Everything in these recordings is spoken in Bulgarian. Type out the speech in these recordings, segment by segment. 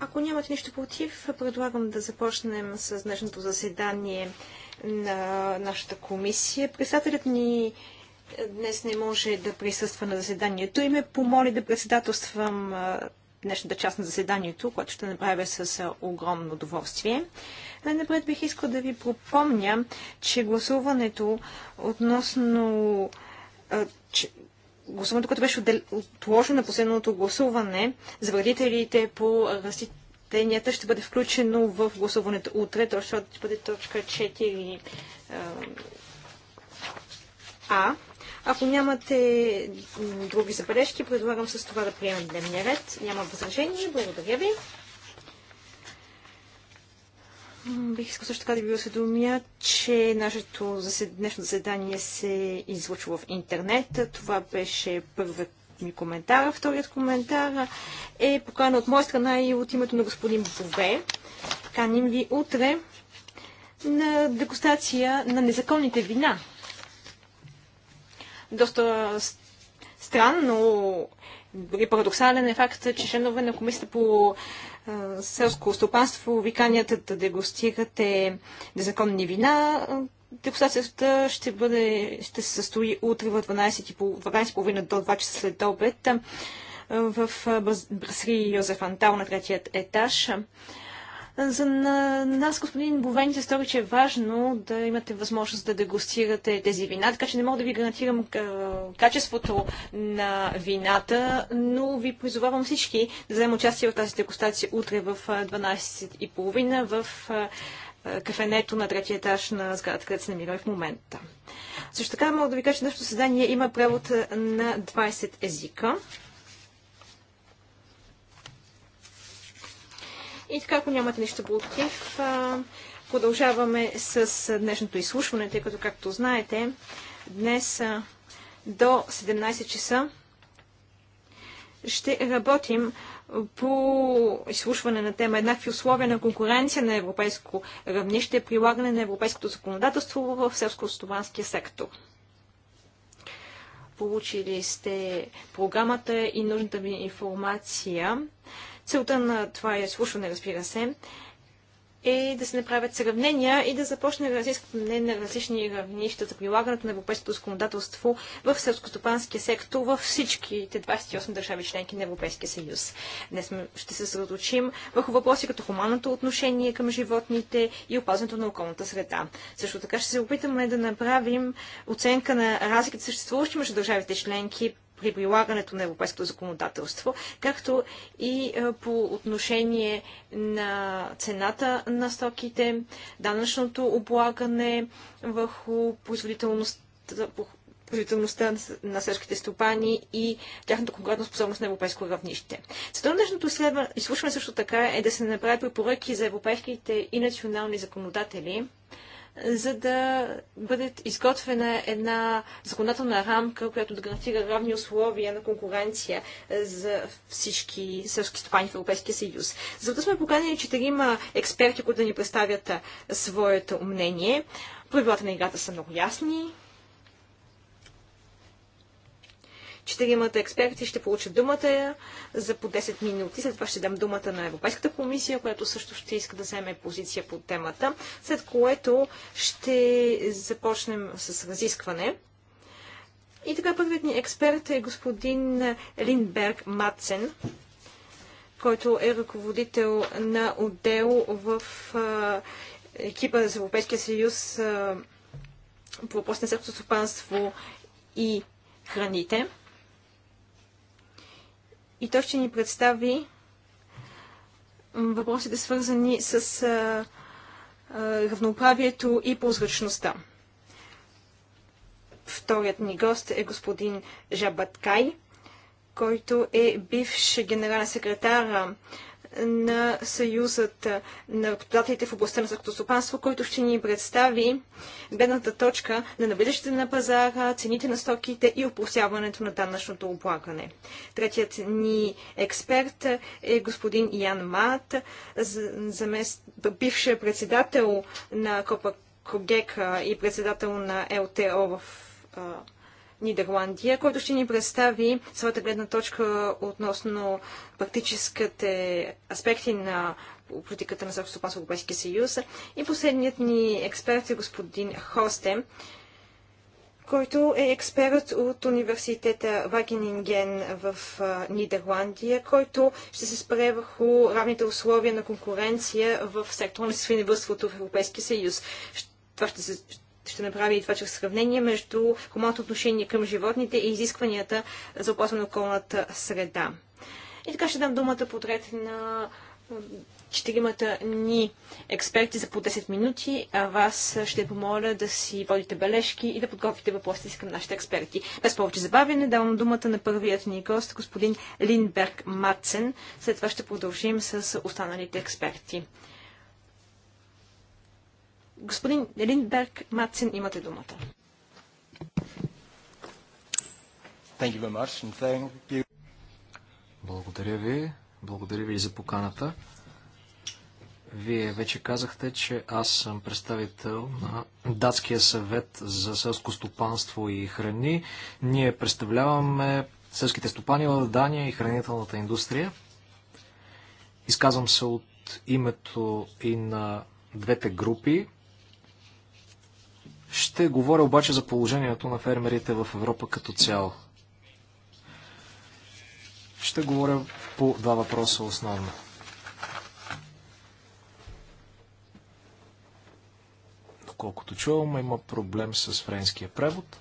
Ако нямате нищо против, предлагам да започнем с днешното заседание на нашата комисия. Председателят ни днес не може да присъства на заседанието и ме помоли да председателствам днешната част на заседанието, което ще направя с огромно удоволствие. Най-напред бих искал да ви пропомня, че гласуването относно гласуването, което беше отложено на последното гласуване, за вредителите по растенията ще бъде включено в гласуването утре, т.е. ще бъде точка 4 а. Ако нямате други забележки, предлагам с това да приемем дневния ред. Няма възражение. Благодаря ви. Бих искал също така да ви осведомя, че нашето днешно заседание се излъчва в интернет. Това беше първият ми коментар. Вторият коментар е покана от моя страна и от името на господин Бове. Каним ви утре на дегустация на незаконните вина. Доста странно, дори парадоксален е факт, че членове на комисията по селско стопанство, виканията да дегустирате незаконни вина. Дегустацията ще, бъде, ще се състои утре в 12.30 12 до 2 часа след обед в Брасри Йозеф Антал на третият етаж. За на нас, господин Бовен, се стори, че е важно да имате възможност да дегустирате тези вина, така че не мога да ви гарантирам качеството на вината, но ви призовавам всички да вземем участие в тази дегустация утре в 12.30 в кафенето на третия етаж на сградата, където се намира в момента. Също така мога да ви кажа, че нашето създание има превод на 20 езика. И така, ако нямате нищо против, продължаваме с днешното изслушване, тъй като, както знаете, днес до 17 часа ще работим по изслушване на тема еднакви условия на конкуренция на европейско равнище, прилагане на европейското законодателство в селско-стопанския сектор. Получили сте програмата и нужната ви информация Целта на това е слушване, разбира се, е да се направят сравнения и да започне разискване на различни равнища за прилагането на европейското законодателство в селскостопанския сектор във всичките 28 държави членки на Европейския съюз. Днес ще се съсредоточим върху въпроси като хуманното отношение към животните и опазването на околната среда. Също така ще се опитаме да направим оценка на разликите съществуващи между държавите членки при прилагането на европейското законодателство, както и е, по отношение на цената на стоките, данъчното облагане върху производителността производителността на сърските стопани и тяхната конкретна способност на европейско равнище. Целта на днешното изслушване също така е да се направят препоръки за европейските и национални законодатели, за да бъде изготвена една законодателна рамка, която да гарантира равни условия на конкуренция за всички селски стопани в Европейския съюз. За да сме поканени четирима експерти, които да ни представят своето мнение. Правилата на играта са много ясни, Четиримата експерти ще получат думата за по 10 минути. След това ще дам думата на Европейската комисия, която също ще иска да вземе позиция по темата, след което ще започнем с разискване. И така първият ни експерт е господин Линдберг Матсен, който е ръководител на отдел в екипа за Европейския съюз по въпрос на селското стопанство и храните и той ще ни представи въпросите свързани с а, а, равноправието и прозрачността. Вторият ни гост е господин Жабаткай, който е бивш генерален секретар на Съюзът на работодателите в областта на съркотостопанство, който ще ни представи бедната точка на навлизащите на пазара, цените на стоките и опростяването на данъчното облагане. Третият ни експерт е господин Ян Мат, замест... бивш председател на Копа Когека и председател на ЛТО е в Нидерландия, който ще ни представи своята гледна точка относно практическите аспекти на политиката на Съвсто Стопанство Европейския съюз. И последният ни експерт е господин Хостем, който е експерт от университета Вагенинген в Нидерландия, който ще се спре върху равните условия на конкуренция в сектора на свиневъдството в Европейския съюз. Това ще се ще направи и това чрез сравнение между хуманното отношение към животните и изискванията за опазване на околната среда. И така ще дам думата подред на четиримата ни експерти за по 10 минути, а вас ще помоля да си водите бележки и да подготвите въпросите си към нашите експерти. Без повече забавяне давам думата на първият ни гост, господин Линберг Мацен. След това ще продължим с останалите експерти. Господин Линдберг Мацин, имате думата. Благодаря ви. Благодаря ви за поканата. Вие вече казахте, че аз съм представител на Датския съвет за селско стопанство и храни. Ние представляваме селските стопани в Дания и хранителната индустрия. Изказвам се от името и на двете групи. Ще говоря обаче за положението на фермерите в Европа като цяло. Ще говоря по два въпроса основно. Доколкото чувам, има проблем с френския превод.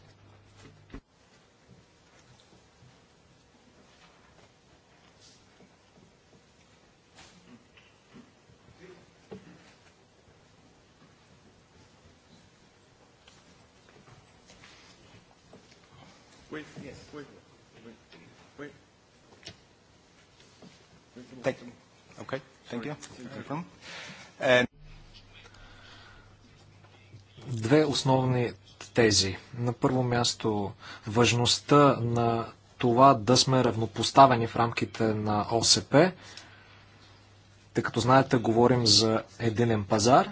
Thank you. Две основни тези. На първо място, важността на това да сме равнопоставени в рамките на ОСП, тъй като знаете, говорим за единен пазар.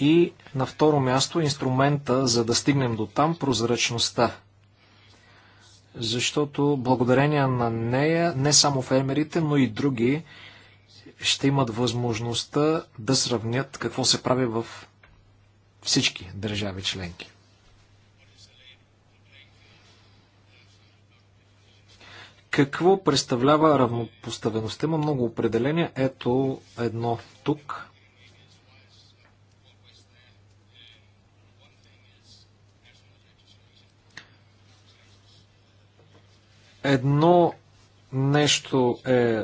И на второ място, инструмента, за да стигнем до там, прозрачността. Защото благодарение на нея, не само фермерите, но и други ще имат възможността да сравнят какво се прави в всички държави членки. Какво представлява равнопоставеността? Има много определения. Ето едно тук. Едно нещо е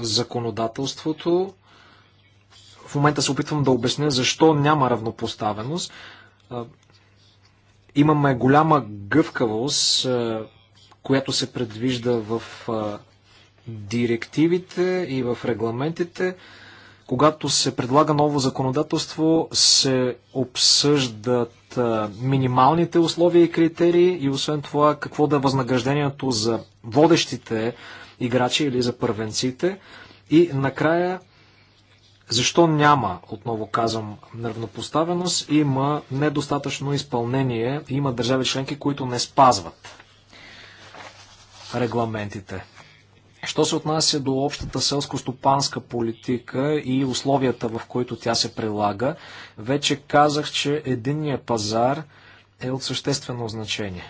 законодателството. В момента се опитвам да обясня защо няма равнопоставеност. Имаме голяма гъвкавост, която се предвижда в директивите и в регламентите. Когато се предлага ново законодателство, се обсъждат минималните условия и критерии и освен това какво да е възнаграждението за водещите играчи или за първенците. И накрая, защо няма, отново казвам, неравнопоставеност? Има недостатъчно изпълнение, има държави членки, които не спазват регламентите. Що се отнася до общата селско-стопанска политика и условията, в които тя се прилага, вече казах, че единният пазар е от съществено значение.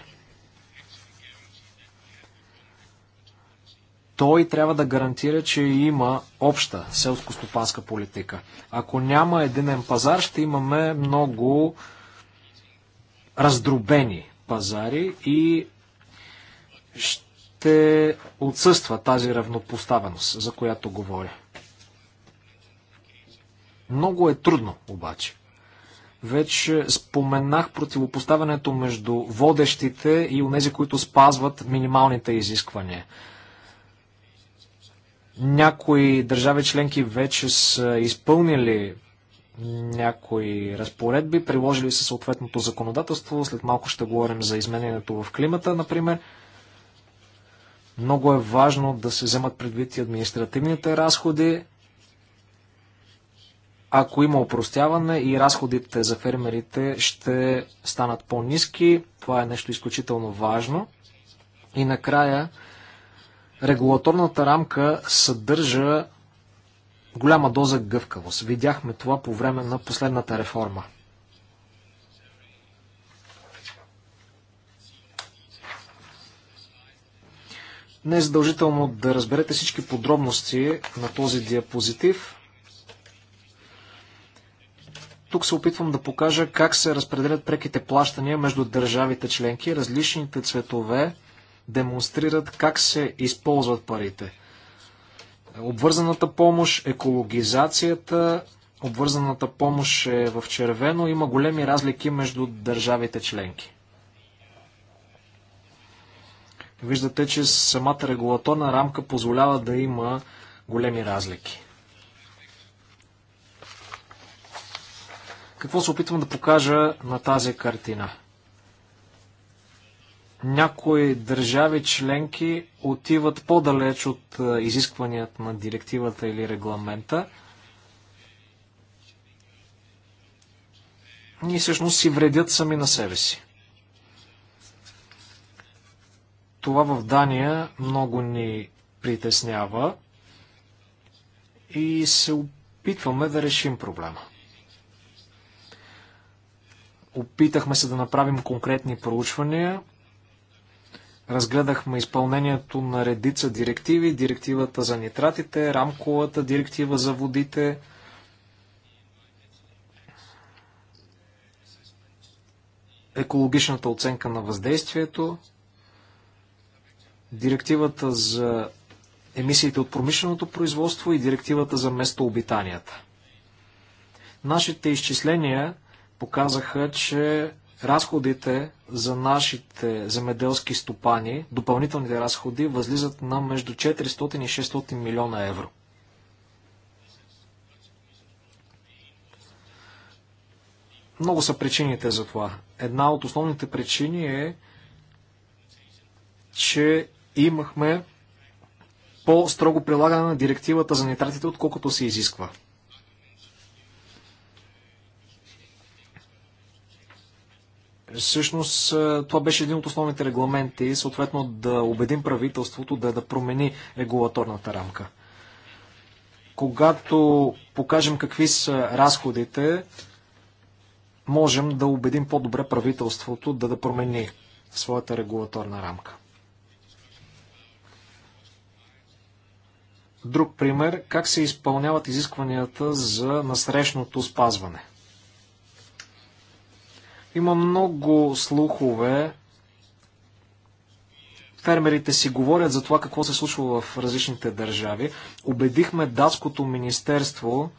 той трябва да гарантира, че има обща селско-стопанска политика. Ако няма единен пазар, ще имаме много раздробени пазари и ще отсъства тази равнопоставеност, за която говоря. Много е трудно обаче. Вече споменах противопоставянето между водещите и онези, които спазват минималните изисквания. Някои държави членки вече са изпълнили някои разпоредби, приложили са съответното законодателство. След малко ще говорим за изменението в климата, например. Много е важно да се вземат предвид и административните разходи. Ако има упростяване и разходите за фермерите ще станат по-низки, това е нещо изключително важно. И накрая регулаторната рамка съдържа голяма доза гъвкавост. Видяхме това по време на последната реформа. Не е задължително да разберете всички подробности на този диапозитив. Тук се опитвам да покажа как се разпределят преките плащания между държавите членки, различните цветове демонстрират как се използват парите. Обвързаната помощ, екологизацията, обвързаната помощ е в червено. Има големи разлики между държавите членки. Виждате, че самата регулаторна рамка позволява да има големи разлики. Какво се опитвам да покажа на тази картина? Някои държави членки отиват по-далеч от е, изискванията на директивата или регламента. И всъщност си вредят сами на себе си. Това в Дания много ни притеснява и се опитваме да решим проблема. Опитахме се да направим конкретни проучвания. Разгледахме изпълнението на редица директиви, директивата за нитратите, рамковата директива за водите. екологичната оценка на въздействието, директивата за емисиите от промишленото производство и директивата за местообитанията. Нашите изчисления показаха, че Разходите за нашите земеделски стопани, допълнителните разходи, възлизат на между 400 и 600 милиона евро. Много са причините за това. Една от основните причини е, че имахме по-строго прилагане на директивата за нитратите, отколкото се изисква. Всъщност това беше един от основните регламенти и съответно да убедим правителството да, да промени регулаторната рамка. Когато покажем какви са разходите, можем да убедим по-добре правителството да, да промени своята регулаторна рамка. Друг пример, как се изпълняват изискванията за насрещното спазване. Има много слухове. Фермерите си говорят за това какво се случва в различните държави. Убедихме датското министерство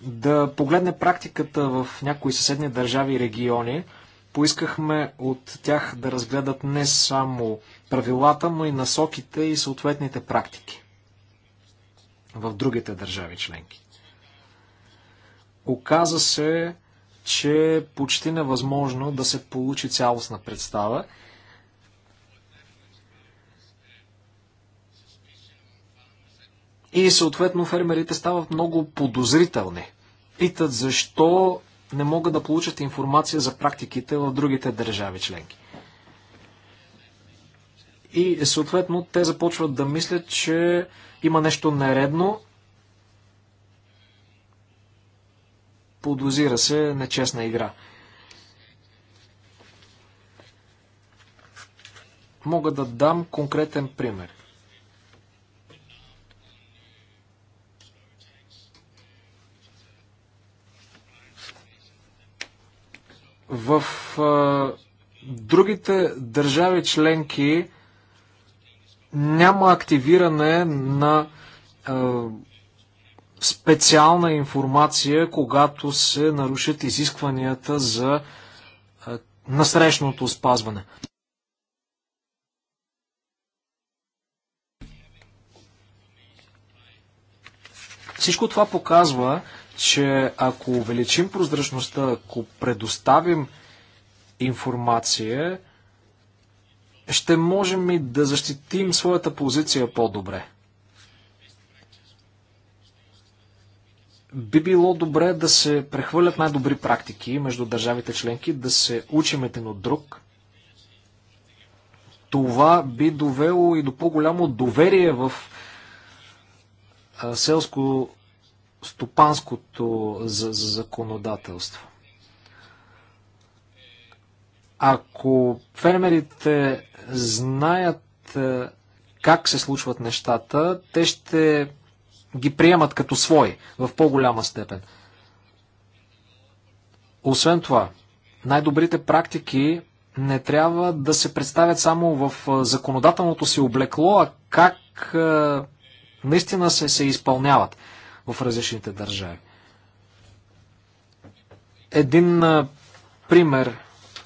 да погледне практиката в някои съседни държави и региони. Поискахме от тях да разгледат не само правилата, но и насоките и съответните практики в другите държави членки. Оказа се, че е почти невъзможно да се получи цялостна представа. И съответно фермерите стават много подозрителни. Питат защо не могат да получат информация за практиките в другите държави членки. И съответно те започват да мислят, че има нещо нередно Подозира се нечестна игра. Мога да дам конкретен пример. в а, другите държави членки няма активиране на а, специална информация, когато се нарушат изискванията за е, насрещното спазване. Всичко това показва, че ако увеличим прозрачността, ако предоставим информация, ще можем и да защитим своята позиция по-добре. би било добре да се прехвърлят най-добри практики между държавите членки, да се учим един от друг. Това би довело и до по-голямо доверие в селско стопанското законодателство. Ако фермерите знаят как се случват нещата, те ще ги приемат като свои в по-голяма степен. Освен това, най-добрите практики не трябва да се представят само в законодателното си облекло, а как наистина се, се изпълняват в различните държави. Един пример,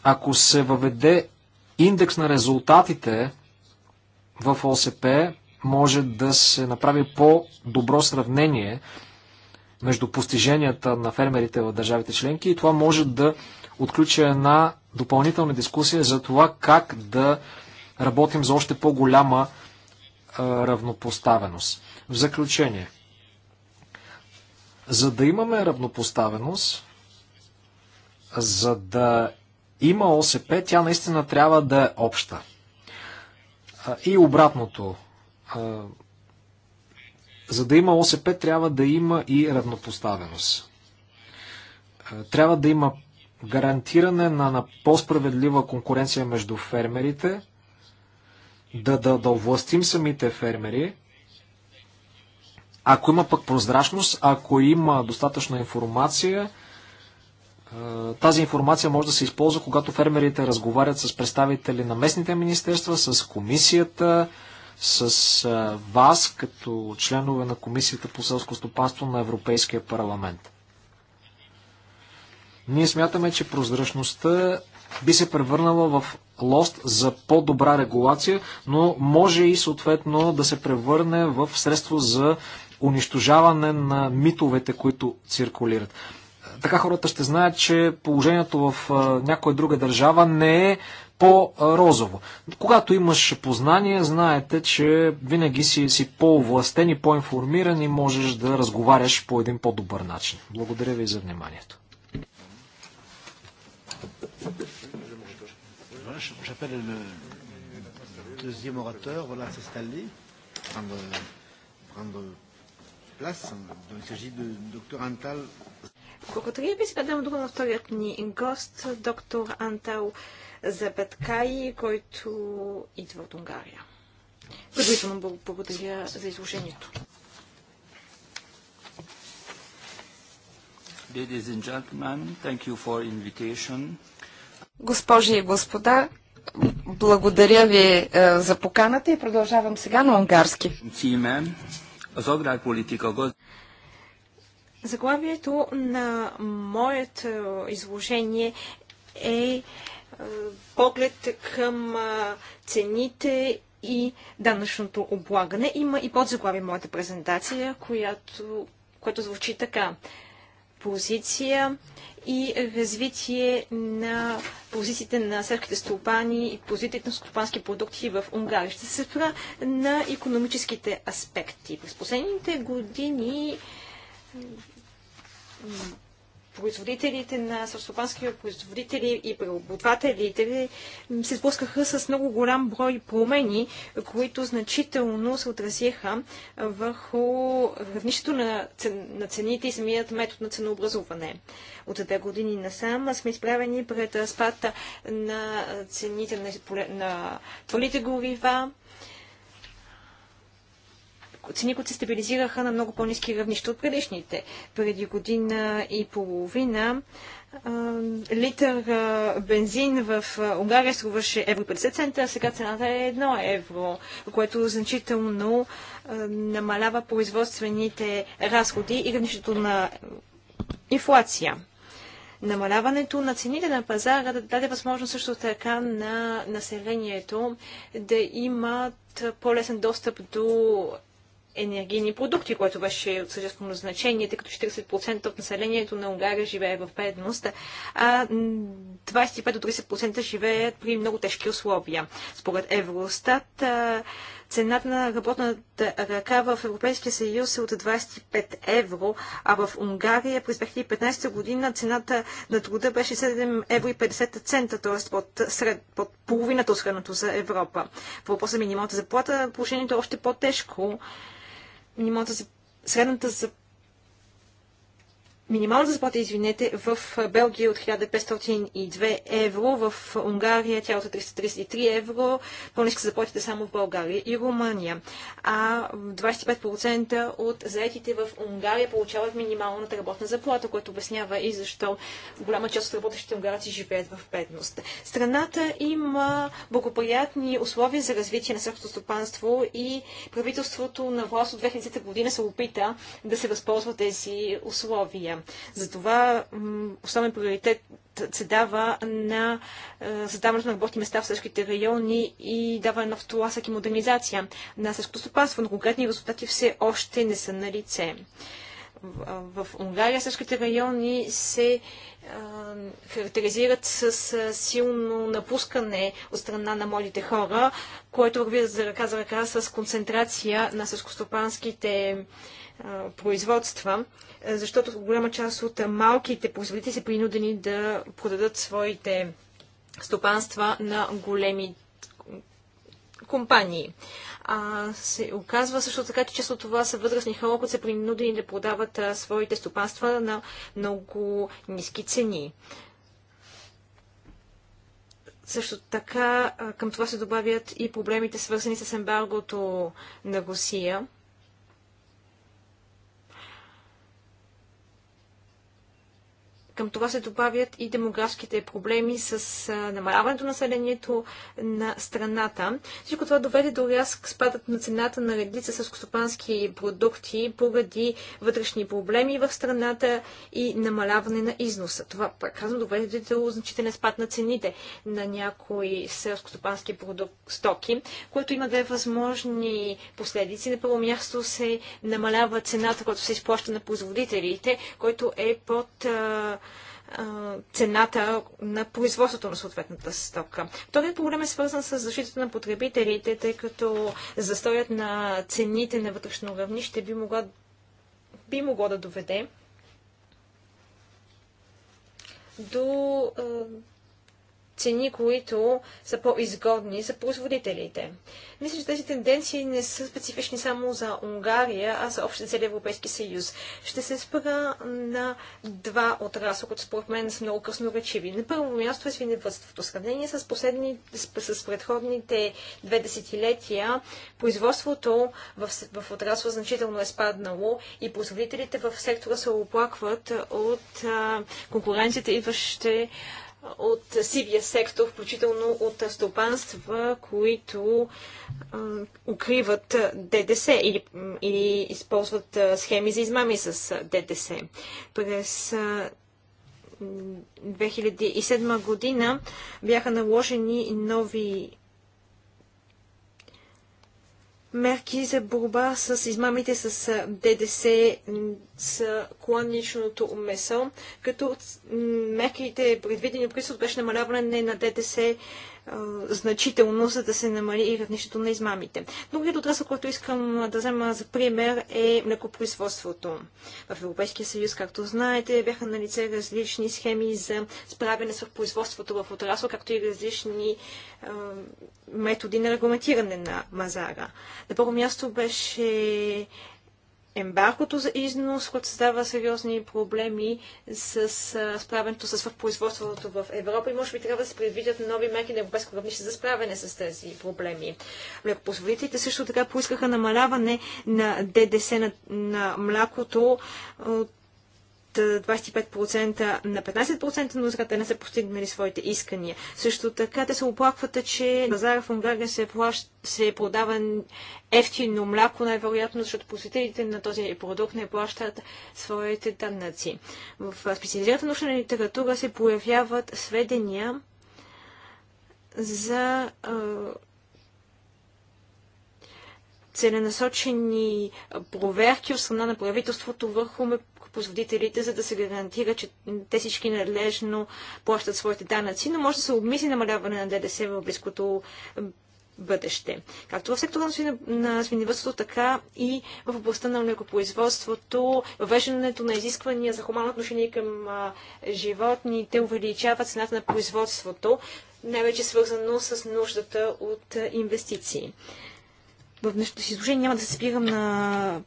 ако се въведе индекс на резултатите в ОСП, може да се направи по-добро сравнение между постиженията на фермерите в държавите членки и това може да отключи една допълнителна дискусия за това как да работим за още по-голяма равнопоставеност. В заключение, за да имаме равнопоставеност, за да има ОСП, тя наистина трябва да е обща. И обратното за да има ОСП, трябва да има и равнопоставеност. Трябва да има гарантиране на, на по-справедлива конкуренция между фермерите, да, да, да овластим самите фермери. Ако има пък прозрачност, ако има достатъчна информация, тази информация може да се използва, когато фермерите разговарят с представители на местните министерства, с комисията, с вас като членове на Комисията по селско стопанство на Европейския парламент. Ние смятаме, че прозрачността би се превърнала в лост за по-добра регулация, но може и съответно да се превърне в средство за унищожаване на митовете, които циркулират. Така хората ще знаят, че положението в някоя друга държава не е по-розово. Когато имаш познание, знаете, че винаги си, си по-властен и по-информиран и можеш да разговаряш по един по-добър начин. Благодаря ви за вниманието. Благодаря ви. Сега дам дума на вторият ни гост, доктор Антал за Петкай, който идва от Унгария. Предварително благодаря за изложението. Ladies and gentlemen, thank you for invitation. Госпожи и господа, благодаря ви е, за поканата и продължавам сега на унгарски. Заглавието на моето е, изложение е поглед към цените и данъчното облагане. Има и подзаглави моята презентация, която, която звучи така. Позиция и развитие на позициите на селските стопани и позициите на стопански продукти в Унгария. Ще се спра на економическите аспекти. През последните години производителите на сърсопански производители и преработвателите се сблъскаха с много голям брой промени, които значително се отразиха върху равнището на, цен, на цените и самият метод на ценообразуване. От две години насам сме изправени пред спад на цените на, на твърдите горива, цени, които се стабилизираха на много по-низки равнища от предишните. Преди година и половина литър бензин в Унгария струваше евро 50 цента, а сега цената е 1 евро, което значително намалява производствените разходи и равнището на инфлация. Намаляването на цените на пазара да даде възможност също така на населението да имат по-лесен достъп до енергийни продукти, което беше от съществено значение, тъй като 40% от населението на Унгария живее в бедност, а 25-30% живеят при много тежки условия. Според Евростат, цената на работната ръка в Европейския съюз е от 25 евро, а в Унгария през 2015 година цената на труда беше 7 евро и 50 цента, т.е. Под, сред, под половината от средното за Европа. Въпросът е минималната заплата положението е още по-тежко минималната, средната за минималната заплата, извинете, в Белгия от 1502 евро, в Унгария тя е от 333 евро, по-ниска заплатите е само в България и Румъния. А 25% от заетите в Унгария получават минималната работна заплата, което обяснява и защо голяма част от работещите унгарци живеят в бедност. Страната има благоприятни условия за развитие на сърското стопанство и правителството на власт от 2000 година се опита да се възползва тези условия. Затова основен приоритет се дава на е, създаването на работни места в същите райони и даване на втоласък и модернизация на същото стопанство, но конкретни резултати все още не са на лице в Унгария същите райони се а, характеризират с, силно напускане от страна на младите хора, което върви за ръка за ръка с концентрация на сълскостопанските производства, защото голяма част от малките производители са принудени да продадат своите стопанства на големи компании. А, се оказва също така, че често това са възрастни хора, които са принудени да продават своите стопанства на много ниски цени. Също така към това се добавят и проблемите свързани с ембаргото на Русия. Към това се добавят и демографските проблеми с намаляването на населението на страната. Всичко това доведе до рязък спадът на цената на редица сълскостопански продукти поради вътрешни проблеми в страната и намаляване на износа. Това, пак казвам, доведе до значителен спад на цените на някои селскостопански стоки, което има две възможни последици. На първо място се намалява цената, която се изплаща на производителите, който е под цената на производството на съответната стока. Вторият проблем е свързан с защитата на потребителите, тъй като застоят на цените на вътрешно равнище би, могла, би могло да доведе до цени, които са по-изгодни за производителите. Мисля, че тези тенденции не са специфични само за Унгария, а за общия цели Европейски съюз. Ще се спра на два отрасла, които според мен са много красноречиви. На първо място е свиневътството. Сравнение с, последни, с, с предходните две десетилетия, производството в, в отрасла значително е спаднало и производителите в сектора се оплакват от а, конкуренцията, идваща от сивия сектор, включително от стопанства, които укриват ДДС или, или използват схеми за измами с ДДС. През 2007 година бяха наложени нови мерки за борба с измамите с ДДС, с кланичното месо, като мерките, предвидени от беше намаляване на ДДС значително, за да се намали равнището на измамите. Другият отрасъл, който искам да взема за пример е млекопроизводството. В Европейския съюз, както знаете, бяха на лице различни схеми за справяне с производството в отрасъл, както и различни е, методи на регламентиране на мазара. На първо място беше ембаргото за износ, което създава сериозни проблеми с справенето с производството в Европа и може би трябва да се предвидят нови мерки на европейско равнище за справяне с тези проблеми. Млекопроизводителите ами, също така поискаха намаляване на ДДС на, на млякото от 25% на 15%, но сега те не са постигнали своите искания. Също така те се оплакват, че пазара в Унгария се, плащ, се продава ефтино мляко, най-вероятно, защото посетителите на този продукт не плащат своите данъци. В специализираната научна литература се появяват сведения за целенасочени проверки от страна на правителството върху производителите, за да се гарантира, че те всички надлежно плащат своите данъци, но може да се обмисли намаляване на ДДС в близкото бъдеще. Както в сектора на, свиневъдството, така и в областта на млекопроизводството, въвеждането на изисквания за хуманно отношение към а, животните увеличава цената на производството, най-вече свързано с нуждата от а, инвестиции. В днешното си изложение няма да се спирам на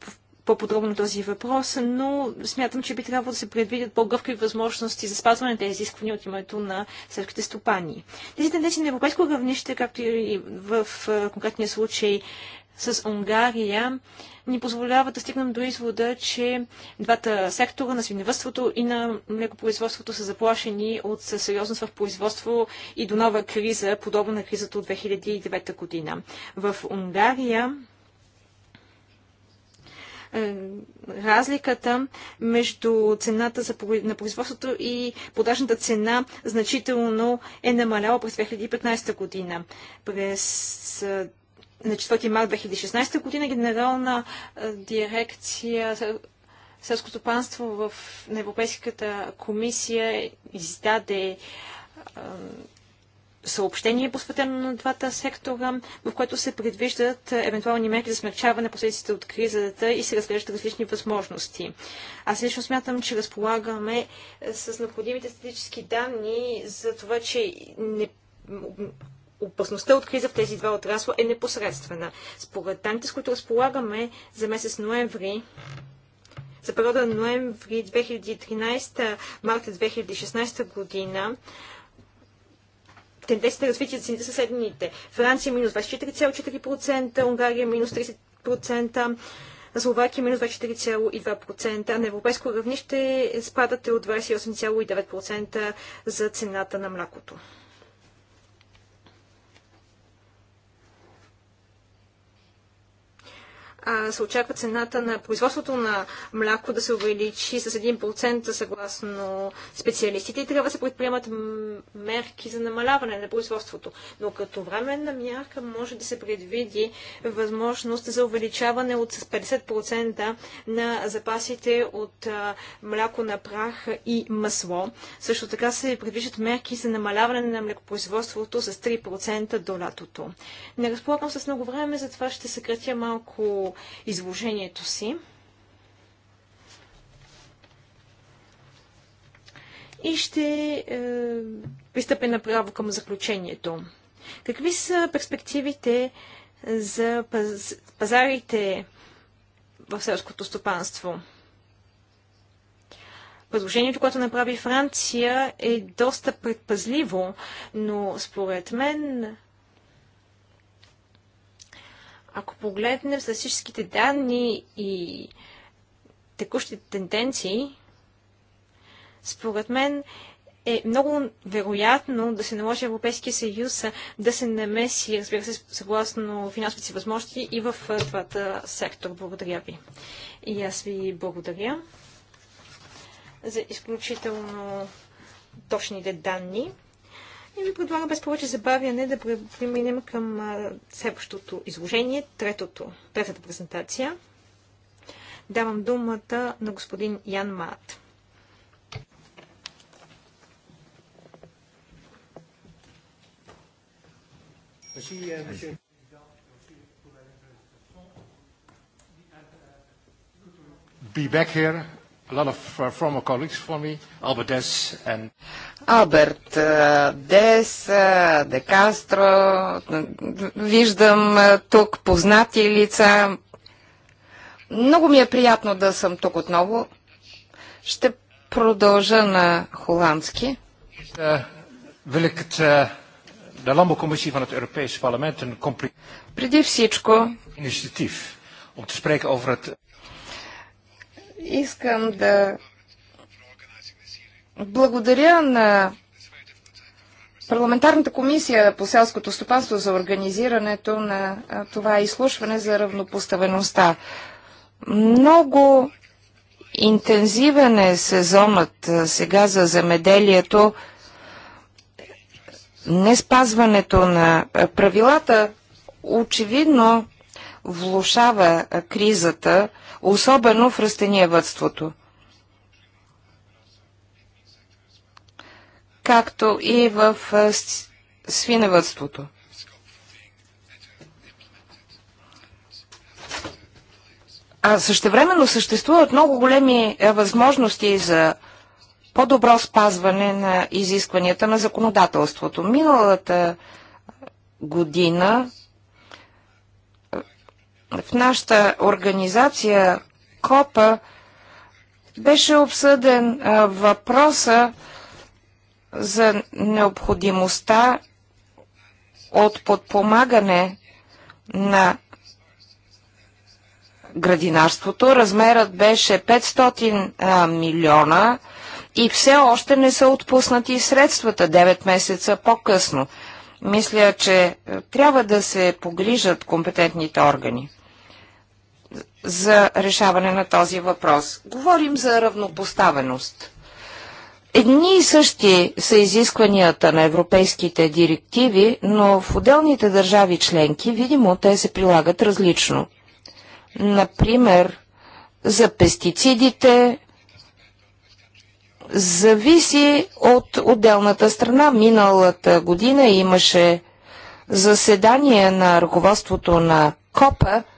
по-подробно този въпрос, но смятам, че би трябвало да се предвидят по гъвки възможности за спазване на тези изисквания от името на сърските стопани. Тези тенденции на европейско равнище, както и в конкретния случай с Унгария, ни позволява да стигнем до извода, че двата сектора на свиневътството и на млекопроизводството са заплашени от сериозност в производство и до нова криза, подобна на кризата от 2009 година. В Унгария е, разликата между цената за, на производството и продажната цена значително е намаляла през 2015 година. През е, на 4 март 2016 година генерална е, дирекция селско стопанство в, Европейската комисия издаде съобщение, посветено на двата сектора, в което се предвиждат евентуални мерки за смягчаване последиците от кризата и се разглеждат различни възможности. Аз лично смятам, че разполагаме с необходимите статистически данни за това, че не опасността от криза в тези два отрасла е непосредствена. Според данните, с които разполагаме за месец ноември, за периода ноември 2013 марта 2016 година, тенденциите развитие цените са следните. Франция е минус 24,4%, Унгария е минус 30%, Словакия е минус 24,2%, на европейско равнище спадате от 28,9% за цената на млякото. се очаква цената на производството на мляко да се увеличи с 1% съгласно специалистите и трябва да се предприемат мерки за намаляване на производството. Но като временна мярка може да се предвиди възможност за увеличаване от 50% на запасите от мляко на прах и масло. Също така се предвиждат мерки за намаляване на млекопроизводството с 3% до лятото. Не разполагам с много време, затова ще съкратя малко изложението си. И ще е, пристъпя направо към заключението. Какви са перспективите за паз... пазарите в селското стопанство? Предложението, което направи Франция, е доста предпазливо, но според мен ако погледнем всичките данни и текущите тенденции, според мен е много вероятно да се наложи Европейския съюз да се намеси, разбира се, съгласно финансовите си възможности и в двата сектор. Благодаря ви. И аз ви благодаря за изключително точните данни. И ви предлагам без повече забавяне да преминем към следващото изложение, третото, третата презентация. Давам думата на господин Ян Мат. be back here a lot of uh, former colleagues for me, Albert Des and... Albert Алберт Дес, Де Кастро, виждам uh, тук познати лица. Много ми е приятно да съм тук отново. Ще продължа на холандски. Uh, uh, Преди всичко, Искам да благодаря на Парламентарната комисия по селското стопанство за организирането на това изслушване за равнопоставеността. Много интензивен е сезонът сега за земеделието. Не спазването на правилата очевидно влушава кризата особено в растениевътството. както и в свиневътството. А същевременно съществуват много големи възможности за по-добро спазване на изискванията на законодателството. Миналата година в нашата организация КОПА беше обсъден въпроса за необходимостта от подпомагане на градинарството. Размерът беше 500 милиона и все още не са отпуснати средствата 9 месеца по-късно. Мисля, че трябва да се погрижат компетентните органи за решаване на този въпрос. Говорим за равнопоставеност. Едни и същи са изискванията на европейските директиви, но в отделните държави членки, видимо, те се прилагат различно. Например, за пестицидите зависи от отделната страна. Миналата година имаше заседание на ръководството на КОПА –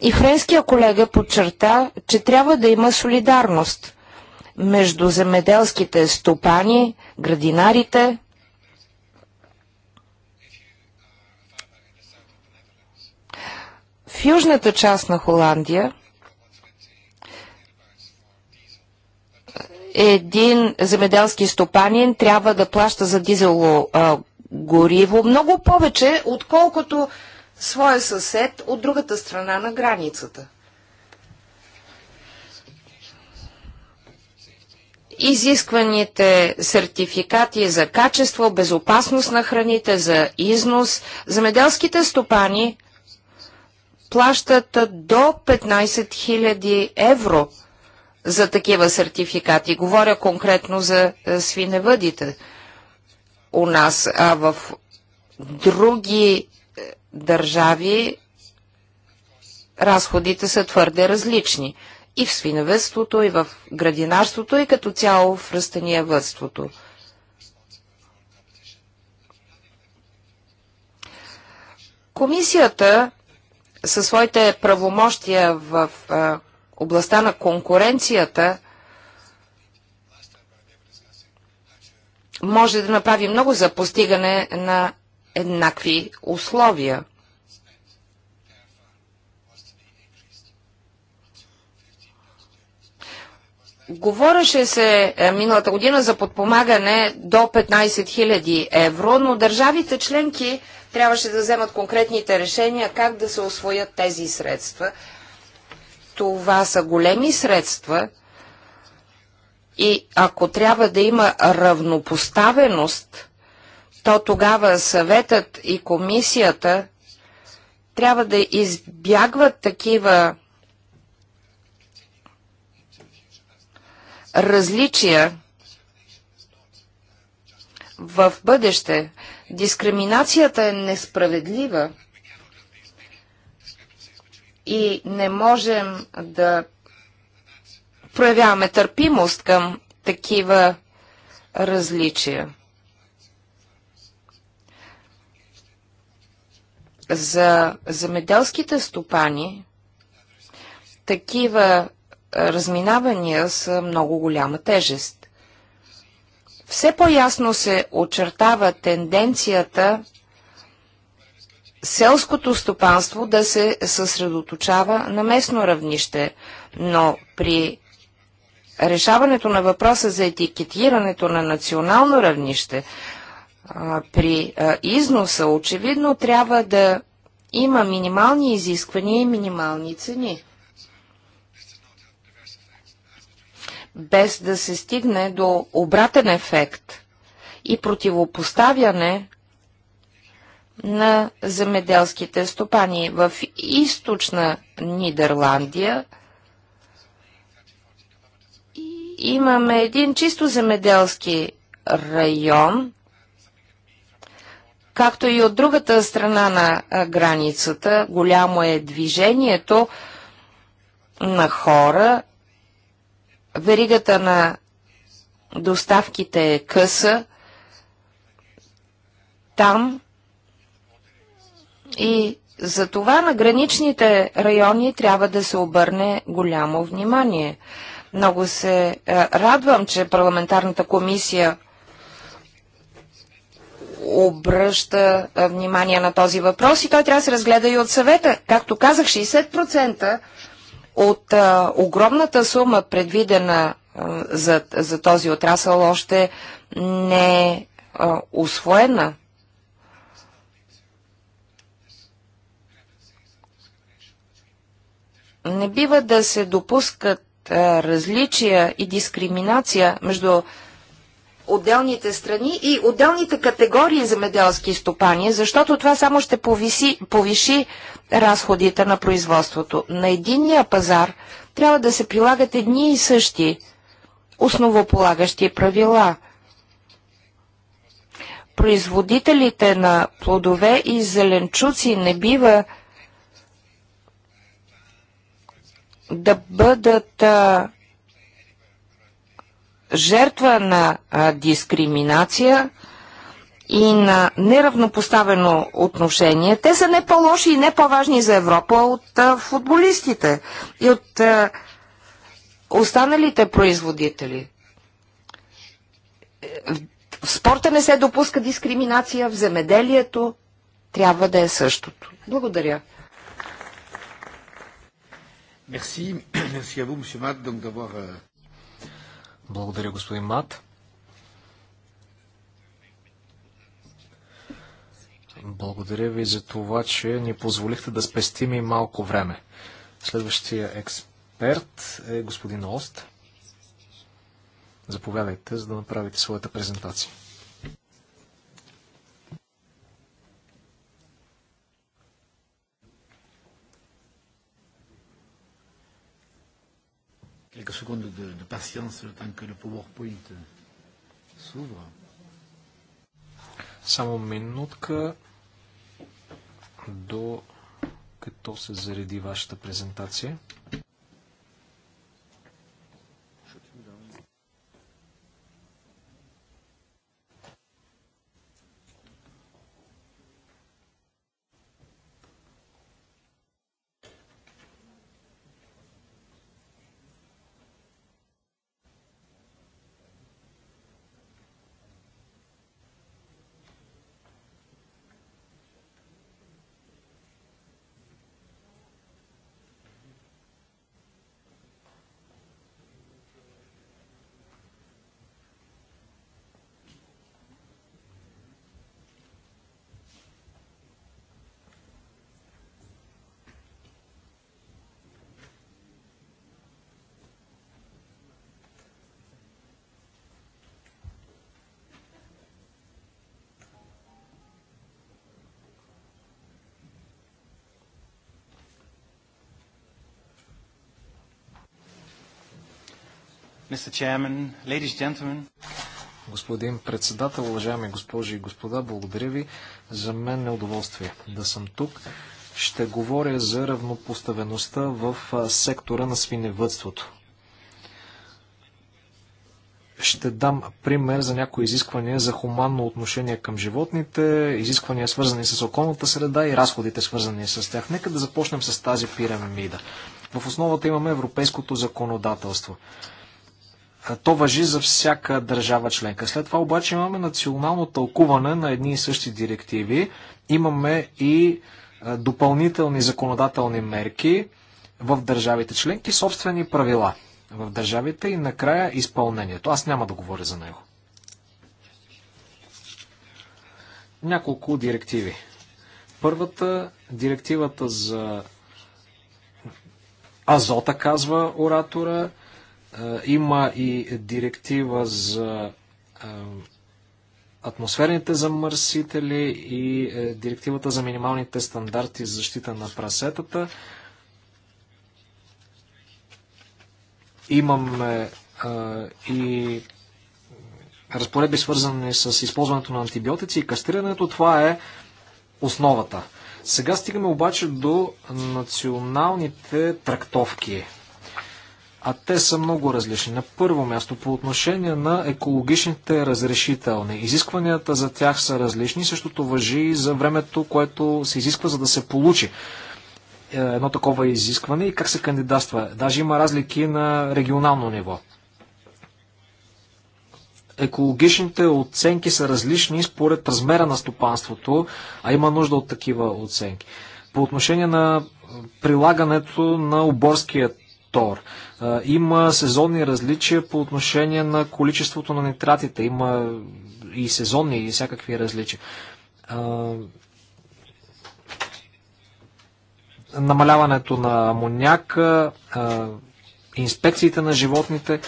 и френския колега подчерта, че трябва да има солидарност между земеделските стопани, градинарите. В южната част на Холандия един земеделски стопанин трябва да плаща за дизело а, гориво много повече, отколкото своя съсед от другата страна на границата. изискваните сертификати за качество, безопасност на храните, за износ, замеделските стопани плащат до 15 000 евро за такива сертификати. Говоря конкретно за е, свиневъдите у нас, а в други държави разходите са твърде различни. И в свиневътството, и в градинарството, и като цяло в растениевътството. Комисията със своите правомощия в а, областта на конкуренцията може да направи много за постигане на еднакви условия. Говореше се е, миналата година за подпомагане до 15 000 евро, но държавите членки трябваше да вземат конкретните решения как да се освоят тези средства. Това са големи средства и ако трябва да има равнопоставеност, то тогава съветът и комисията трябва да избягват такива различия в бъдеще. Дискриминацията е несправедлива и не можем да проявяваме търпимост към такива различия. За земеделските стопани такива разминавания са много голяма тежест. Все по-ясно се очертава тенденцията селското стопанство да се съсредоточава на местно равнище, но при решаването на въпроса за етикетирането на национално равнище при износа очевидно трябва да има минимални изисквания и минимални цени. Без да се стигне до обратен ефект и противопоставяне на земеделските стопани. В източна Нидерландия имаме един чисто земеделски район – както и от другата страна на границата. Голямо е движението на хора. Веригата на доставките е къса. Там и за това на граничните райони трябва да се обърне голямо внимание. Много се радвам, че парламентарната комисия обръща внимание на този въпрос и той трябва да се разгледа и от съвета. Както казах, 60% от а, огромната сума, предвидена а, за, за този отрасъл, още не е освоена. Не бива да се допускат а, различия и дискриминация между отделните страни и отделните категории земеделски стопани, защото това само ще повиси, повиши разходите на производството. На единния пазар трябва да се прилагат едни и същи основополагащи правила. Производителите на плодове и зеленчуци не бива да бъдат а, жертва на дискриминация и на неравнопоставено отношение, те са не по-лоши и не по-важни за Европа от а, футболистите и от а, останалите производители. В спорта не се допуска дискриминация, в земеделието трябва да е същото. Благодаря. Merci, merci à vous, monsieur Matt, donc d'avoir. Euh, благодаря, господин Мат. Благодаря ви за това, че ни позволихте да спестим и малко време. Следващия експерт е господин Ост. Заповядайте, за да направите своята презентация. quelques secondes de, de patience le temps que le PowerPoint s'ouvre. Само минутка до като се зареди вашата презентация. Chairman, Господин председател, уважаеми госпожи и господа, благодаря ви. За мен е удоволствие да съм тук. Ще говоря за равнопоставеността в сектора на свиневътството. Ще дам пример за някои изисквания за хуманно отношение към животните, изисквания свързани с околната среда и разходите свързани с тях. Нека да започнем с тази пирамида. В основата имаме европейското законодателство. То въжи за всяка държава членка. След това обаче имаме национално тълкуване на едни и същи директиви. Имаме и допълнителни законодателни мерки в държавите членки, собствени правила в държавите и накрая изпълнението. Аз няма да говоря за него. Няколко директиви. Първата, директивата за азота, казва оратора, е, има и директива за е, атмосферните замърсители и е, директивата за минималните стандарти за защита на прасетата. Имаме и разпоредби свързани с използването на антибиотици и кастрирането. Това е основата. Сега стигаме обаче до националните трактовки а те са много различни. На първо място, по отношение на екологичните разрешителни. Изискванията за тях са различни, същото въжи и за времето, което се изисква, за да се получи е, едно такова изискване и как се кандидатства. Даже има разлики на регионално ниво. Екологичните оценки са различни според размера на стопанството, а има нужда от такива оценки. По отношение на прилагането на оборския тор. Има сезонни различия по отношение на количеството на нитратите. Има и сезонни, и всякакви различия. Намаляването на амоняка, инспекциите на животните.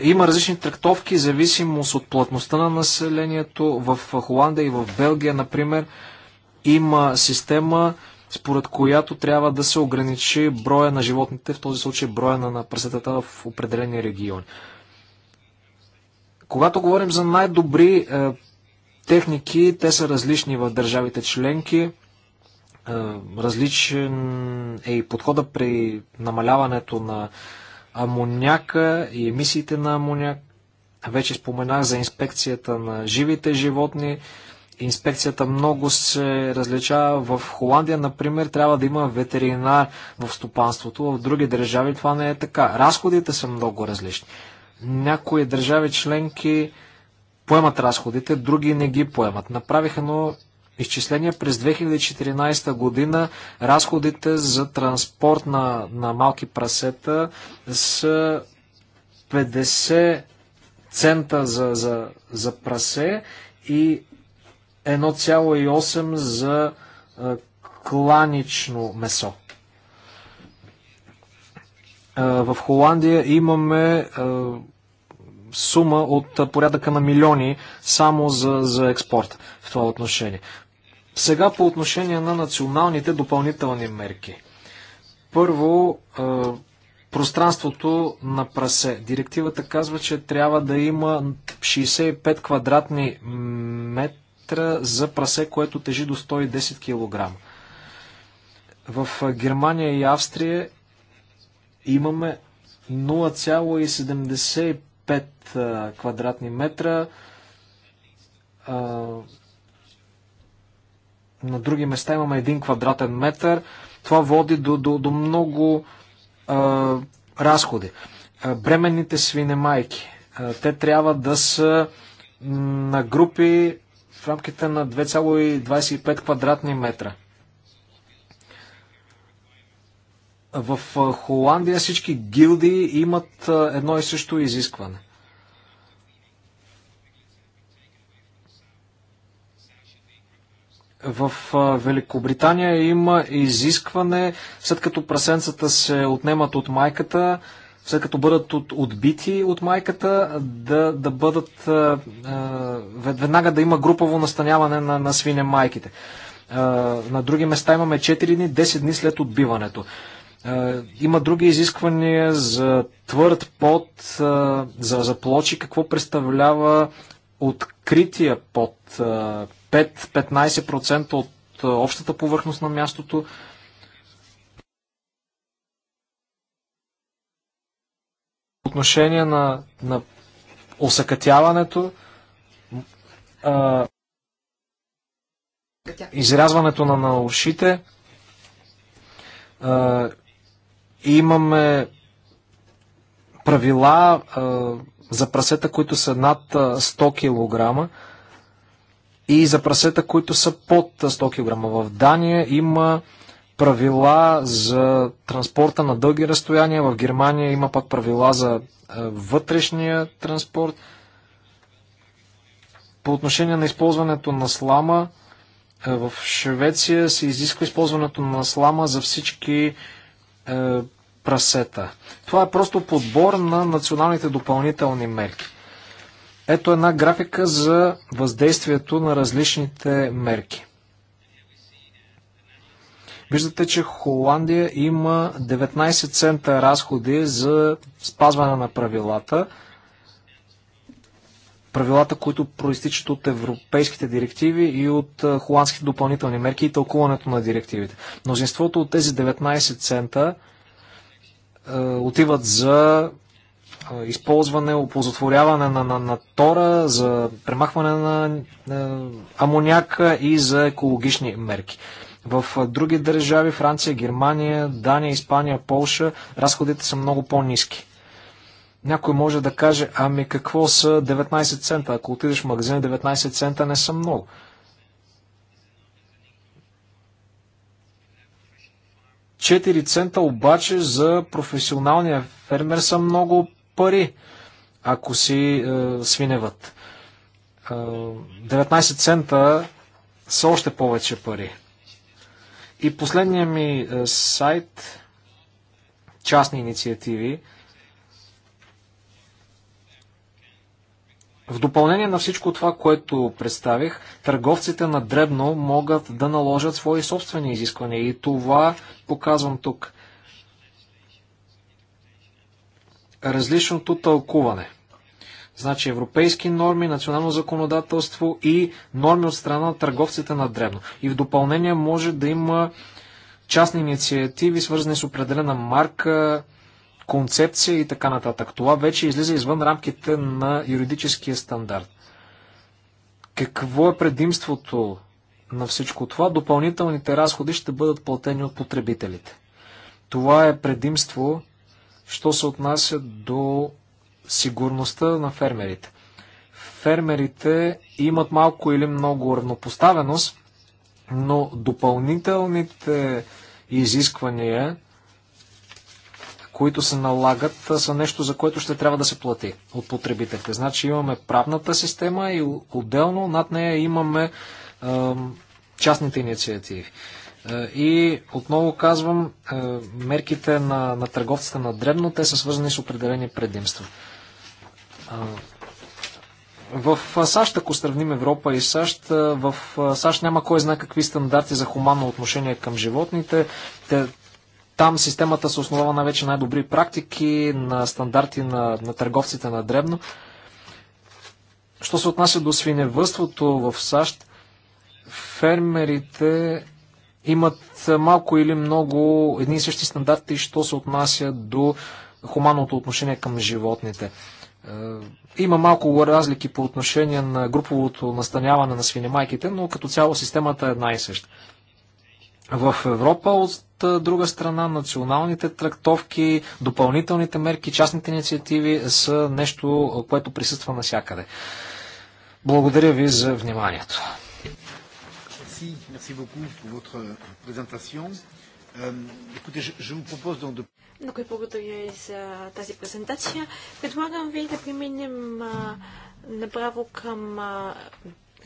Има различни трактовки, зависимост от плътността на населението. В Холандия и в Белгия, например, има система, според която трябва да се ограничи броя на животните, в този случай броя на, на прасетата в определени региони. Когато говорим за най-добри е, техники, те са различни в държавите членки. Е, различен е и подхода при намаляването на амоняка и емисиите на амоняк. Вече споменах за инспекцията на живите животни инспекцията много се различава. В Холандия, например, трябва да има ветеринар в стопанството, в други държави това не е така. Разходите са много различни. Някои държави членки поемат разходите, други не ги поемат. Направих едно изчисление през 2014 година. Разходите за транспорт на, на малки прасета са 50 цента за, за, за прасе и 1,8 за кланично месо. В Холандия имаме сума от порядъка на милиони само за, за експорт в това отношение. Сега по отношение на националните допълнителни мерки. Първо, пространството на прасе. Директивата казва, че трябва да има 65 квадратни метра литра за прасе, което тежи до 110 кг. В Германия и Австрия имаме 0,75 квадратни метра. На други места имаме 1 квадратен метър. Това води до, до, до много а, разходи. Бременните свинемайки. Те трябва да са на групи в рамките на 2,25 квадратни метра. В Холандия всички гилди имат едно и също изискване. В Великобритания има изискване, след като прасенцата се отнемат от майката, след като бъдат от, отбити от майката, да, да бъдат а, веднага да има групово настаняване на, на свине майките. А, на други места имаме 4 дни, 10 дни след отбиването. А, има други изисквания за твърд пот, а, за, за плочи, какво представлява открития пот. 5-15% от общата повърхност на мястото. А, отношение на, на осъкътяването, а, изрязването на, на ушите, а, имаме правила а, за прасета, които са над 100 кг и за прасета, които са под 100 кг. В Дания има правила за транспорта на дълги разстояния. В Германия има пак правила за е, вътрешния транспорт. По отношение на използването на слама, е, в Швеция се изисква използването на слама за всички е, прасета. Това е просто подбор на националните допълнителни мерки. Ето една графика за въздействието на различните мерки. Виждате, че Холандия има 19 цента разходи за спазване на правилата. Правилата, които проистичат от европейските директиви и от холандските допълнителни мерки и тълкуването на директивите. Мнозинството от тези 19 цента е, отиват за използване, оползотворяване на, на, на тора, за премахване на е, амоняка и за екологични мерки. В други държави, Франция, Германия, Дания, Испания, Полша, разходите са много по-низки. Някой може да каже, ами какво са 19 цента? Ако отидеш в магазина, 19 цента не са много. Четири цента обаче за професионалния фермер са много пари, ако си е, свиневат. Е, 19 цента са още повече пари. И последния ми е, сайт частни инициативи. В допълнение на всичко това, което представих, търговците на дребно могат да наложат свои собствени изисквания и това показвам тук. Различното тълкуване. Значи европейски норми, национално законодателство и норми от страна на търговците на древно. И в допълнение може да има частни инициативи, свързани с определена марка, концепция и така нататък. Това вече излиза извън рамките на юридическия стандарт. Какво е предимството на всичко това? Допълнителните разходи ще бъдат платени от потребителите. Това е предимство, що се отнася до сигурността на фермерите. Фермерите имат малко или много равнопоставеност, но допълнителните изисквания, които се налагат, са нещо, за което ще трябва да се плати от потребителите. Значи имаме правната система и отделно над нея имаме е, частните инициативи. Е, и отново казвам, е, мерките на, на търговците на дребно, те са свързани с определени предимства. В САЩ, ако сравним Европа и САЩ, в САЩ няма кой знае какви стандарти за хуманно отношение към животните. Те, там системата се основава на вече най-добри практики, на стандарти на, на търговците на дребно. Що се отнася до свиневътството в САЩ, фермерите имат малко или много едни и същи стандарти, що се отнася до хуманното отношение към животните. Е, има малко разлики по отношение на груповото настаняване на свинемайките, но като цяло системата е една и съща. В Европа, от е, друга страна, националните трактовки, допълнителните мерки, частните инициативи са нещо, което присъства навсякъде. Благодаря ви за вниманието. Merci beaucoup много благодаря и за тази презентация. Предлагам ви да преминем а, направо към а,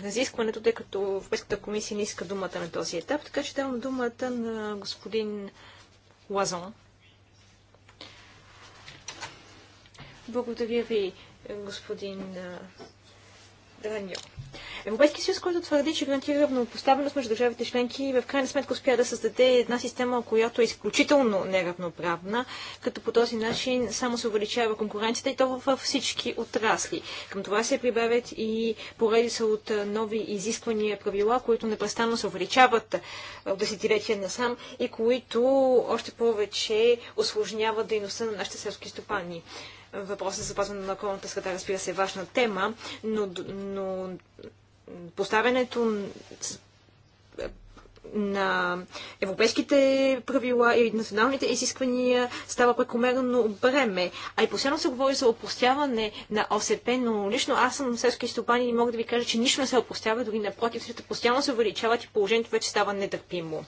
разискването, тъй като Европейската комисия не иска думата на този етап, така че давам думата на господин Лазон. Благодаря ви, господин Драньо. Европейския съюз, който твърди, че гарантира равнопоставеност между държавите членки, в крайна сметка успя да създаде една система, която е изключително неравноправна, като по този начин само се увеличава конкуренцията и то във всички отрасли. Към това се прибавят и поредица от нови изисквания правила, които непрестанно се увеличават в десетилетия насам и които още повече осложняват дейността на нашите селски стопани. Въпросът за запазване на околната среда, разбира се, е важна тема, но, но поставянето на европейските правила и националните изисквания става прекомерно бреме. А и постоянно се говори за опростяване на ОСП, но лично аз съм селски стопани и мога да ви кажа, че нищо не се опростява, дори напротив, постоянно се увеличават и положението вече става нетърпимо.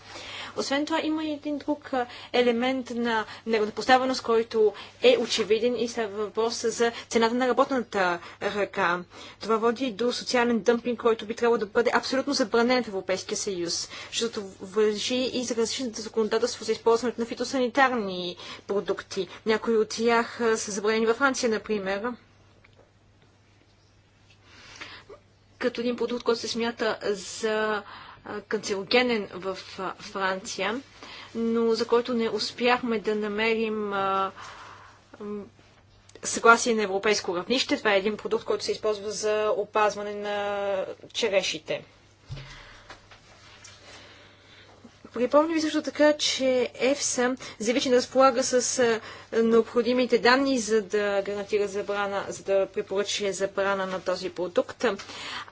Освен това има и един друг елемент на неравнопоставеност, който е очевиден и става въпрос за цената на работната ръка. Това води до социален дъмпинг, който би трябвало да бъде абсолютно забранен в Европейския съюз, защото въжи и за различните законодателство за използването на фитосанитарни продукти. Някои от тях са забранени във Франция, например. като един продукт, който се смята за канцерогенен в Франция, но за който не успяхме да намерим съгласие на европейско равнище. Това е един продукт, който се използва за опазване на черешите. Припомням ви също така, че ЕФСА заяви, че не разполага с необходимите данни, за да гарантира забрана, за да препоръча забрана на този продукт.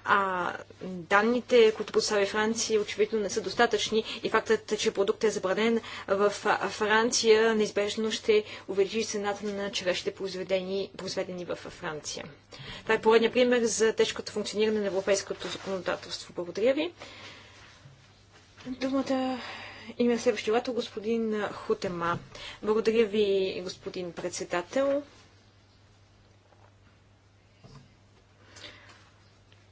А данните, които представи Франция, очевидно не са достатъчни и фактът, че продуктът е забранен в Франция, неизбежно ще увеличи цената на черешите произведени, произведени в Франция. Това е поредният пример за тежкото функциониране на европейското законодателство. Благодаря ви. Думата има следващия лято господин Хутема. Благодаря ви, господин председател.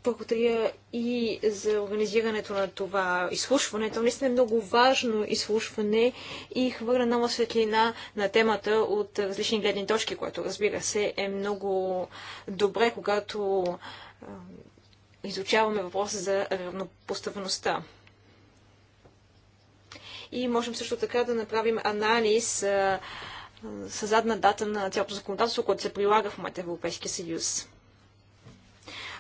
Благодаря и за организирането на това изслушване. То наистина е много важно изслушване и хвърля нова светлина на темата от различни гледни точки, което разбира се е много добре, когато изучаваме въпроса за равнопоставеността и можем също така да направим анализ със задна дата на цялото законодателство, което се прилага в момента в Европейския съюз.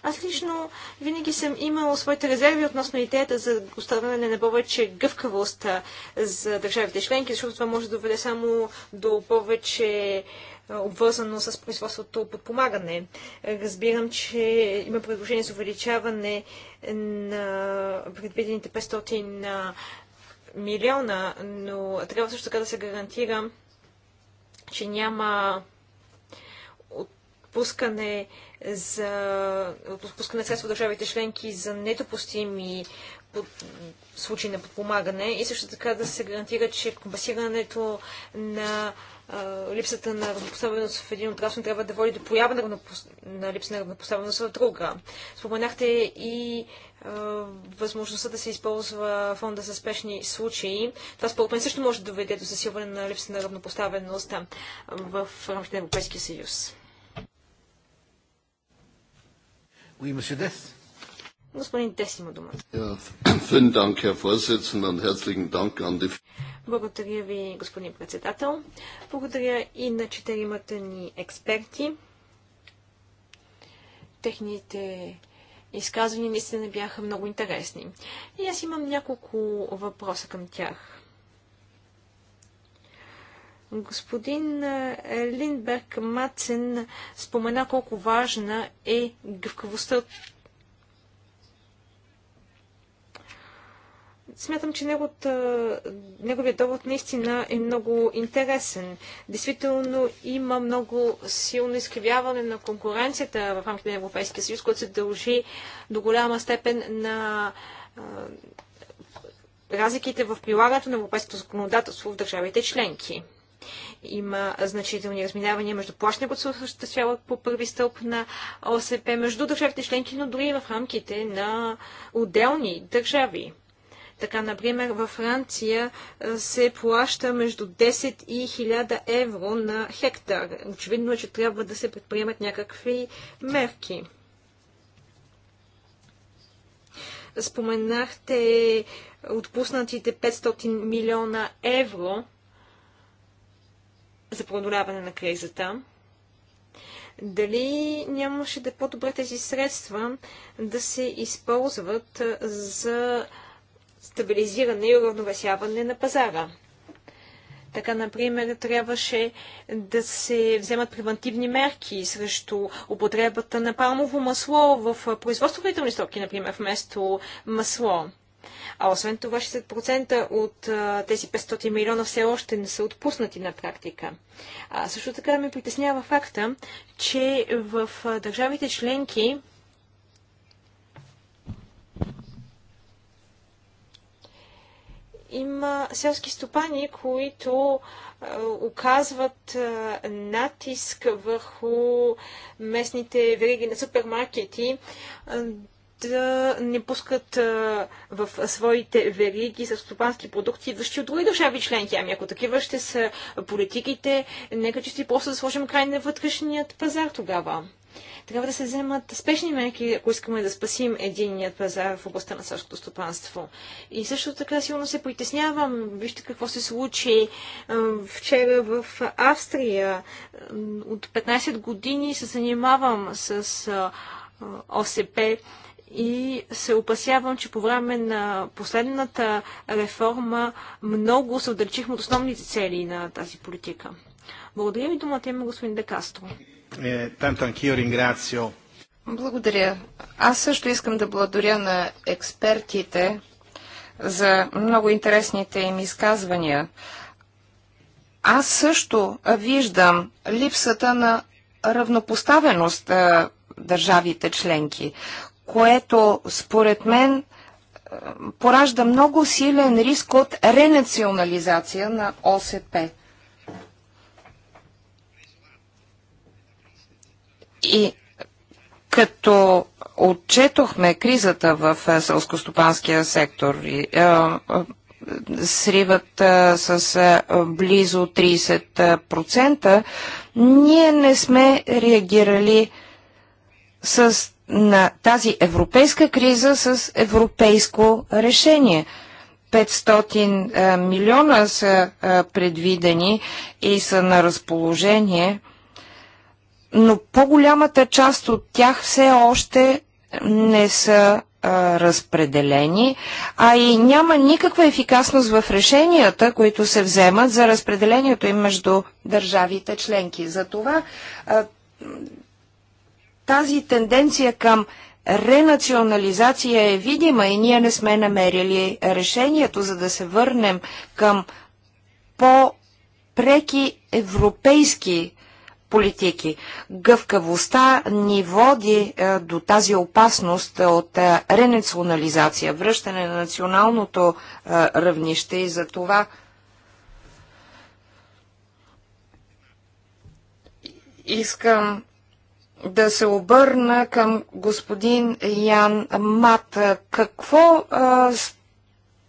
Аз лично винаги съм имал своите резерви относно идеята за оставяне на повече гъвкавост за държавите членки, защото това може да доведе само до повече обвързано с производството подпомагане. Разбирам, че има предложение за увеличаване на предвидените 500 на милиона, но трябва също така да се гарантира, че няма отпускане за отпускане средства от държавите членки за недопустими под... случаи на подпомагане и също така да се гарантира, че компенсирането на липсата на равнопоставеност в един отрасъл трябва да води до поява на, равнопос... на липса на равнопоставеност в друга. Споменахте и възможността да се използва фонда за спешни случаи. Това според мен също може да доведе до засилване на липса на равнопоставеност в рамките на Европейския съюз. Oui, monsieur Господин Тес има думата. Благодаря ви, господин председател. Благодаря и на четиримата ни експерти. Техните изказвания наистина бяха много интересни. И аз имам няколко въпроса към тях. Господин Линдберг Мацен спомена колко важна е гъвкавостта Смятам, че неговата, неговият довод наистина е много интересен. Действително има много силно изкривяване на конкуренцията в рамките на Европейския съюз, което се дължи до голяма степен на а, разликите в прилагането на европейското законодателство в държавите членки има значителни разминавания между плащане, които се осъществява по първи стълб на ОСП, между държавите членки, но дори и в рамките на отделни държави. Така, например, във Франция се плаща между 10 и 1000 евро на хектар. Очевидно е, че трябва да се предприемат някакви мерки. Споменахте отпуснатите 500 милиона евро за преодоляване на кризата дали нямаше да е по-добре тези средства да се използват за стабилизиране и уравновесяване на пазара. Така, например, трябваше да се вземат превентивни мерки срещу употребата на палмово масло в хранителни стоки, например, вместо масло. А освен това, 60% от а, тези 500 милиона все още не са отпуснати на практика. А, също така ме притеснява факта, че в а, държавите членки има селски стопани, които е, оказват е, натиск върху местните вериги на супермаркети е, да не пускат в своите вериги с стопански продукти, идващи от други държави членки. Ами ако такива ще са политиките, нека че си просто да сложим край на вътрешният пазар тогава. Трябва да се вземат спешни мерки, ако искаме да спасим единният пазар в областта на селското стопанство. И също така силно се притеснявам. Вижте какво се случи вчера в Австрия. От 15 години се занимавам с ОСП и се опасявам, че по време на последната реформа много се отдалечихме от основните цели на тази политика. Благодаря ви, думата има господин Декастро. Eh, благодаря. Аз също искам да благодаря на експертите за много интересните им изказвания. Аз също виждам липсата на равнопоставеност на е, държавите членки, което според мен е, поражда много силен риск от ренационализация на ОСП. И като отчетохме кризата в е, селскостопанския сектор, е, е, сриват с близо 30%, ние не сме реагирали с, на тази европейска криза с европейско решение. 500 милиона са предвидени и са на разположение но по-голямата част от тях все още не са а, разпределени, а и няма никаква ефикасност в решенията, които се вземат за разпределението им между държавите членки. Затова а, тази тенденция към ренационализация е видима и ние не сме намерили решението, за да се върнем към по-преки европейски политики. Гъвкавостта ни води е, до тази опасност е, от е, ренационализация, връщане на националното е, равнище и за това искам да се обърна към господин Ян Мат. Какво а, е,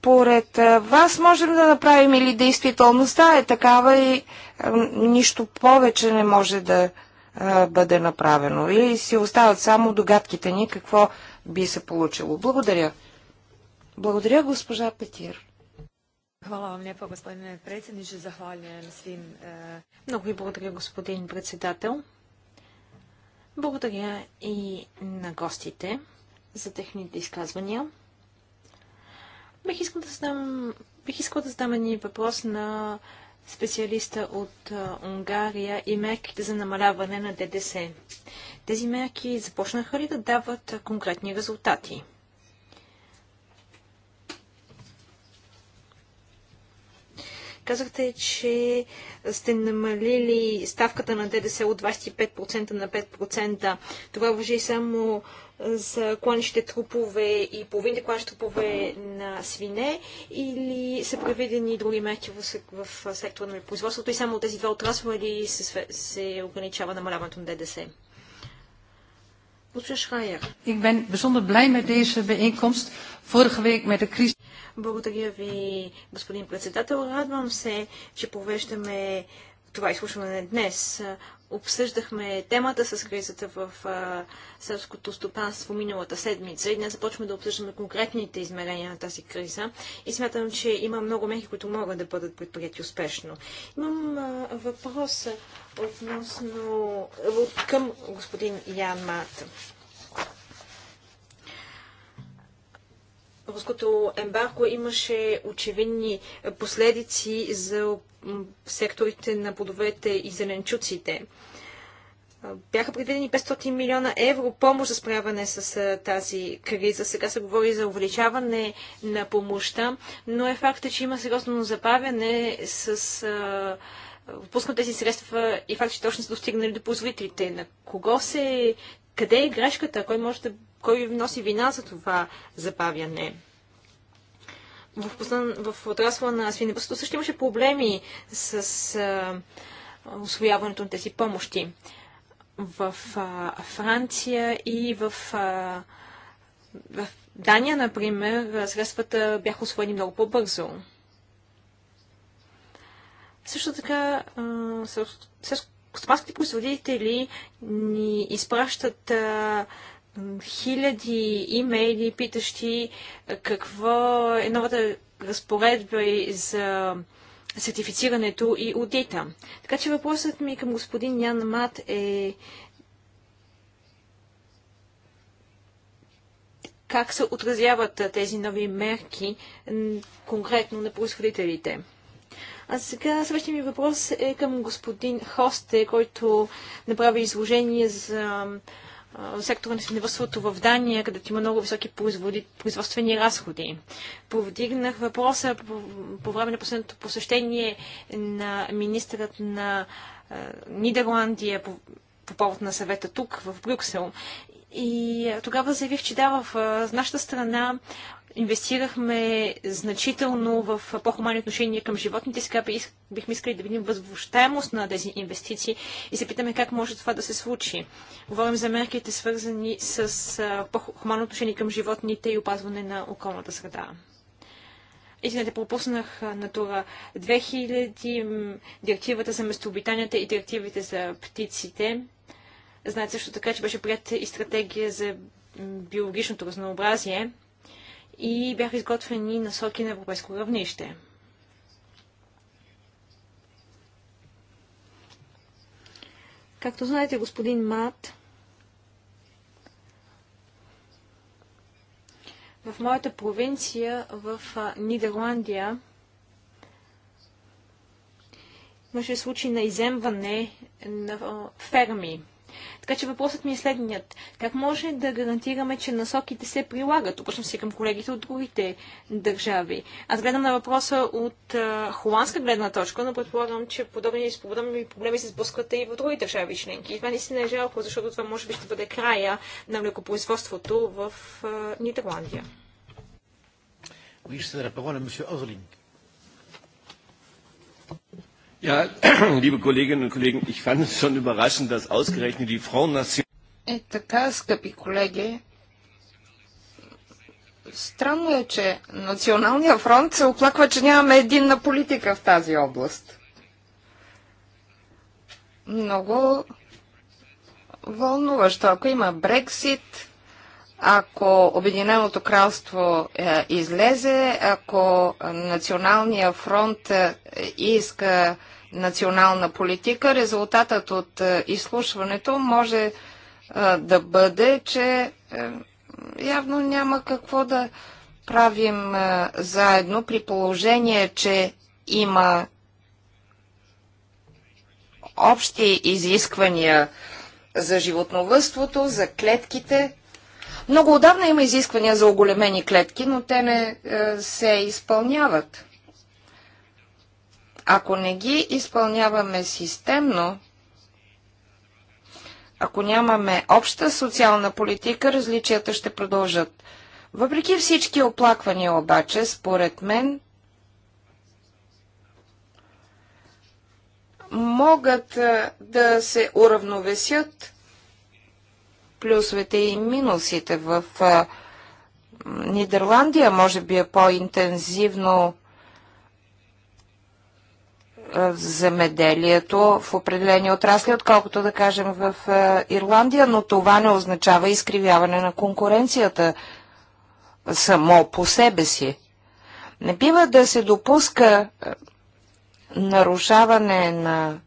според вас можем да направим или действителността е такава и нищо повече не може да бъде направено? Или си остават само догадките ни какво би се получило? Благодаря. Благодаря, госпожа Петир. Hvala vam lijepo gospodine predsjedniče, zahvaljujem svim. E... Много ви благодаря господин председател. Благодаря и на гостите за техните изказвания. Бих искал да задам, бих искала да задам един въпрос на специалиста от Унгария и мерките за намаляване на ДДС. Тези мерки започнаха ли да дават конкретни резултати? Казахте, че сте намалили ставката на ДДС от 25% на 5%. Това въжи само за кланищите трупове и половините кланищи трупове на свине или са проведени други мерки в, в сектора на производството и само тези два отрасла или се, се ограничава намаляването на ДДС? Ik ben bijzonder blij met deze bijeenkomst. Vorige week met de crisis... Благодаря ви, господин председател. Радвам се, че повеждаме това изслушване днес обсъждахме темата с кризата в а, селското стопанство миналата седмица и днес започваме да обсъждаме конкретните измерения на тази криза и смятам, че има много мехи, които могат да бъдат предприяти успешно. Имам а, въпрос относно към господин Ян Мат. руското ембарго имаше очевидни е, последици за секторите на плодовете и зеленчуците. Е, бяха предвидени 500 милиона евро помощ за справяне с е, тази криза. Сега се говори за увеличаване на помощта, но е факт, че има сериозно забавяне с отпускането тези средства и факт, че точно са достигнали до производителите. На кого се... Къде е грешката? Кой може да кой носи вина за това забавяне? В, в отрасла на свинебъството също имаше проблеми с а, освояването на тези помощи. В а, Франция и в, а, в Дания, например, средствата бяха освоени много по-бързо. Също така, с производители ни изпращат а, хиляди имейли, питащи какво е новата разпоредба за сертифицирането и аудита. Така че въпросът ми към господин Ян Мат е как се отразяват тези нови мерки конкретно на производителите. А сега следващия ми въпрос е към господин Хосте, който направи изложение за сектора на свиневъдството в Дания, където има много високи производствени разходи. Повдигнах въпроса по, по време на последното посещение на министърът на Нидерландия по, по повод на съвета тук, в Брюксел. И тогава заявих, че да, в нашата страна инвестирахме значително в по-хумани отношения към животните. Сега бихме искали да видим възвръщаемост на тези инвестиции и се питаме как може това да се случи. Говорим за мерките, свързани с по-хумано отношение към животните и опазване на околната среда. Истината пропуснах Натура 2000, директивата за местообитанията и директивите за птиците. Знаете също така, че беше прият и стратегия за биологичното разнообразие и бяха изготвени насоки на европейско равнище. Както знаете, господин Мат, в моята провинция в Нидерландия имаше случай на иземване на ферми. Така че въпросът ми е следният. Как може да гарантираме, че насоките се прилагат? Обръщам се към колегите от другите държави. Аз гледам на въпроса от а, холандска гледна точка, но предполагам, че подобни, подобни проблеми се сблъскват и в други държави членки. И това наистина е жалко, защото това може би ще бъде края на млекопроизводството в а, Нидерландия. Вижте, да Ja, liebe Kolleginnen und Kollegen, ich fand es schon überraschend, dass ausgerechnet die Е така, скъпи колеги, странно е, че Националния фронт се оплаква, че нямаме единна политика в тази област. Много вълнуващо. Ако има Брексит, ако Обединеното кралство е, излезе, ако Националния фронт е, иска национална политика, резултатът от е, изслушването може да бъде, че явно няма какво да правим заедно при положение, че има общи изисквания за животновътството, за клетките много отдавна има изисквания за оголемени клетки, но те не е, се изпълняват. Ако не ги изпълняваме системно, ако нямаме обща социална политика, различията ще продължат. Въпреки всички оплаквания обаче, според мен, могат е, да се уравновесят плюсовете и минусите. В Нидерландия може би е по-интензивно земеделието в определени отрасли, отколкото да кажем в Ирландия, но това не означава изкривяване на конкуренцията само по себе си. Не бива да се допуска нарушаване на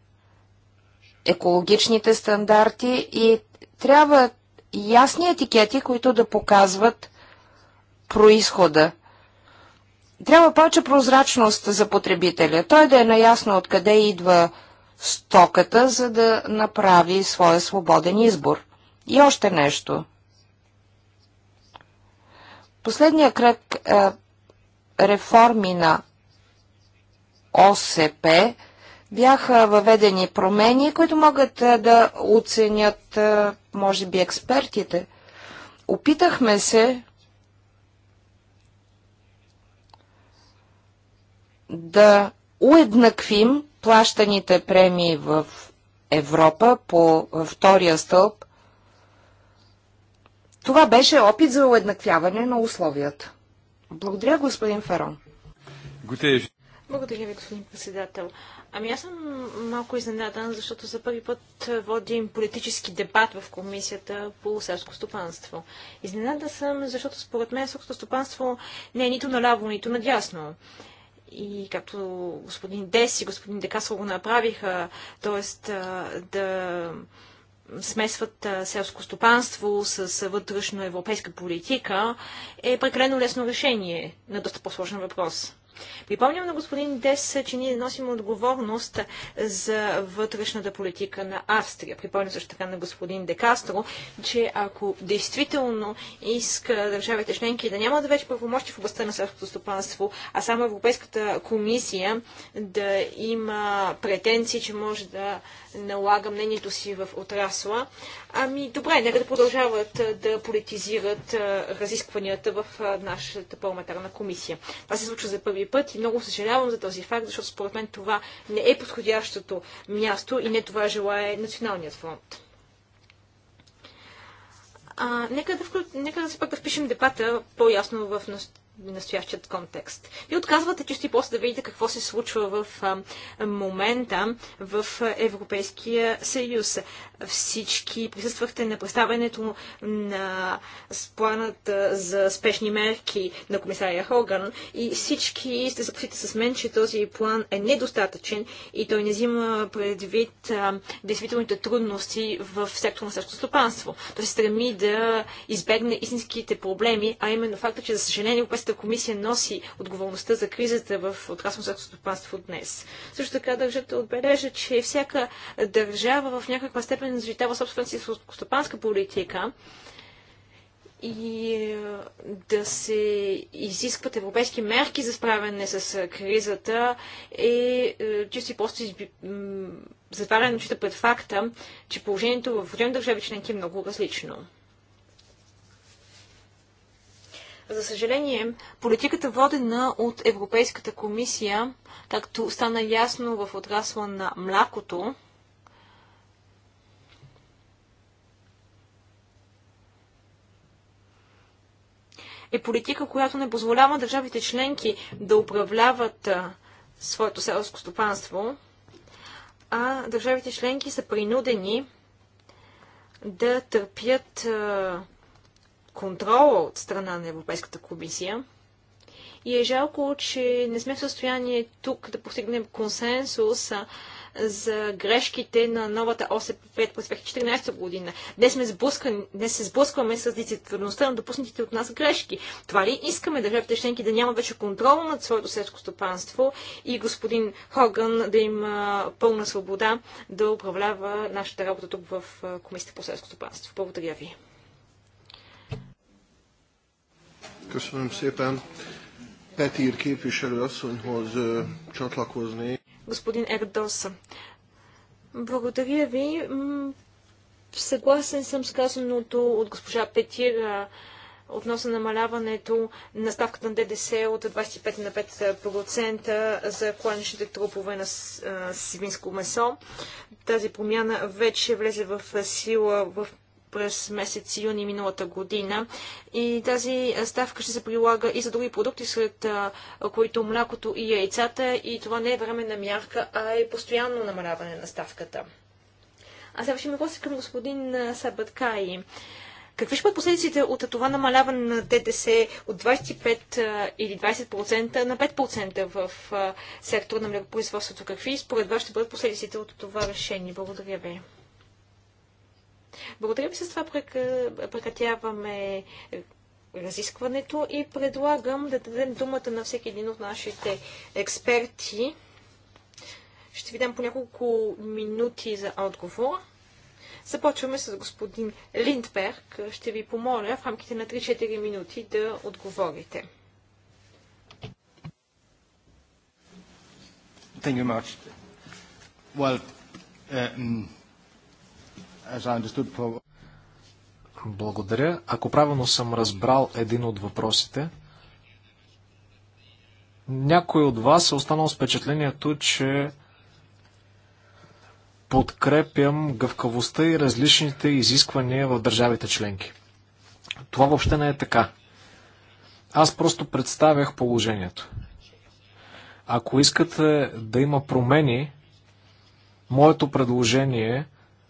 екологичните стандарти и трябва ясни етикети, които да показват происхода. Трябва повече прозрачност за потребителя. Той да е наясно откъде идва стоката, за да направи своя свободен избор. И още нещо. Последния кръг е, реформи на ОСП бяха въведени промени, които могат да оценят, може би, експертите. Опитахме се да уеднаквим плащаните премии в Европа по втория стълб. Това беше опит за уеднаквяване на условията. Благодаря, господин Ферон. Гутеев. Благодаря ви, господин председател. Ами аз съм малко изненадан, защото за първи път водим политически дебат в комисията по селско стопанство. Изненадан съм, защото според мен селското стопанство не е нито наляво, нито надясно. И както господин Дес и господин Декасъл го направиха, т.е. да смесват селско стопанство с вътрешно европейска политика, е прекалено лесно решение на доста по-сложен въпрос. Припомням на господин Дес, че ние носим отговорност за вътрешната политика на Австрия. Припомням също така на господин Декастро, че ако действително иска държавите членки да нямат вече правомощи в областта на селското стопанство, а само Европейската комисия да има претенции, че може да налага мнението си в отрасла, ами добре, нека да продължават да политизират разискванията в нашата парламентарна комисия. Това се случва за първи първи път и много съжалявам за този факт, защото според мен това не е подходящото място и не това желая Националният фронт. А, нека да, вклю... нека да се пък да впишем дебата по-ясно в, настоящият контекст. Вие отказвате чисто и после да видите какво се случва в а, момента в Европейския съюз. Всички присъствахте на представенето на планът за спешни мерки на комисария Хоган и всички сте съпросите с мен, че този план е недостатъчен и той не взима предвид а, действителните трудности в сектора на същото стопанство. Той се стреми да избегне истинските проблеми, а именно факта, че за съжаление Европейската комисия носи отговорността за кризата в отраслното стопанство днес. Също така държа да отбележа, че всяка държава в някаква степен защитава собствената си стопанска политика и е, да се изискват европейски мерки за справяне с е, кризата е, е чисто и просто изби... затваряне на пред факта, че положението в отделни държави членки е много различно. За съжаление, политиката водена от Европейската комисия, както стана ясно в отрасла на млякото, е политика, която не позволява държавите членки да управляват своето селско стопанство, а държавите членки са принудени да търпят контрола от страна на Европейската комисия. И е жалко, че не сме в състояние тук да постигнем консенсус за грешките на новата ОСП през 2014 година. Днес, сме сблъскани, днес се сблъскваме с дисциплинността на допуснатите от нас грешки. Това ли искаме държавите членки да няма вече контрол над своето селско стопанство и господин Хоган да има пълна свобода да управлява нашата работа тук в Комисията по селско стопанство? Благодаря ви. Köszönöm szépen. Petír képviselő asszonyhoz csatlakozni. Господин Ердоса, благодаря ви. Съгласен съм с казаното от госпожа Петир относно намаляването на ставката на ДДС от 25 на 5% за кланичните трупове на свинско месо. Тази промяна вече влезе в сила в през месец юни миналата година. И тази ставка ще се прилага и за други продукти, сред които млякото и яйцата. И това не е временна мярка, а е постоянно намаляване на ставката. А ще въпрос е към господин Сабаткаи. Какви ще бъдат последиците от това намаляване на ДДС от 25 или 20% на 5% в сектора на млекопроизводството? Какви според вас ще бъдат последиците от това решение? Благодаря ви. Благодаря ви, с това прекратяваме разискването и предлагам да дадем думата на всеки един от нашите експерти. Ще ви дам по няколко минути за отговор. Започваме с господин Линдберг. Ще ви помоля в рамките на 3-4 минути да отговорите. Thank you much. Well, um, благодаря. Ако правилно съм разбрал един от въпросите, някой от вас е останал с впечатлението, че подкрепям гъвкавостта и различните изисквания в държавите членки. Това въобще не е така. Аз просто представях положението. Ако искате да има промени, моето предложение е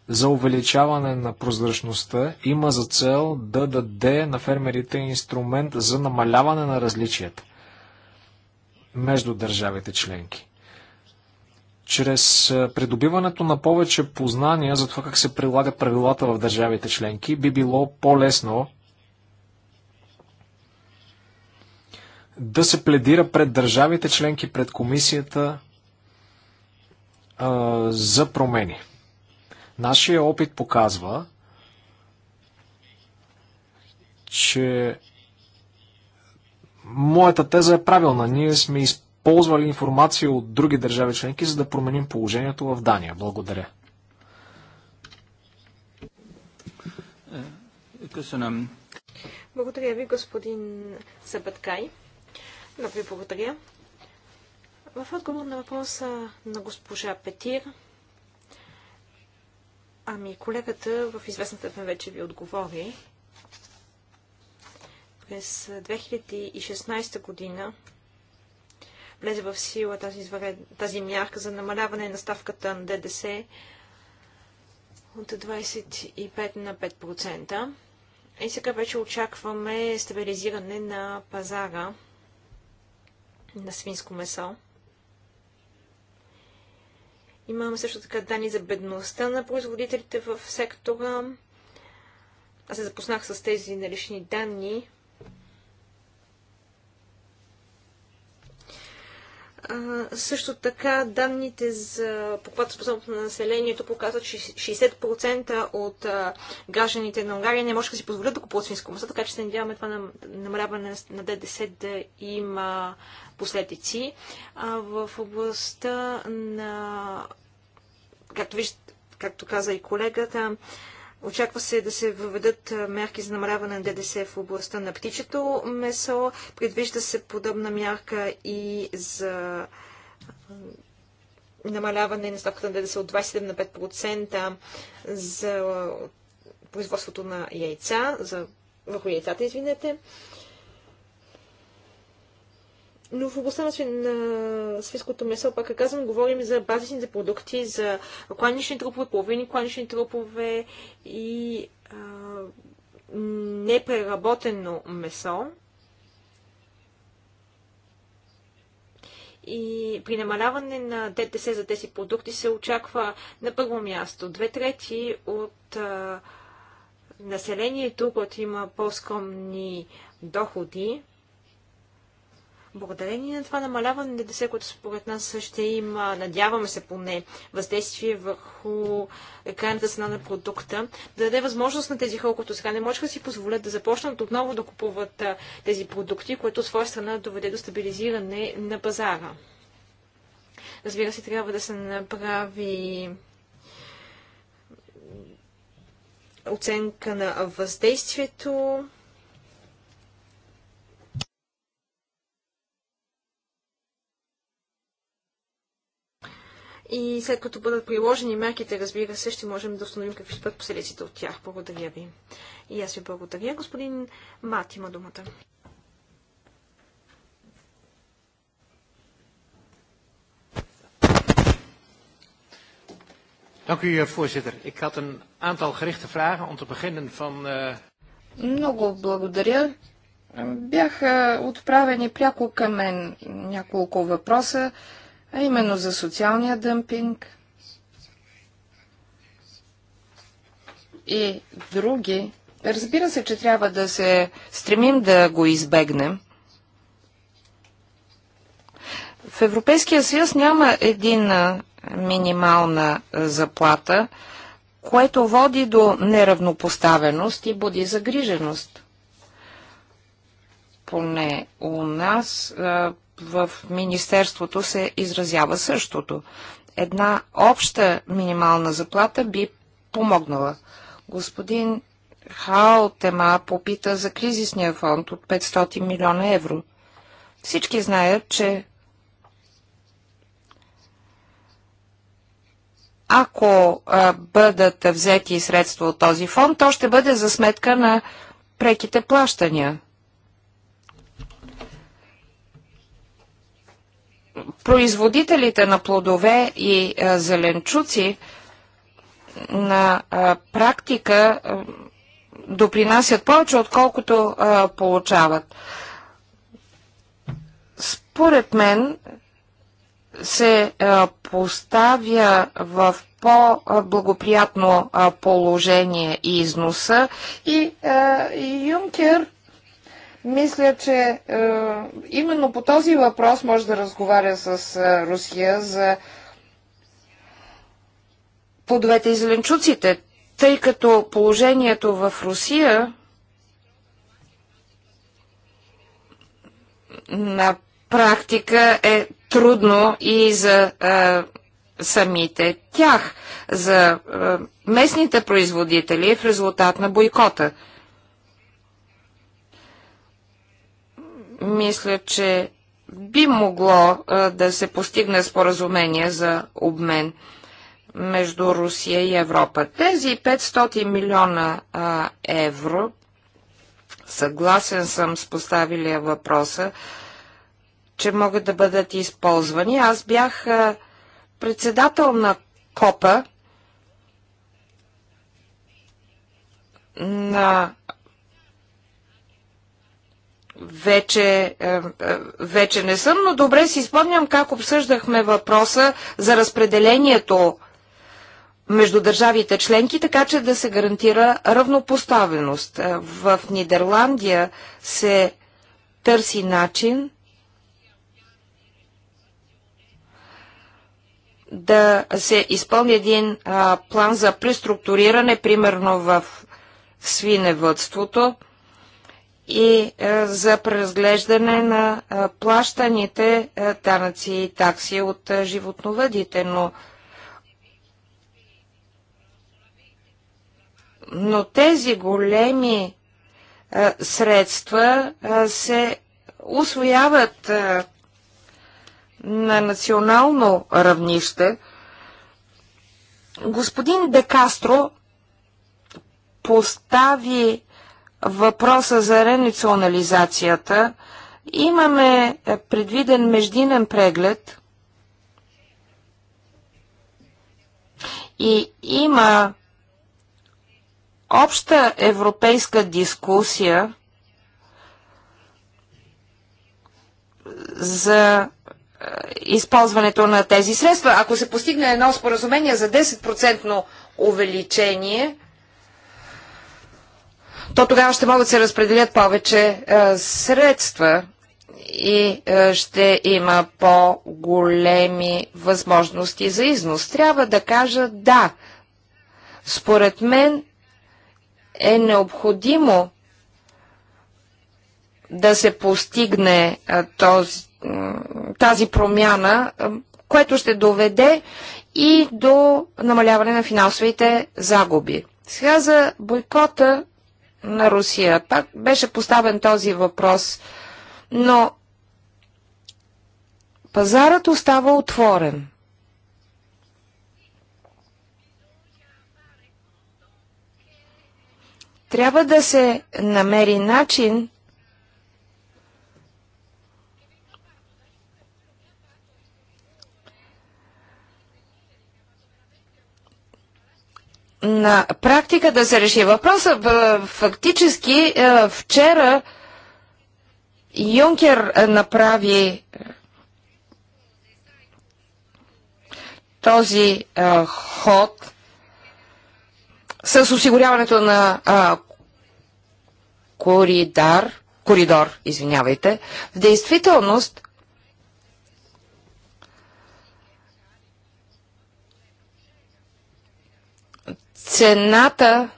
за увеличаване на прозрачността има за цел да даде на фермерите инструмент за намаляване на различията между държавите членки. Чрез придобиването на повече познания за това как се прилагат правилата в държавите членки, би било по-лесно да се пледира пред държавите членки, пред комисията а, за промени. Нашия опит показва, че моята теза е правилна. Ние сме използвали информация от други държави членки, за да променим положението в Дания. Благодаря. Благодаря ви, господин Сабаткай. Много ви благодаря. В отговор на въпроса на госпожа Петир, Ами, колегата в известната ден вече ви отговори. През 2016 година влезе в сила тази, изваред... тази мярка за намаляване на ставката на ДДС от 25 на 5%. И сега вече очакваме стабилизиране на пазара на свинско месо. Имаме също така данни за бедността на производителите в сектора. Аз се запознах с тези налични данни също така данните за покупателната на населението показват, че 60% от гражданите на Унгария не може да си позволят да купуват свинско месо, така че се надяваме това намаляване на ДДС да има последици. А, в областта на, както, вижд, както каза и колегата, Очаква се да се въведат мерки за намаляване на ДДС в областта на птичето месо. Предвижда се подобна мярка и за намаляване на ставката на ДДС от 27 на 5% за производството на яйца, за върху яйцата, извинете. Но в областта на, на свинското месо, пак казвам, говорим за базисните продукти, за кланични трупове, половини кланични трупове и а, непреработено месо. И при намаляване на ДТС за тези продукти се очаква на първо място две трети от а, населението, което има по-скромни доходи, Благодарение на това намаляване на ДДС, което според нас ще има, надяваме се поне, въздействие върху крайната цена на продукта, да даде възможност на тези хора, които сега не можеха да си позволят да започнат отново да купуват тези продукти, което от своя страна доведе до стабилизиране на пазара. Разбира се, трябва да се направи оценка на въздействието и след като бъдат приложени мерките, разбира се, ще можем да установим какви ще бъдат последиците от тях. Благодаря ви. И аз ви благодаря. Господин Мат има думата. Dank u, eh, voorzitter. Ik had een aantal gerichte vragen om te beginnen van... Uh... Много благодаря. Бяха отправени пряко към мен няколко въпроса. Uh, а именно за социалния дъмпинг и други. Разбира се, че трябва да се стремим да го избегнем. В Европейския съюз няма един минимална заплата, което води до неравнопоставеност и буди загриженост. Поне у нас в Министерството се изразява същото. Една обща минимална заплата би помогнала. Господин Тема попита за кризисния фонд от 500 милиона евро. Всички знаят, че ако а, бъдат взети средства от този фонд, то ще бъде за сметка на преките плащания – производителите на плодове и а, зеленчуци на а, практика а, допринасят повече, отколкото а, получават. Според мен се а, поставя в по-благоприятно положение и износа и а, Юнкер мисля, че е, именно по този въпрос може да разговаря с е, Русия за плодовете и зеленчуците, тъй като положението в Русия на практика е трудно и за е, самите тях, за е, местните производители в резултат на бойкота. мисля, че би могло да се постигне споразумение за обмен между Русия и Европа. Тези 500 милиона евро, съгласен съм с поставилия въпроса, че могат да бъдат използвани. Аз бях председател на КОПА на вече, е, е, вече не съм, но добре си спомням как обсъждахме въпроса за разпределението между държавите членки, така че да се гарантира равнопоставеност. Е, в Нидерландия се търси начин да се изпълни един план за преструктуриране, примерно в свиневътството и е, за преразглеждане на е, плащаните е, данъци и такси от животновъдите, но но тези големи а, средства а, се освояват а, на национално равнище. Господин Декастро постави въпроса за ренационализацията, имаме е, предвиден междинен преглед и има обща европейска дискусия за е, използването на тези средства. Ако се постигне едно споразумение за 10% увеличение, то тогава ще могат да се разпределят повече е, средства и е, ще има по-големи възможности за износ. Трябва да кажа да. Според мен е необходимо да се постигне е, този, тази промяна, което ще доведе и до намаляване на финансовите загуби. Сега за бойкота на Русия. Пак беше поставен този въпрос, но пазарът остава отворен. Трябва да се намери начин на практика да се реши въпроса. Е, фактически е, вчера Юнкер е, направи този ход с осигуряването на коридор, коридор, извинявайте. В действителност цената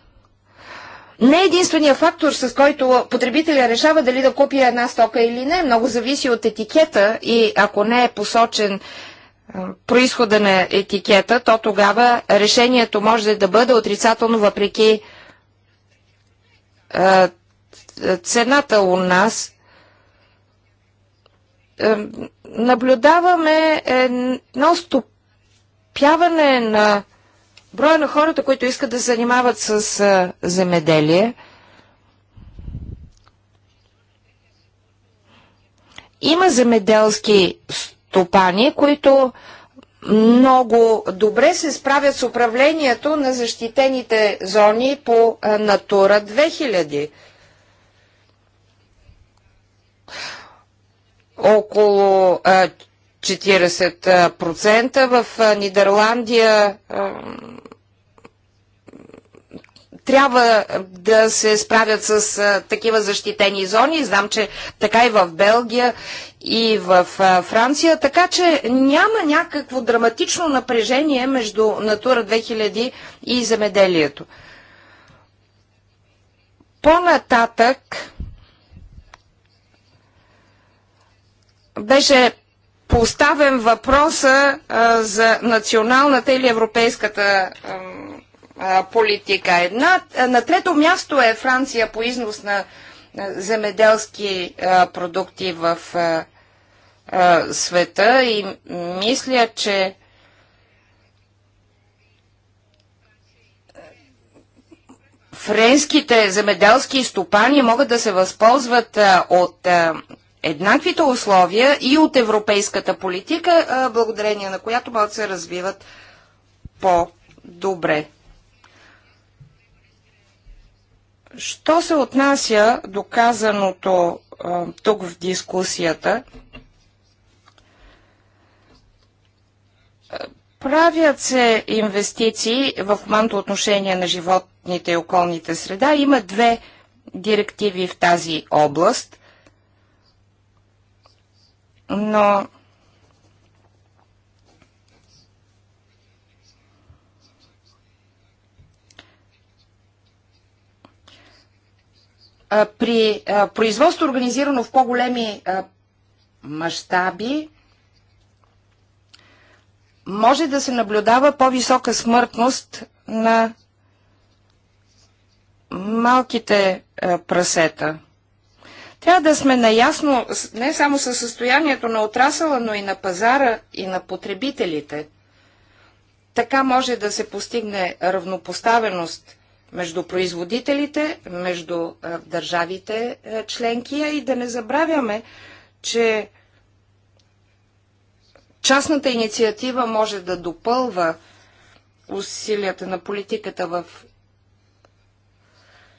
не е единствения фактор, с който потребителя решава дали да купи една стока или не. Много зависи от етикета и ако не е посочен происхода на етикета, то тогава решението може да бъде отрицателно въпреки цената у нас. Е, наблюдаваме едно стопяване на Броя на хората, които искат да се занимават с земеделие, има земеделски стопани, които много добре се справят с управлението на защитените зони по Натура 2000. Около 40% в Нидерландия трябва да се справят с а, такива защитени зони. Знам, че така и в Белгия, и в а, Франция. Така че няма някакво драматично напрежение между Натура 2000 и земеделието. По-нататък беше поставен въпроса а, за националната или европейската а, политика. Една, на трето място е Франция по износ на земеделски продукти в света и мисля, че френските земеделски стопани могат да се възползват от еднаквите условия и от европейската политика, благодарение на която могат да се развиват по-добре. Що се отнася до казаното а, тук в дискусията, правят се инвестиции в хуманното отношение на животните и околните среда. Има две директиви в тази област, но при производство организирано в по-големи мащаби, може да се наблюдава по-висока смъртност на малките прасета. Трябва да сме наясно не само със състоянието на отрасъла, но и на пазара и на потребителите. Така може да се постигне равнопоставеност между производителите, между държавите членки и да не забравяме, че частната инициатива може да допълва усилията на политиката в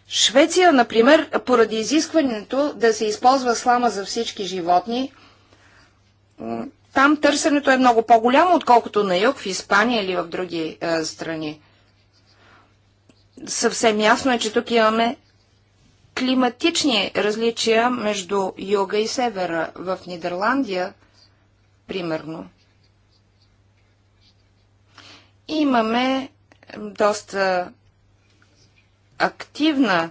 Швеция, например, поради изискването да се използва слама за всички животни, там търсенето е много по-голямо, отколкото на юг, в Испания или в други е, страни съвсем ясно е, че тук имаме климатични различия между юга и севера. В Нидерландия, примерно, имаме доста активна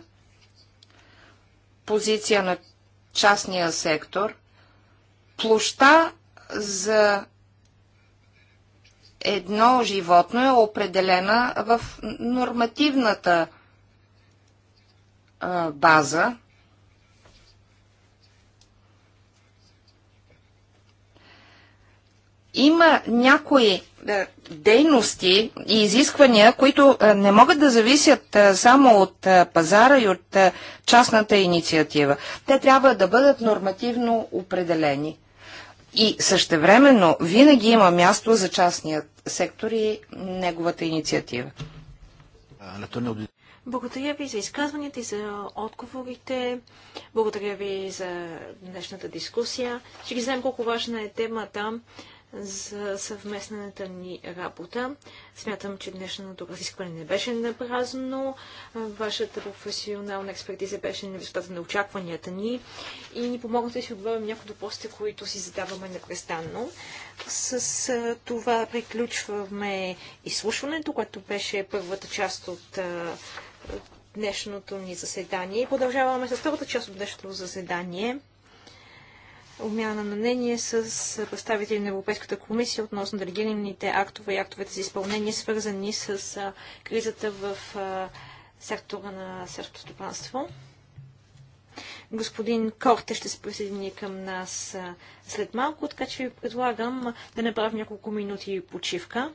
позиция на частния сектор. Площа за едно животно е определена в нормативната база. Има някои е, дейности и изисквания, които е, не могат да зависят е, само от пазара и от частната инициатива. Те трябва да бъдат нормативно определени. И същевременно винаги има място за частният сектор и неговата инициатива. Благодаря ви за изказванията и за отговорите. Благодаря ви за днешната дискусия. Ще ги знаем колко важна е темата за съвместната ни работа. Смятам, че днешното разискване не беше напразно. Вашата професионална експертиза беше на висотата на очакванията ни и ни помогна да си отговорим някои допости, които си задаваме непрестанно. С това приключваме изслушването, което беше първата част от днешното ни заседание. Продължаваме с втората част от днешното заседание обмяна на мнение с представители на Европейската комисия относно делегираните актове и актовете за изпълнение, свързани с кризата в сектора на сърското стопанство. Господин Корте ще се присъедини към нас след малко, така че ви предлагам да направим няколко минути почивка.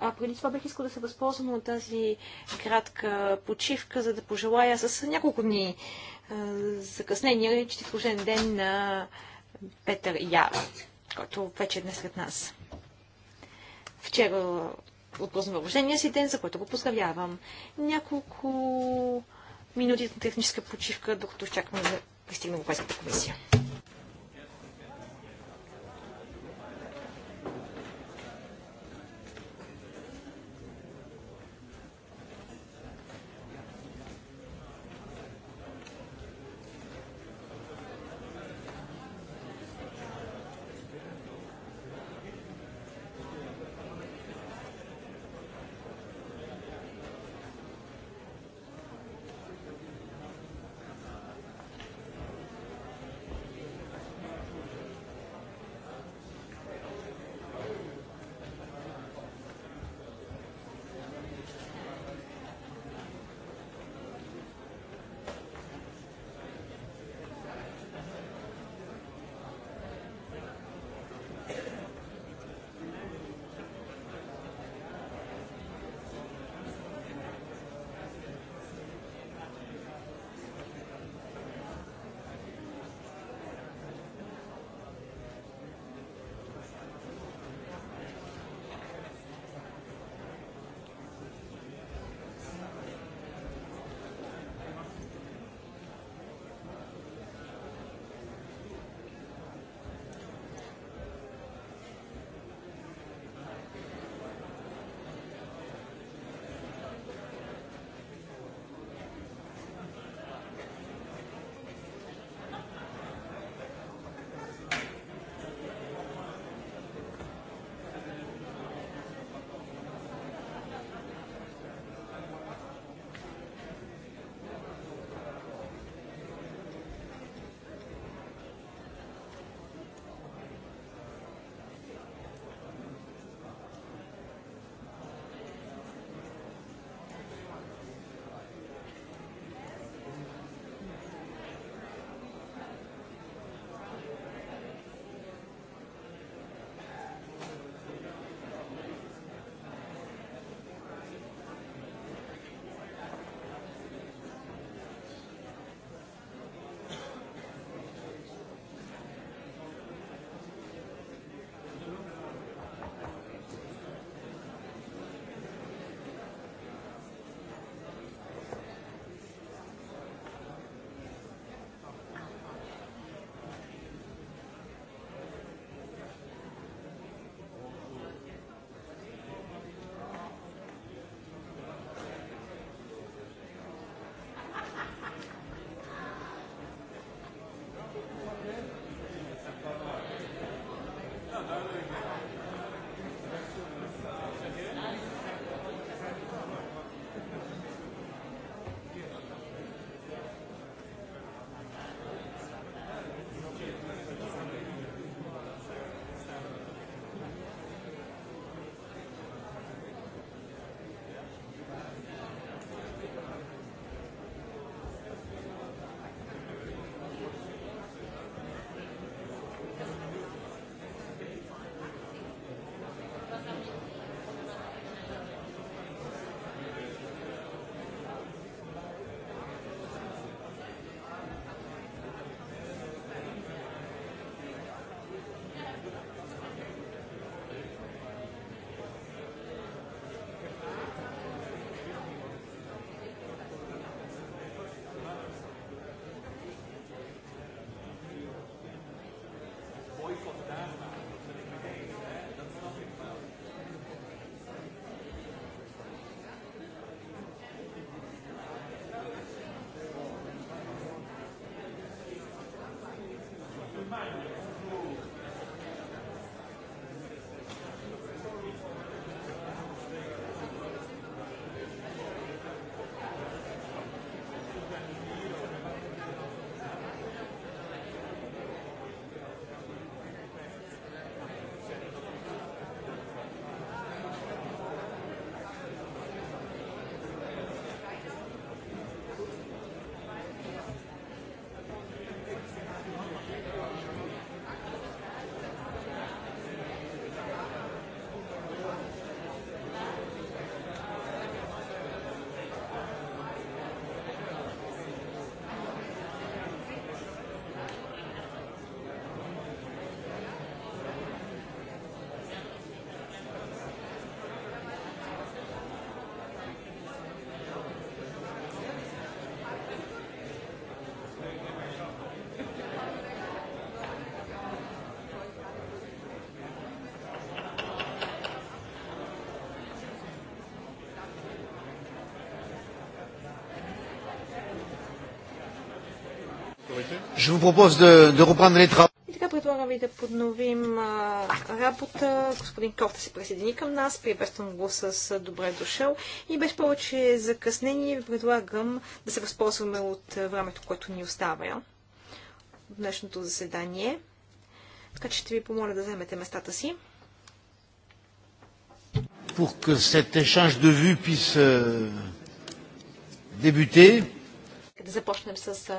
А преди това бих искал да се възползвам от тази кратка почивка, за да пожелая с няколко дни закъснения, че е ден на Петър Ява, който вече е днес след нас. Вчера отпусна въображения си ден, за който го поздравявам. Няколко минути на техническа почивка, докато чакаме да пристигнем в комисия. И така предлагам ви да подновим а, работа. Господин Кофта се присъедини към нас. Приветствам го с добре дошъл. И без повече закъснение ви предлагам да се възползваме от времето, което ни оставя от днешното заседание. Така че ще ви помоля да вземете местата си. Pour que cet échange de vues puisse euh, débuter, да започнем с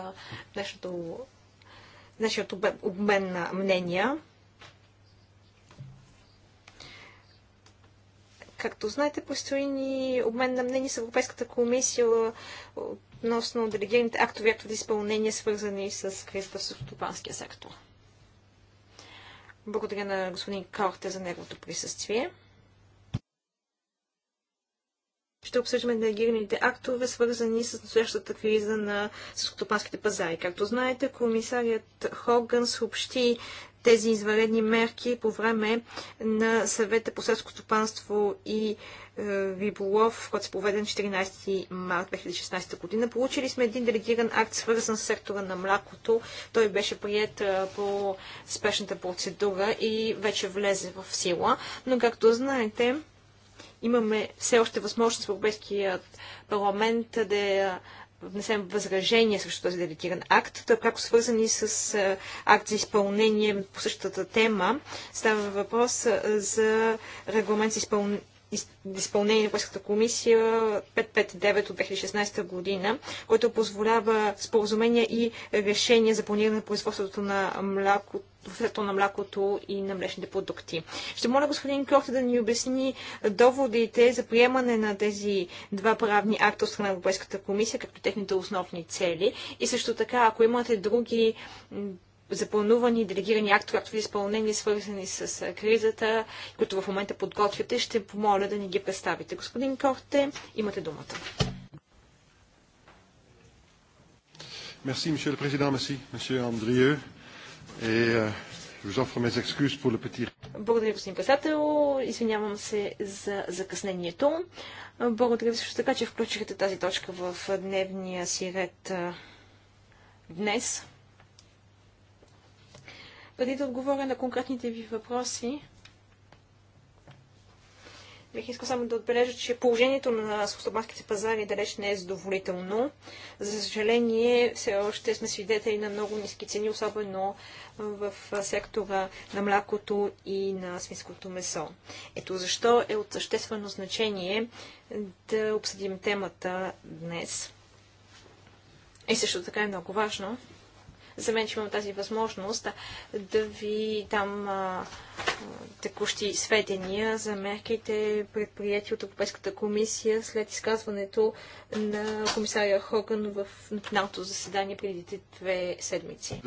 днешното нашият обмен на мнения. Както знаете, предстои ни обмен на мнения с Европейската комисия относно делегираните актови актови изпълнения, свързани с кризата в стопанския сектор. Благодаря на господин Корте за неговото присъствие ще обсъждаме делегираните актове, свързани с настоящата криза на селскотопанските пазари. Както знаете, комисарият Хоган съобщи тези изваредни мерки по време на съвета по селско стопанство и е, риболов, който се поведе на 14 март 2016 година. Получили сме един делегиран акт, свързан с сектора на млякото. Той беше прият е, по спешната процедура и вече влезе в сила. Но, както знаете, имаме все още възможност в Европейския парламент да внесем възражение срещу този делегиран акт, е пряко свързани с акт за изпълнение по същата тема. Става въпрос за регламент за изпълнение изпълнение на Европейската комисия 559 от 2016 година, който позволява споразумения и решения за планиране на производството на мляко на млякото и на млечните продукти. Ще моля господин Крохте да ни обясни доводите за приемане на тези два правни акта от страна на Европейската комисия, както техните основни цели. И също така, ако имате други запланувани делегирани както актови изпълнени, свързани с кризата, които в момента подготвяте, ще помоля да ни ги представите. Господин Корте, имате думата. Merci, monsieur le président. Merci, monsieur Andrieux. Et euh, je vous offre mes excuses pour le petit... Благодаря, господин председател. Извинявам се за закъснението. Благодаря ви също така, че включихте тази точка в дневния си ред днес. Преди да отговоря на конкретните ви въпроси, бих искал само да отбележа, че положението на слободските пазари далеч не е задоволително. За съжаление, все още сме свидетели на много ниски цени, особено в сектора на млякото и на свинското месо. Ето защо е от съществено значение да обсъдим темата днес. И също така е много важно за мен, че имам тази възможност да ви дам текущи сведения за мерките, предприяти от Европейската комисия след изказването на комисаря Хоган в финалното заседание преди две седмици.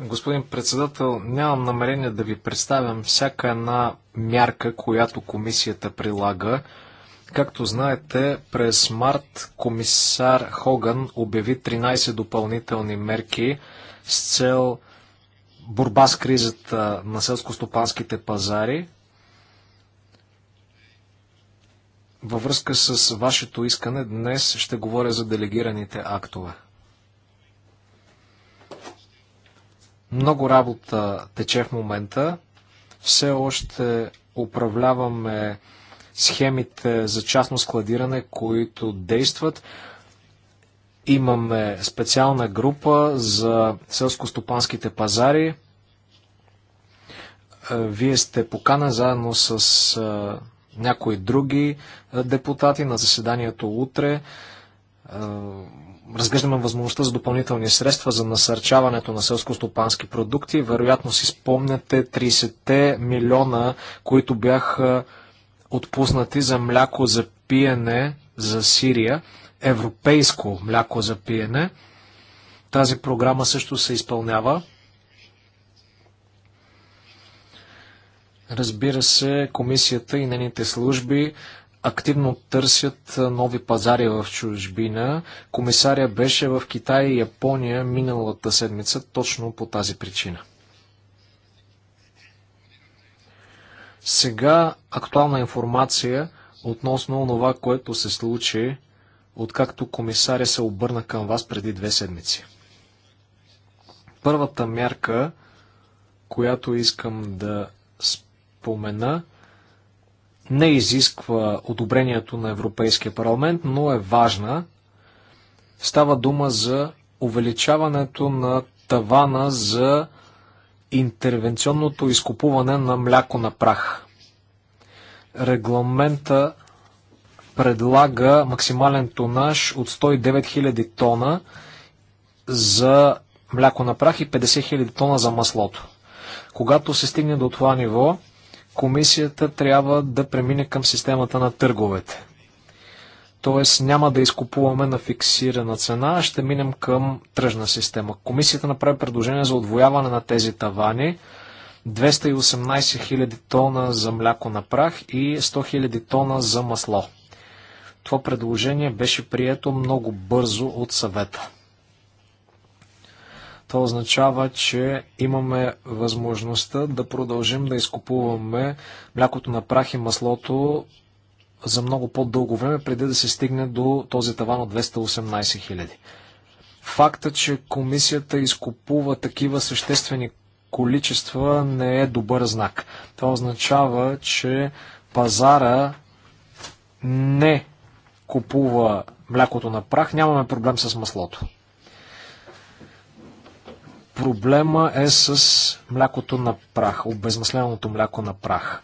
Господин председател, нямам намерение да ви представям всяка една мярка, която комисията прилага. Както знаете, през март комисар Хоган обяви 13 допълнителни мерки с цел борба с кризата на селско-стопанските пазари. Във връзка с вашето искане днес ще говоря за делегираните актове. Много работа тече в момента. Все още управляваме схемите за частно складиране, които действат. Имаме специална група за селско-стопанските пазари. Е, вие сте покана заедно с е, някои други е, депутати на заседанието утре. Разглеждаме възможността за допълнителни средства за насърчаването на селско-стопански продукти. Вероятно си спомняте 30 милиона, които бяха отпуснати за мляко за пиене за Сирия, европейско мляко за пиене. Тази програма също се изпълнява. Разбира се, комисията и нейните служби активно търсят нови пазари в чужбина. Комисаря беше в Китай и Япония миналата седмица точно по тази причина. Сега актуална информация относно това, което се случи, откакто комисаря се обърна към вас преди две седмици. Първата мярка, която искам да спомена, не изисква одобрението на Европейския парламент, но е важна. Става дума за увеличаването на тавана за интервенционното изкупуване на мляко на прах. Регламента предлага максимален тонаж от 109 000 тона за мляко на прах и 50 000 тона за маслото. Когато се стигне до това ниво, комисията трябва да премине към системата на търговете т.е. няма да изкупуваме на фиксирана цена, ще минем към тръжна система. Комисията направи предложение за отвояване на тези тавани. 218 000 тона за мляко на прах и 100 000 тона за масло. Това предложение беше прието много бързо от съвета. Това означава, че имаме възможността да продължим да изкупуваме млякото на прах и маслото за много по-дълго време, преди да се стигне до този таван от 218 хиляди. Факта, че комисията изкупува такива съществени количества не е добър знак. Това означава, че пазара не купува млякото на прах, нямаме проблем с маслото. Проблема е с млякото на прах, обезмасленото мляко на прах.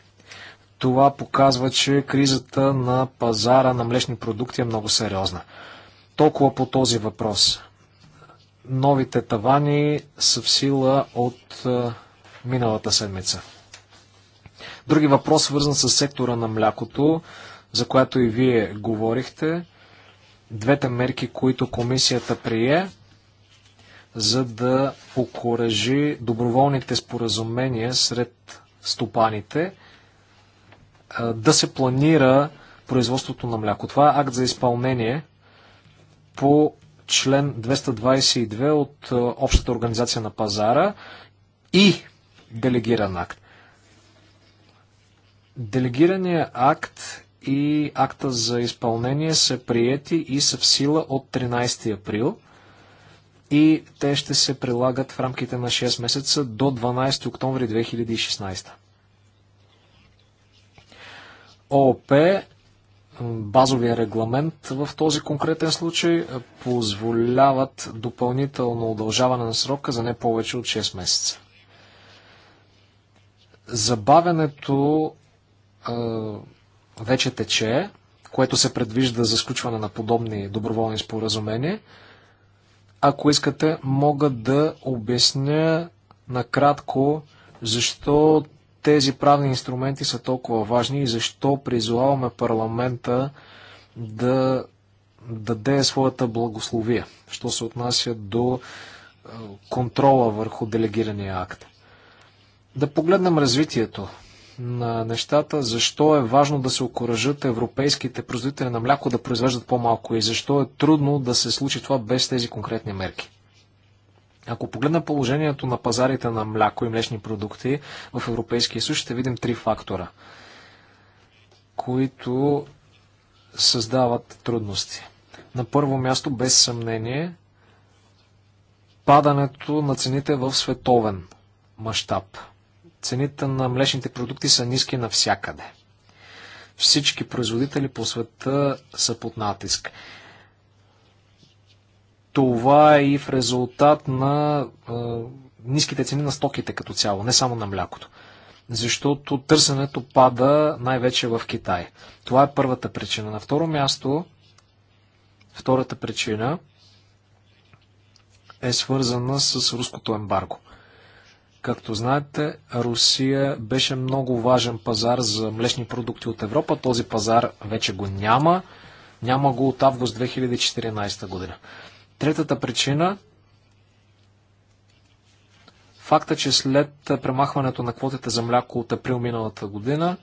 Това показва, че кризата на пазара на млечни продукти е много сериозна. Толкова по този въпрос. Новите тавани са в сила от е, миналата седмица. Други въпрос, свързан с сектора на млякото, за която и вие говорихте. Двете мерки, които комисията прие, за да покоръжи доброволните споразумения сред стопаните – да се планира производството на мляко. Това е акт за изпълнение по член 222 от Общата организация на пазара и делегиран акт. Делегираният акт и акта за изпълнение са приети и са в сила от 13 април и те ще се прилагат в рамките на 6 месеца до 12 октомври 2016. ООП, базовия регламент в този конкретен случай, е, позволяват допълнително удължаване на срока за не повече от 6 месеца. Забавянето е, вече тече, което се предвижда за сключване на подобни доброволни споразумения. Ако искате, мога да обясня накратко защо тези правни инструменти са толкова важни и защо призоваваме парламента да даде своята благословия, що се отнася до е, контрола върху делегирания акт. Да погледнем развитието на нещата, защо е важно да се окоръжат европейските производители на мляко да произвеждат по-малко и защо е трудно да се случи това без тези конкретни мерки. Ако погледна положението на пазарите на мляко и млечни продукти в Европейския съюз, ще видим три фактора, които създават трудности. На първо място, без съмнение, падането на цените в световен мащаб. Цените на млечните продукти са ниски навсякъде. Всички производители по света са под натиск. Това е и в резултат на а, ниските цени на стоките като цяло, не само на млякото. Защото търсенето пада най-вече в Китай. Това е първата причина. На второ място, втората причина е свързана с руското ембарго. Както знаете, Русия беше много важен пазар за млечни продукти от Европа. Този пазар вече го няма. Няма го от август 2014 година. Третата причина факта, че след премахването на квотите за мляко от април миналата година,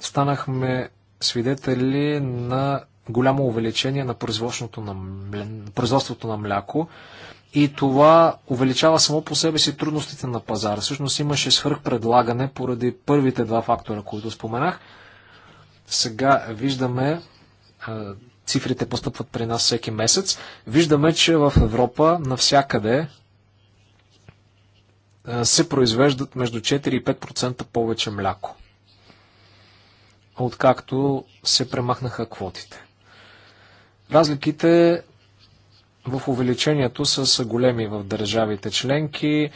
станахме свидетели на голямо увеличение на производството на, мля... производството на мляко. И това увеличава само по себе си трудностите на пазара. Всъщност имаше свръхпредлагане поради първите два фактора, които споменах. Сега виждаме цифрите постъпват при нас всеки месец, виждаме, че в Европа навсякъде се произвеждат между 4 и 5% повече мляко, откакто се премахнаха квотите. Разликите в увеличението са, са големи в държавите членки.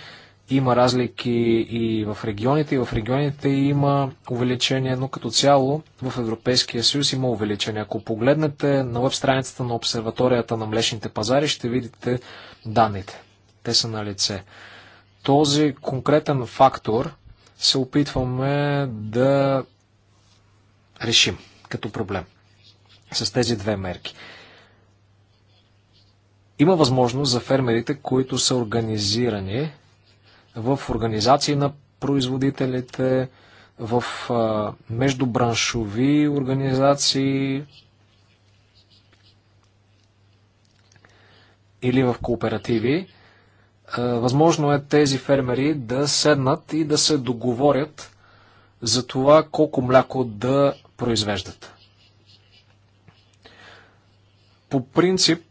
Има разлики и в регионите, и в регионите има увеличение, но като цяло в Европейския съюз има увеличение. Ако погледнете на веб страницата на обсерваторията на млечните пазари, ще видите данните. Те са на лице. Този конкретен фактор се опитваме да решим като проблем с тези две мерки. Има възможност за фермерите, които са организирани в организации на производителите, в а, междубраншови организации или в кооперативи. А, възможно е тези фермери да седнат и да се договорят за това колко мляко да произвеждат. По принцип,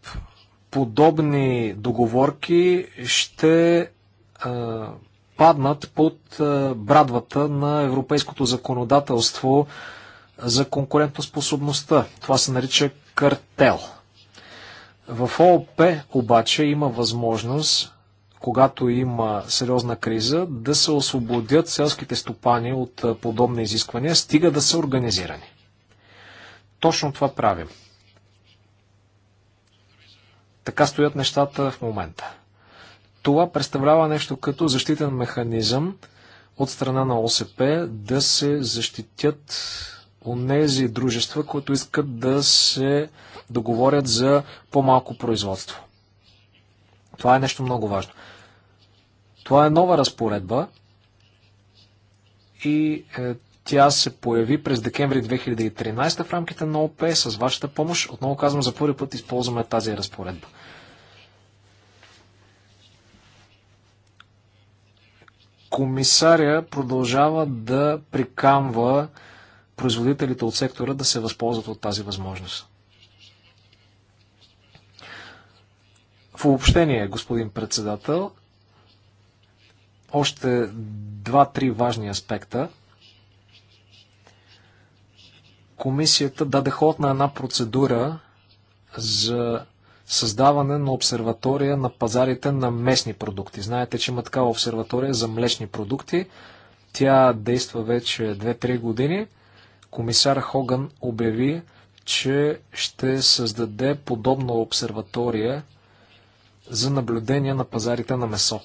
подобни договорки ще паднат под брадвата на европейското законодателство за конкурентоспособността. Това се нарича картел. В ООП обаче има възможност, когато има сериозна криза, да се освободят селските стопани от подобни изисквания, стига да са организирани. Точно това правим. Така стоят нещата в момента. Това представлява нещо като защитен механизъм от страна на ОСП да се защитят онези дружества, които искат да се договорят за по-малко производство. Това е нещо много важно. Това е нова разпоредба и е, тя се появи през декември 2013 в рамките на ОП с вашата помощ. Отново казвам, за първи път използваме тази разпоредба. комисаря продължава да прикамва производителите от сектора да се възползват от тази възможност. В общение, господин председател, още два-три важни аспекта. Комисията даде ход на една процедура за създаване на обсерватория на пазарите на местни продукти. Знаете, че има такава обсерватория за млечни продукти. Тя действа вече 2-3 години. Комисар Хоган обяви, че ще създаде подобна обсерватория за наблюдение на пазарите на месо.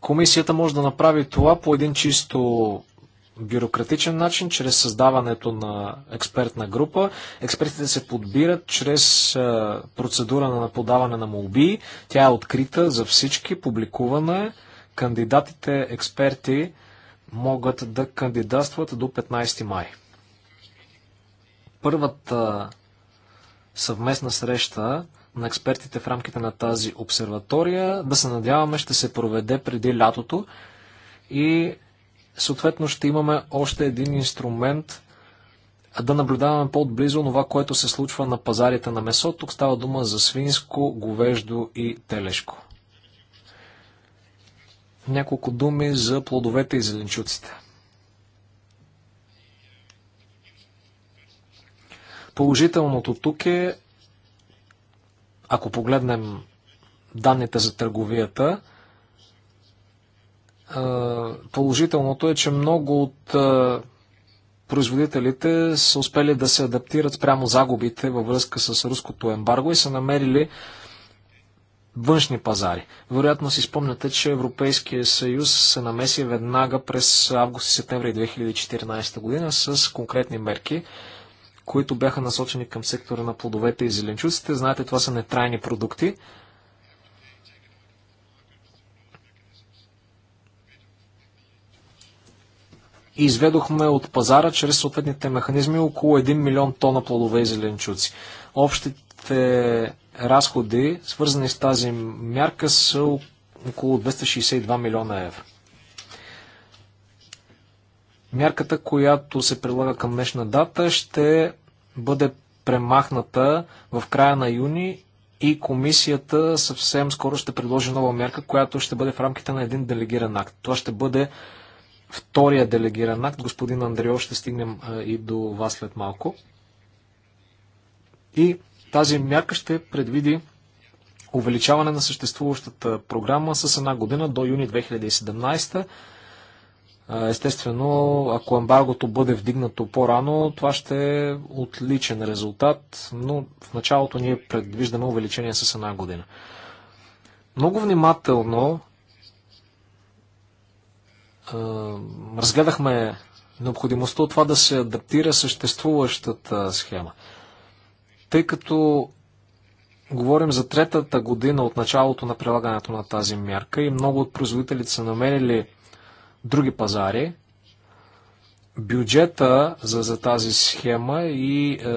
Комисията може да направи това по един чисто бюрократичен начин, чрез създаването на експертна група. Експертите се подбират чрез процедура на подаване на молби. Тя е открита за всички, публикувана е. Кандидатите експерти могат да кандидатстват до 15 май. Първата съвместна среща на експертите в рамките на тази обсерватория, да се надяваме, ще се проведе преди лятото и Съответно ще имаме още един инструмент да наблюдаваме по-отблизо това, което се случва на пазарите на месо. Тук става дума за свинско, говеждо и телешко. Няколко думи за плодовете и зеленчуците. Положителното тук е, ако погледнем данните за търговията, положителното е, че много от производителите са успели да се адаптират прямо загубите във връзка с руското ембарго и са намерили външни пазари. Вероятно си спомняте, че Европейския съюз се намеси веднага през август и септември 2014 година с конкретни мерки, които бяха насочени към сектора на плодовете и зеленчуците. Знаете, това са нетрайни продукти. и изведохме от пазара чрез съответните механизми около 1 милион тона плодове и зеленчуци. Общите разходи, свързани с тази мярка, са около 262 милиона евро. Мярката, която се прилага към днешна дата, ще бъде премахната в края на юни и комисията съвсем скоро ще предложи нова мярка, която ще бъде в рамките на един делегиран акт. Това ще бъде втория делегиран акт. Господин Андрео, ще стигнем и до вас след малко. И тази мярка ще предвиди увеличаване на съществуващата програма с една година до юни 2017. Естествено, ако ембаргото бъде вдигнато по-рано, това ще е отличен резултат, но в началото ние предвиждаме увеличение с една година. Много внимателно е, разгледахме необходимостта от това да се адаптира съществуващата схема. Тъй като говорим за третата година от началото на прилагането на тази мярка и много от производителите са намерили други пазари, бюджета за, за тази схема и е,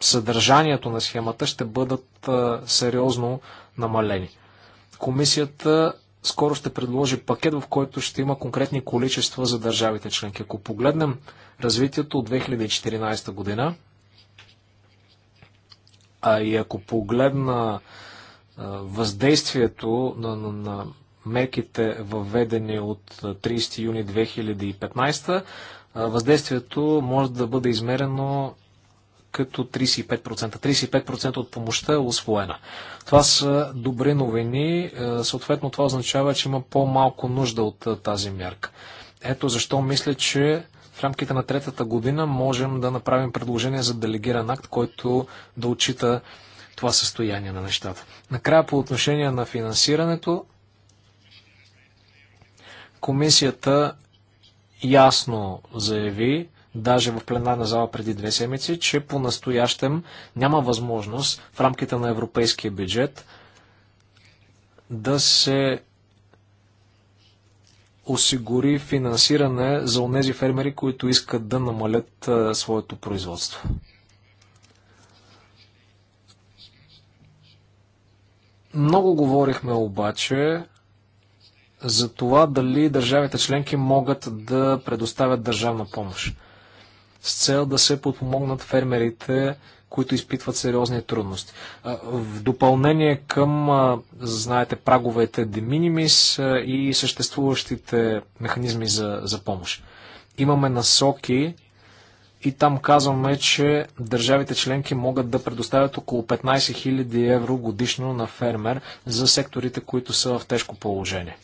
съдържанието на схемата ще бъдат е, сериозно намалени. Комисията скоро ще предложи пакет, в който ще има конкретни количества за държавите членки. Ако погледнем развитието от 2014 година, а и ако погледна въздействието на, на, на мерките въведени от 30 юни 2015, въздействието може да бъде измерено като 35%. 35% от помощта е освоена. Това са добри новини. Е, съответно, това означава, че има по-малко нужда от е, тази мярка. Ето защо мисля, че в рамките на третата година можем да направим предложение за делегиран акт, който да отчита това състояние на нещата. Накрая по отношение на финансирането, комисията ясно заяви, даже в пленарна зала преди две седмици, че по-настоящем няма възможност в рамките на европейския бюджет да се осигури финансиране за онези фермери, които искат да намалят своето производство. Много говорихме обаче за това дали държавите членки могат да предоставят държавна помощ с цел да се подпомогнат фермерите, които изпитват сериозни трудности. В допълнение към, знаете, праговете de minimis и съществуващите механизми за, за помощ. Имаме насоки и там казваме, че държавите членки могат да предоставят около 15 000 евро годишно на фермер за секторите, които са в тежко положение.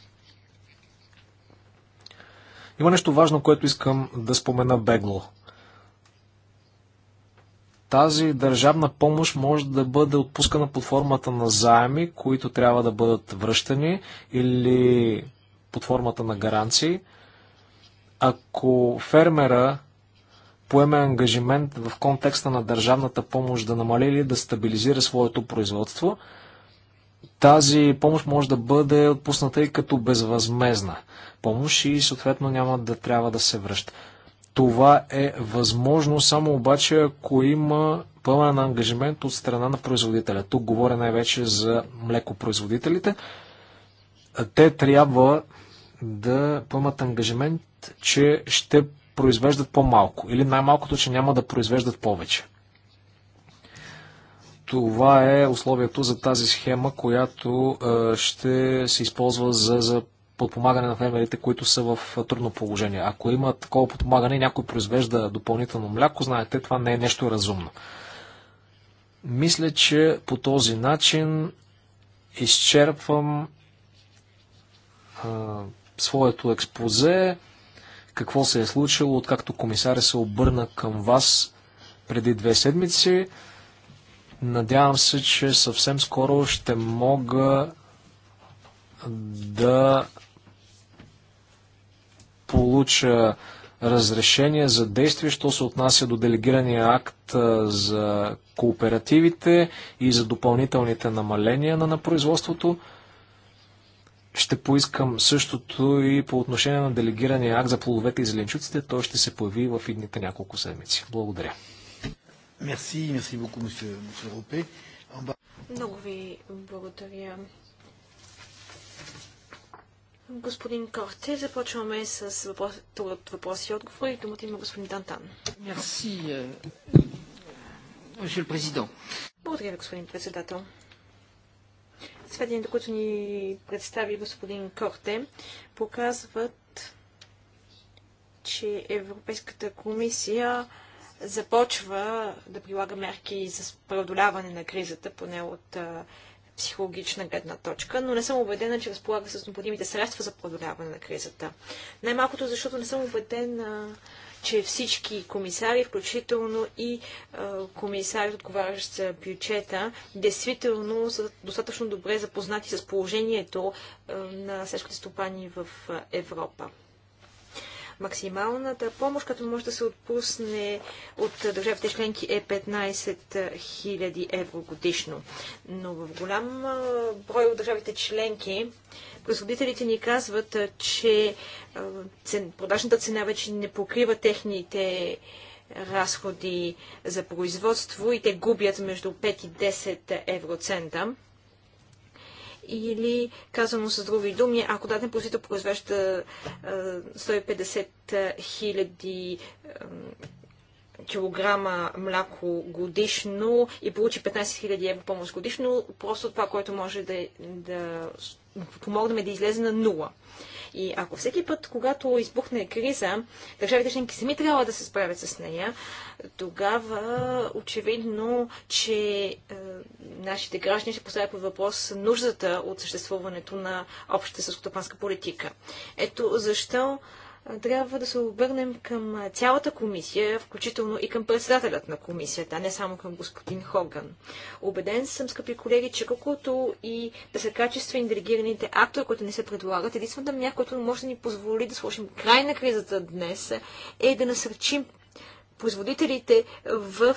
Има нещо важно, което искам да спомена бегло. Тази държавна помощ може да бъде отпускана под формата на заеми, които трябва да бъдат връщани или под формата на гаранции. Ако фермера поеме ангажимент в контекста на държавната помощ да намали или да стабилизира своето производство, тази помощ може да бъде отпусната и като безвъзмезна помощ и съответно няма да трябва да се връща. Това е възможно само обаче, ако има пълен ангажимент от страна на производителя. Тук говоря най-вече за млекопроизводителите. Те трябва да поемат ангажимент, че ще произвеждат по-малко или най-малкото, че няма да произвеждат повече. Това е условието за тази схема, която е, ще се използва за, за подпомагане на фермерите, които са в трудно положение. Ако има такова подпомагане и някой произвежда допълнително мляко, знаете, това не е нещо разумно. Мисля, че по този начин изчерпвам а, своето експозе, какво се е случило, откакто комисаря се обърна към вас преди две седмици. Надявам се, че съвсем скоро ще мога да получа разрешение за действие, що се отнася до делегирания акт за кооперативите и за допълнителните намаления на, на производството. Ще поискам същото и по отношение на делегирания акт за плодовете и зеленчуците. Той ще се появи в идните няколко седмици. Благодаря. Мерси, мерси много ви благодаря, господин Корте. Започваме с въпрос, въпроси и отговори. Думата има господин Дантан. Мерси, президент. Euh, Благодаря ви, господин председател. Сведенията, които ни представи господин Корте, показват, че Европейската комисия започва да прилага мерки за преодоляване на кризата, поне от психологична гледна точка, но не съм убедена, че разполага с необходимите средства за преодоляване на кризата. Най-малкото, защото не съм убедена, че всички комисари, включително и е, комисари, отговарящ за бюджета, действително са достатъчно добре запознати с положението е, на сельските стопани в е, Европа. Максималната помощ, като може да се отпусне от държавите членки е 15 000 евро годишно. Но в голям брой от държавите членки производителите ни казват, че продажната цена вече не покрива техните разходи за производство и те губят между 5 и 10 евроцента. Или, казано с други думи, ако даден производител произвежда 150 хиляди килограма мляко годишно и получи 15 000 евро помощ годишно, просто това, което може да, е, да помогнем да излезе на нула. И ако всеки път, когато избухне криза, държавите членки сами трябва да се справят с нея, тогава очевидно, че е, нашите граждани ще поставят под въпрос нуждата от съществуването на общата съскотопанска политика. Ето защо трябва да се обърнем към цялата комисия, включително и към председателят на комисията, не само към господин Хоган. Обеден съм, скъпи колеги, че колкото и да са качествени делегираните актове, които ни се предлагат, единствената мярка, която може да ни позволи да сложим край на кризата днес, е да насърчим производителите в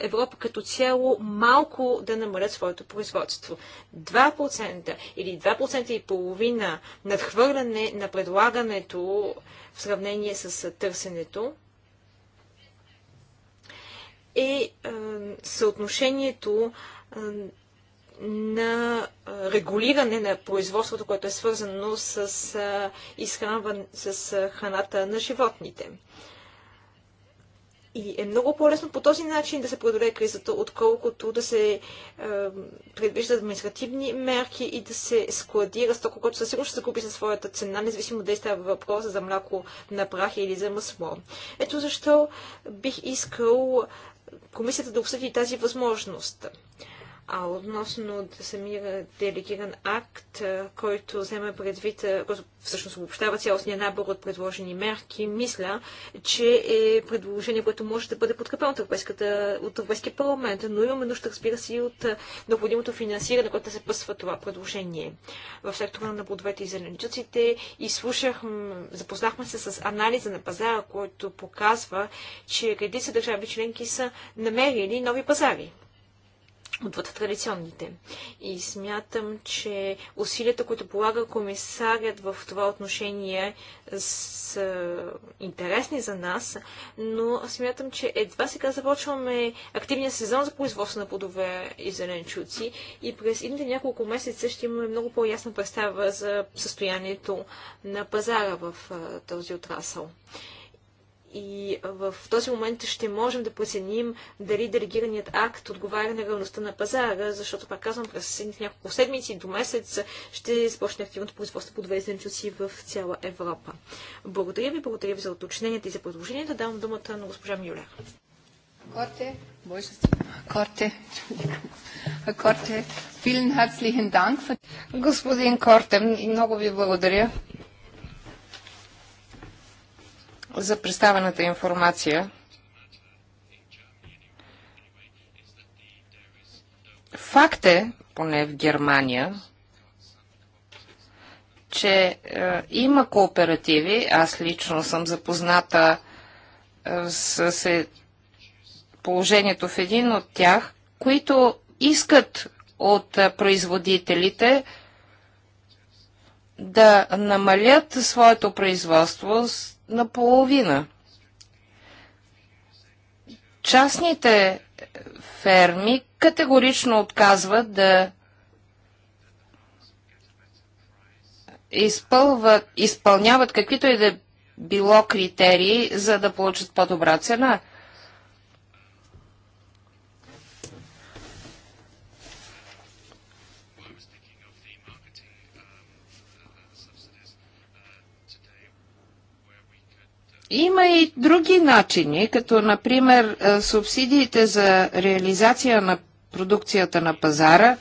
Европа като цяло малко да намалят своето производство. 2% или 2% и половина надхвърляне на предлагането в сравнение с търсенето е съотношението на регулиране на производството, което е свързано с, изхранване с храната на животните. И е много по-лесно по този начин да се преодолее кризата, отколкото да се е, предвиждат административни мерки и да се складира стока, което със сигурност ще купи със своята цена, независимо дали става въпроса за мляко на прах или за масло. Ето защо бих искал комисията да обсъди тази възможност. А относно самия делегиран акт, който взема предвид, който всъщност обобщава цялостния набор от предложени мерки, мисля, че е предложение, което може да бъде подкрепено от, от Европейския парламент, но имаме нужда, разбира се, и от необходимото финансиране, което да се пъсва това предложение. В сектора на плодовете и зеленчуците и слушах, запознахме се с анализа на пазара, който показва, че редица държави членки са намерили нови пазари отвъд традиционните. И смятам, че усилията, които полага комисарят в това отношение са интересни за нас, но смятам, че едва сега започваме активния сезон за производство на плодове и зеленчуци и през идните няколко месеца ще имаме много по-ясна представа за състоянието на пазара в този отрасъл. И в този момент ще можем да поценим дали делегираният акт отговаря на реалността на пазара, защото, пак казвам, през няколко седмици до месец ще започне активното производство под везденчуци в цяла Европа. Благодаря ви, благодаря ви за уточненията и за предложенията. Давам думата на госпожа Мюлер. Корте, Корте, Корте, Господин Корте, много ви благодаря за представената информация. Факт е, поне в Германия, че е, има кооперативи. Аз лично съм запозната е, с, е, положението в един от тях, които искат от е, производителите да намалят своето производство с наполовина. Частните ферми категорично отказват да изпълват, изпълняват каквито и да било критерии, за да получат по-добра цена – Има и други начини, като например е, субсидиите за реализация на продукцията на пазара.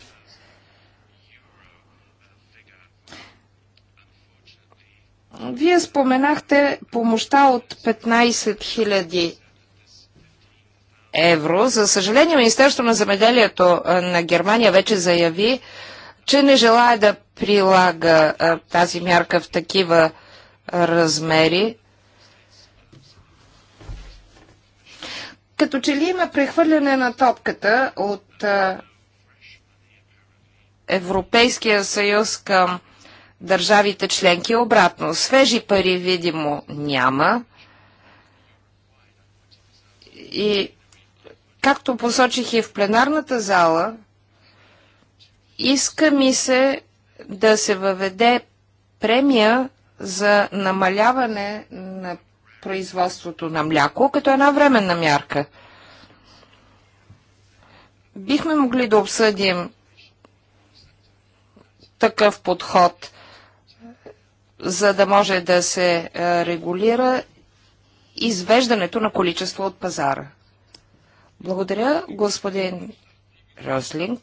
Вие споменахте помощта от 15 000 евро. За съжаление, Министерството на земеделието е, на Германия вече заяви, че не желая да прилага е, тази мярка в такива размери. като че ли има прехвърляне на топката от Европейския съюз към държавите членки обратно. Свежи пари видимо няма. И както посочих и в пленарната зала, иска ми се да се въведе премия за намаляване на производството на мляко като една временна мярка. Бихме могли да обсъдим такъв подход, за да може да се е, регулира извеждането на количество от пазара. Благодаря, господин Рослинг.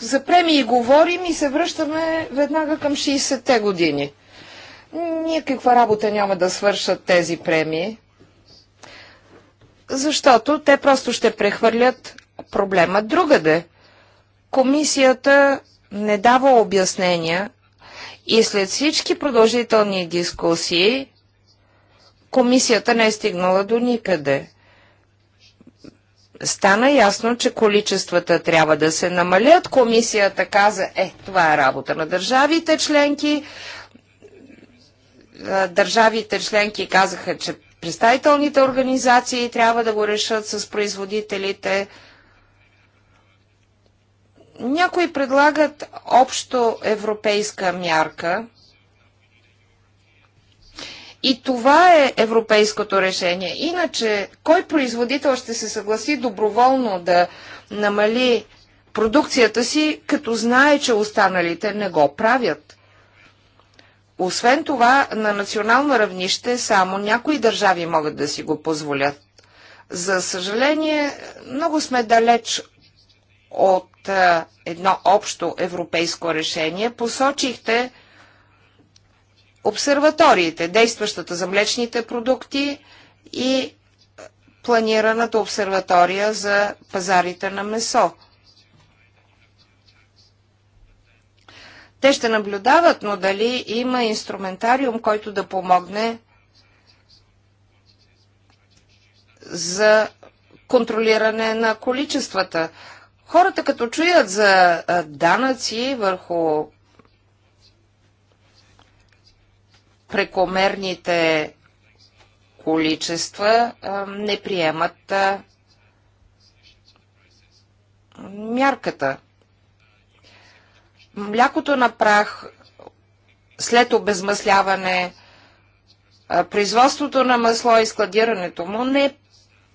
за премии говорим и се връщаме веднага към 60-те години. Ние каква работа няма да свършат тези премии, защото те просто ще прехвърлят проблема другаде. Комисията не дава обяснения и след всички продължителни дискусии комисията не е стигнала до никъде стана ясно, че количествата трябва да се намалят. Комисията каза, е, това е работа на държавите членки. Е, държавите членки казаха, че представителните организации трябва да го решат с производителите. Някои предлагат общо европейска мярка, и това е европейското решение. Иначе, кой производител ще се съгласи доброволно да намали продукцията си, като знае, че останалите не го правят? Освен това, на национално равнище само някои държави могат да си го позволят. За съжаление, много сме далеч от едно общо европейско решение. Посочихте, обсерваториите, действащата за млечните продукти и планираната обсерватория за пазарите на месо. Те ще наблюдават, но дали има инструментариум, който да помогне за контролиране на количествата. Хората като чуят за данъци върху прекомерните количества не приемат мярката. Млякото на прах след обезмъсляване, производството на масло и складирането му не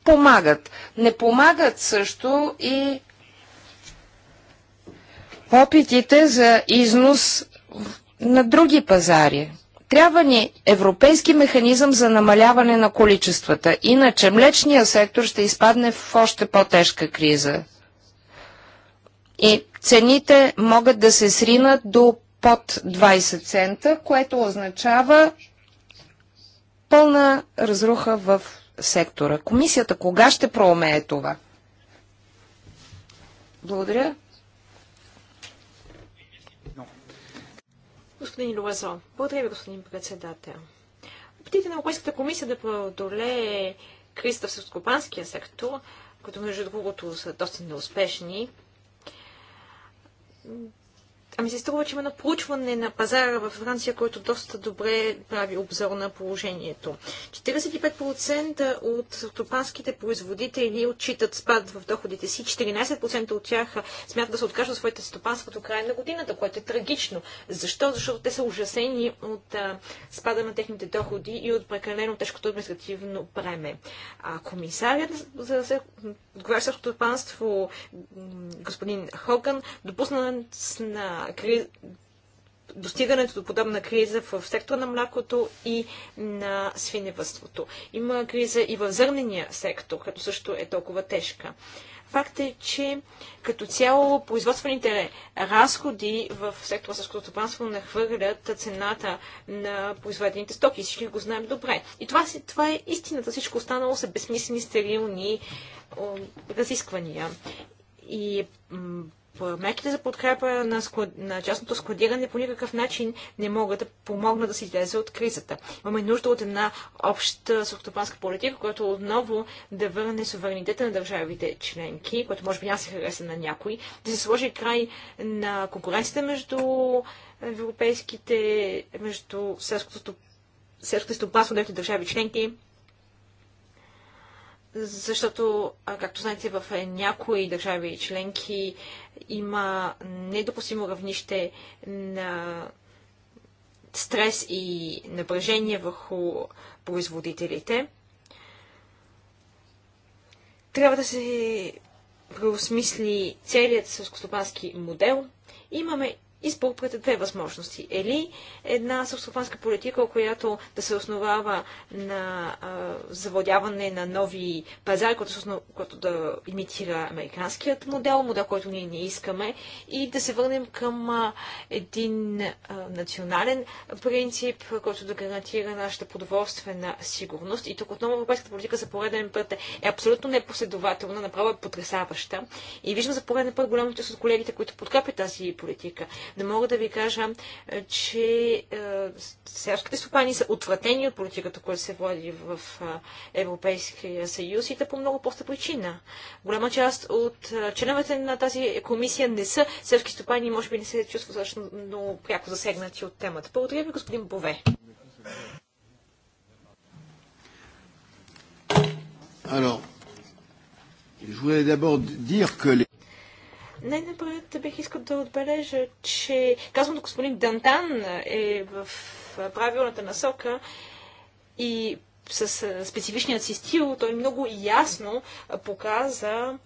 помагат. Не помагат също и опитите за износ на други пазари. Трябва ни европейски механизъм за намаляване на количествата, иначе млечният сектор ще изпадне в още по-тежка криза. И цените могат да се сринат до под 20 цента, което означава пълна разруха в сектора. Комисията кога ще проумее това? Благодаря. Господин Луазо, благодаря ви, господин председател. Опитите на Европейската комисия да преодолее кризата в сърскопанския сектор, които между другото са доста неуспешни, Ами се струва, че има на проучване на пазара във Франция, който доста добре прави обзор на положението. 45% от стопанските производители отчитат спад в доходите си, 14% от тях смятат да се откажат от своите стопанства до края на годината, което е трагично. Защо? Защото те са ужасени от а, спада на техните доходи и от прекалено тежкото административно бреме. А комисарят за отговарящото стопанство господин Хоган допусна на криз... достигането до подобна криза в сектора на млякото и на свиневътството. Има криза и в зърнения сектор, като също е толкова тежка. Факт е, че като цяло производствените разходи в сектора сърското стопанство нахвърлят цената на производените стоки. Всички го знаем добре. И това, това е истината. Всичко останало са безсмислени, стерилни о, разисквания. И мерките за подкрепа на, склад... на частното складиране по никакъв начин не могат да помогнат да се излезе от кризата. Имаме нужда от една обща сухтопанска политика, която отново да върне суверенитета на държавите членки, което може би няма се хареса на някой, да се сложи край на конкуренцията между европейските, между селското селското стопанство, държави членки, защото, както знаете, в е, някои държави и членки има недопустимо равнище на стрес и напрежение върху производителите. Трябва да се преосмисли целият селскостопански модел. Имаме изпълпвате пред две възможности. Или една селскостопанска политика, която да се основава на а, завладяване на нови пазари, който, който да имитира американският модел, модел, който ние не искаме, и да се върнем към а, един а, национален принцип, който да гарантира нашата продоволствена сигурност. И тук отново европейската политика за пореден път е абсолютно непоследователна, направо е потрясаваща. И виждам за пореден път голямите от колегите, които подкрепят тази политика. Не мога да ви кажа, е, че е, селските стопани са отвратени от политиката, която се води в е, Европейския съюз и да по много проста причина. Голяма част от членовете на тази комисия не са селски стопани и може би не се чувстват достатъчно пряко засегнати от темата. Благодаря ви, господин Бове. Alors, je voulais d'abord dire que les... Най-напред бих искал да отбележа, че казвам господин Дантан е в правилната насока и с специфичният си стил той много ясно показа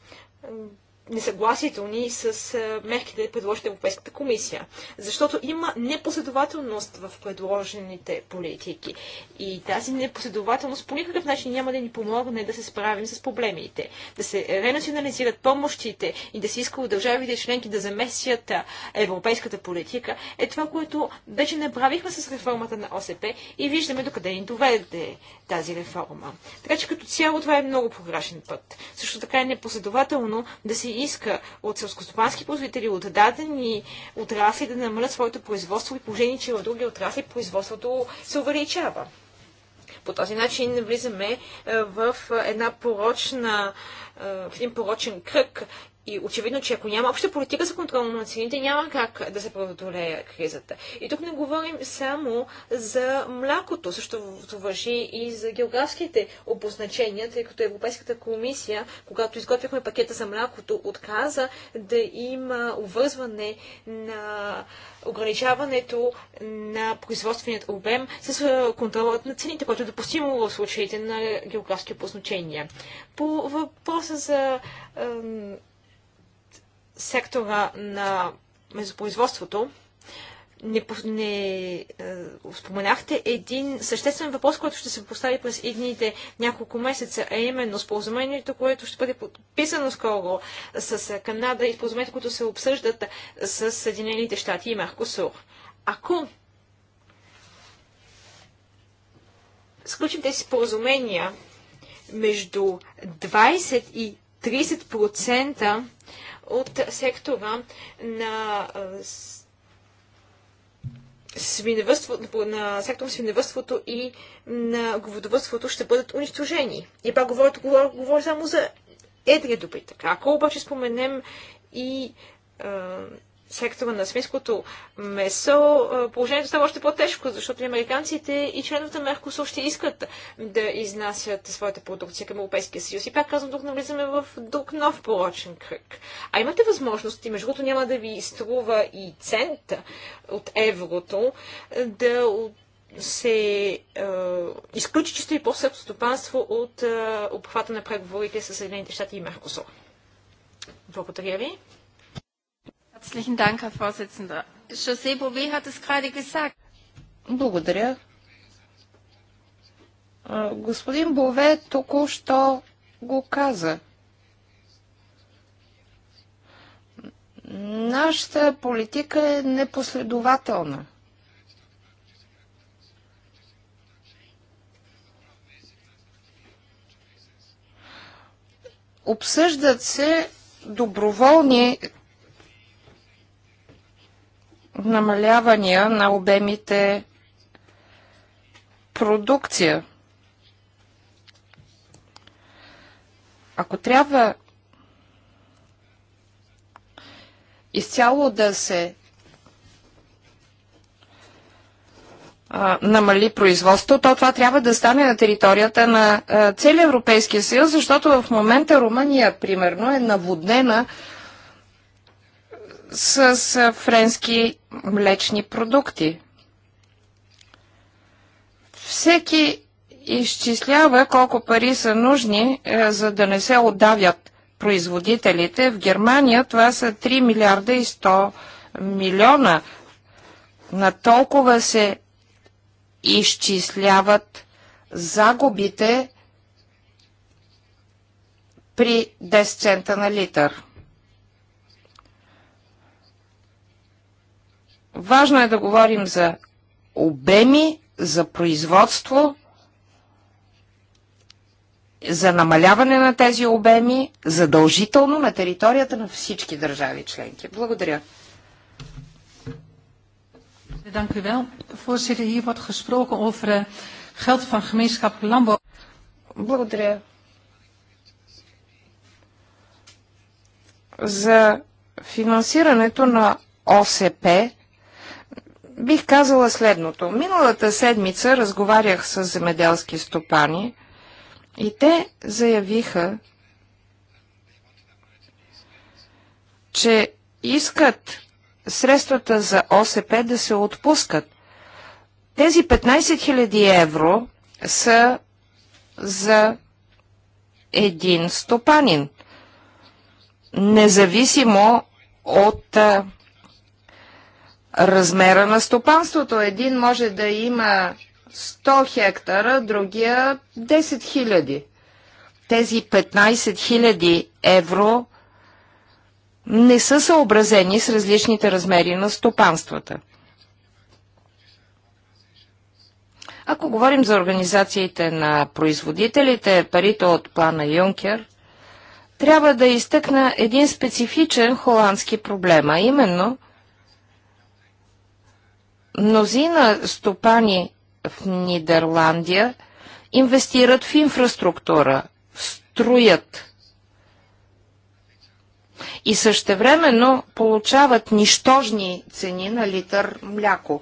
несъгласието ни с мерките, предложени Европейската комисия. Защото има непоследователност в предложените политики. И тази непоследователност по никакъв начин няма да ни помогне да се справим с проблемите. Да се ренационализират помощите и да се иска от държавите членки да замесят европейската политика е това, което вече направихме с реформата на ОСП и виждаме докъде ни доведе тази реформа. Така че като цяло това е много погрешен път. Също така е непоследователно да се иска от селскостопански производители, от дадени отрасли да намалят своето производство и положение, че в други отрасли производството се увеличава. По този начин влизаме е, в една порочна, е, в един порочен кръг и очевидно, че ако няма обща политика за контрол на цените, няма как да се преодолее кризата. И тук не говорим само за млякото, също въжи и за географските обозначения, тъй като Европейската комисия, когато изготвяхме пакета за млякото, отказа да има увързване на ограничаването на производственият обем с контролът на цените, който е допустимо в случаите на географски обозначения. По въпроса за сектора на мезопроизводството, не, не е, споменахте един съществен въпрос, който ще се постави през едните няколко месеца, а именно споразумението, което ще бъде подписано скоро с Канада и споразумението, което се обсъждат с Съединените щати и Меркосур. Ако сключим тези споразумения между 20 и 30% от сектора на свиневъдство, на сектор на свиневъдството и на говедовъдството ще бъдат унищожени. И пак говоря, говоря, говоря само за едрия добитък. Ако обаче споменем и а, сектора на свинското месо, положението става още по-тежко, защото и американците и членовете на Меркосур ще искат да изнасят своята продукция към Европейския съюз. И пак казвам, тук навлизаме в друг нов порочен кръг. А имате възможност, и между другото няма да ви струва и цент от еврото, да се е, изключи чисто и по-сърбско стопанство от е, обхвата на преговорите с Съединените щати и Меркосур. Благодаря ви. Herzlichen Dank, Herr Vorsitzender. José Bové hat es gerade gesagt. Благодаря. Господин Бове току-що го каза. Нашата политика е непоследователна. Обсъждат се доброволни намалявания на обемите продукция. Ако трябва изцяло да се а, намали производство, то това трябва да стане на територията на целия Европейския съюз, защото в момента Румъния, примерно, е наводнена с френски млечни продукти. Всеки изчислява колко пари са нужни, е, за да не се отдавят производителите. В Германия това са 3 милиарда и 100 милиона. На толкова се изчисляват загубите при 10 цента на литър. Важно е да говорим за обеми, за производство, за намаляване на тези обеми задължително на територията на всички държави членки. Благодаря. Dank u wel. Voorzitter, hier wordt gesproken over eh, geld van landbouw. Благодаря. За финансирането на ОСП бих казала следното. Миналата седмица разговарях с земеделски стопани и те заявиха, че искат средствата за ОСП да се отпускат. Тези 15 000 евро са за един стопанин, независимо от размера на стопанството. Един може да има 100 хектара, другия 10 хиляди. Тези 15 хиляди евро не са съобразени с различните размери на стопанствата. Ако говорим за организациите на производителите, парите от плана Юнкер, трябва да изтъкна един специфичен холандски проблем, а именно Мнозина стопани в Нидерландия инвестират в инфраструктура, строят и същевременно получават нищожни цени на литър мляко.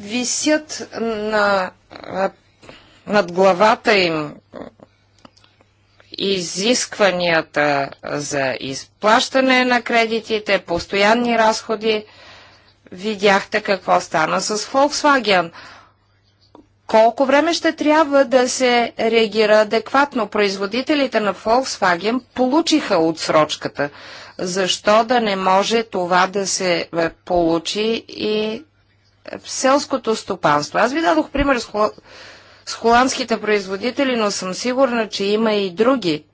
Висят на, над главата им изискванията за изплащане на кредитите, постоянни разходи – Видяхте какво стана с Volkswagen. Колко време ще трябва да се реагира адекватно? Производителите на Volkswagen получиха отсрочката. Защо да не може това да се е, получи и в селското стопанство? Аз ви дадох пример с, хол... с холандските производители, но съм сигурна, че има и други.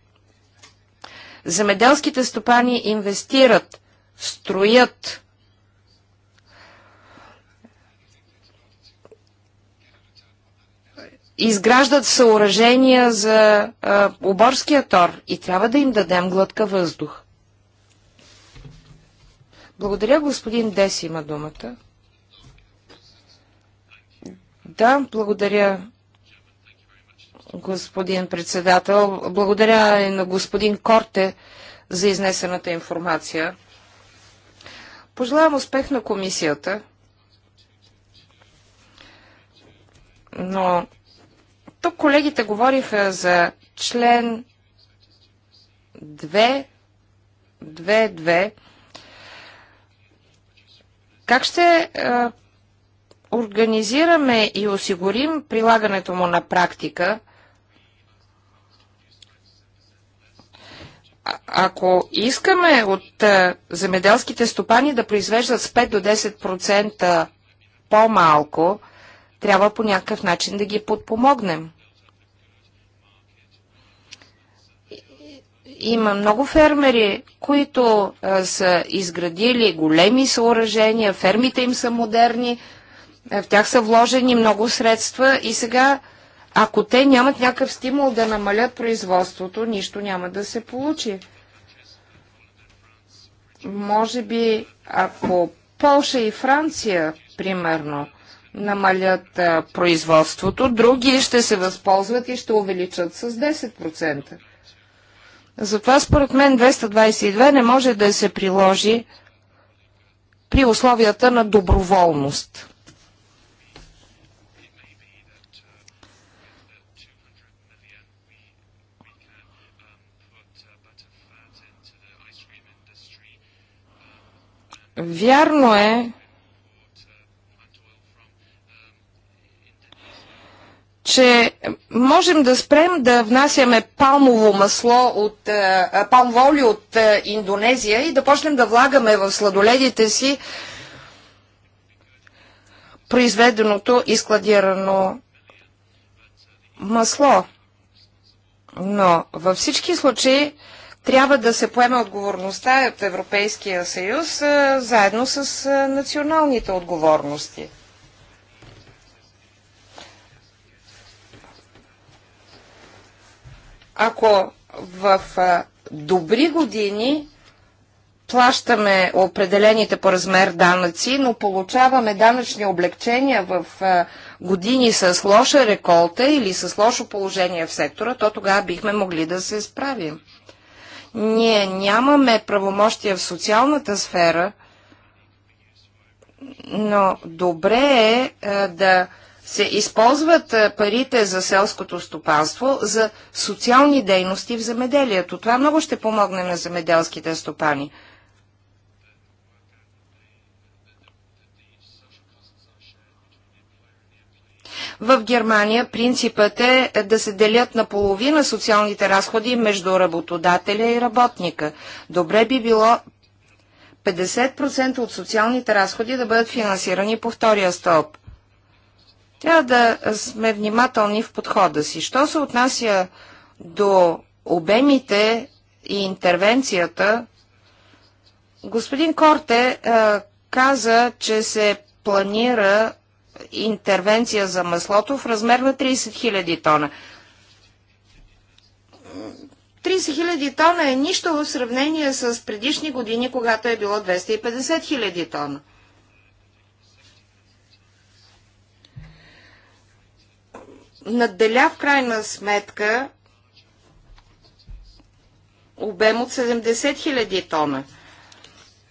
Земеделските стопани инвестират, строят, изграждат съоръжения за а, оборския тор и трябва да им дадем глътка въздух. Благодаря, господин Деси има думата. Да, благодаря, господин председател. Благодаря и на господин Корте за изнесената информация. Пожелавам успех на комисията, но тук колегите говориха за член 2-2. Как ще е, организираме и осигурим прилагането му на практика, ако искаме от е, земеделските стопани да произвеждат с 5 до 10% по-малко, трябва по някакъв начин да ги подпомогнем. Има много фермери, които а, са изградили големи съоръжения, фермите им са модерни, в тях са вложени много средства и сега, ако те нямат някакъв стимул да намалят производството, нищо няма да се получи. Може би, ако Полша и Франция, примерно, намалят производството, други ще се възползват и ще увеличат с 10%. Затова според мен 222 не може да се приложи при условията на доброволност. Вярно е, че можем да спрем да внасяме палмово масло от е, е, палмово от е, Индонезия и да почнем да влагаме в сладоледите си произведеното и складирано масло. Но във всички случаи трябва да се поеме отговорността от Европейския съюз заедно с националните отговорности. ако в добри години плащаме определените по размер данъци, но получаваме данъчни облегчения в години с лоша реколта или с лошо положение в сектора, то тогава бихме могли да се справим. Ние нямаме правомощия в социалната сфера, но добре е да се използват парите за селското стопанство за социални дейности в земеделието. Това много ще помогне на земеделските стопани. В Германия принципът е, е да се делят на половина социалните разходи между работодателя и работника. Добре би било 50% от социалните разходи да бъдат финансирани по втория стълб. Трябва да сме внимателни в подхода си. Що се отнася до обемите и интервенцията, господин Корте а, е, каза, че се планира интервенция за маслото в размер на 30 000 тона. 30 000 тона е нищо в сравнение с предишни години, когато е било 250 000 тона. надделя в крайна сметка обем от 70 000 тона.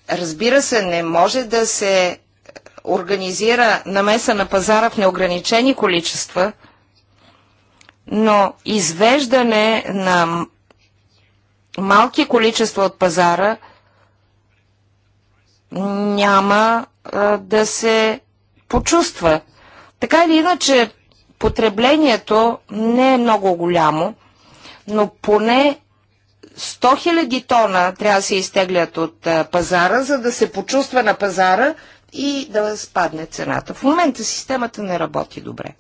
Разбира се, не може да се организира намеса на пазара в неограничени количества, но извеждане на малки количества от пазара няма а, да се почувства. Така или иначе, потреблението не е много голямо, но поне 100 000 тона трябва да се изтеглят от пазара, за да се почувства на пазара и да спадне цената. В момента системата не работи добре.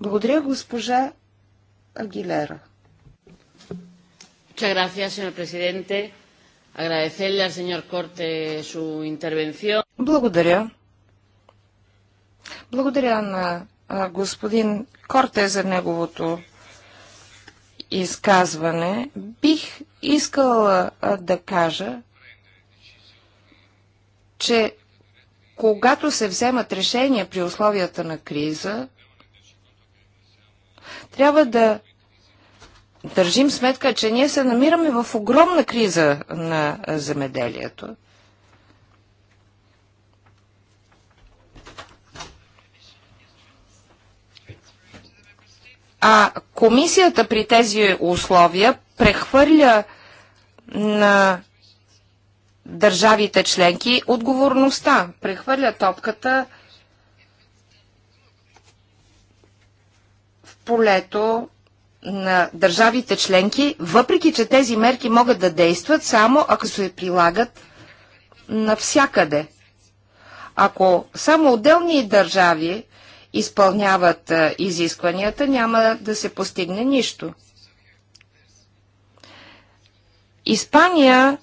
Благодаря госпожа Агилера. Muchas gracias, señor presidente. Agradecerle al señor Corte su intervención. Благодаря. Благодаря на господин Корте за неговото изказване. Бих искала да кажа, че когато се вземат решения при условията на криза, трябва да държим сметка, че ние се намираме в огромна криза на земеделието. А комисията при тези условия прехвърля на държавите членки отговорността, прехвърля топката в полето на държавите членки, въпреки че тези мерки могат да действат само ако се прилагат навсякъде. Ако само отделни държави изпълняват изискванията, няма да се постигне нищо. Испания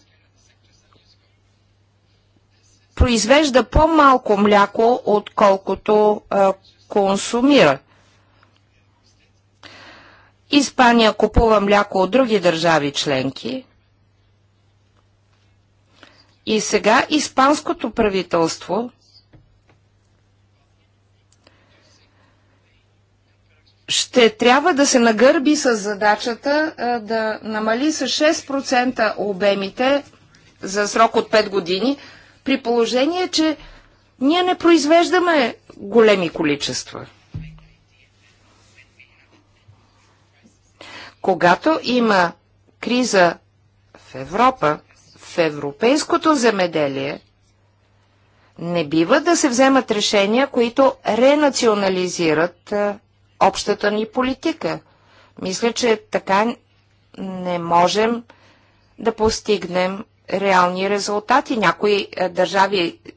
произвежда по-малко мляко, отколкото консумира. Испания купува мляко от други държави членки. И сега испанското правителство ще трябва да се нагърби с задачата да намали с 6% обемите за срок от 5 години, при положение, че ние не произвеждаме големи количества. Когато има криза в Европа, в европейското земеделие, не бива да се вземат решения, които ренационализират общата ни политика. Мисля, че така не можем да постигнем реални резултати. Някои е, държави е,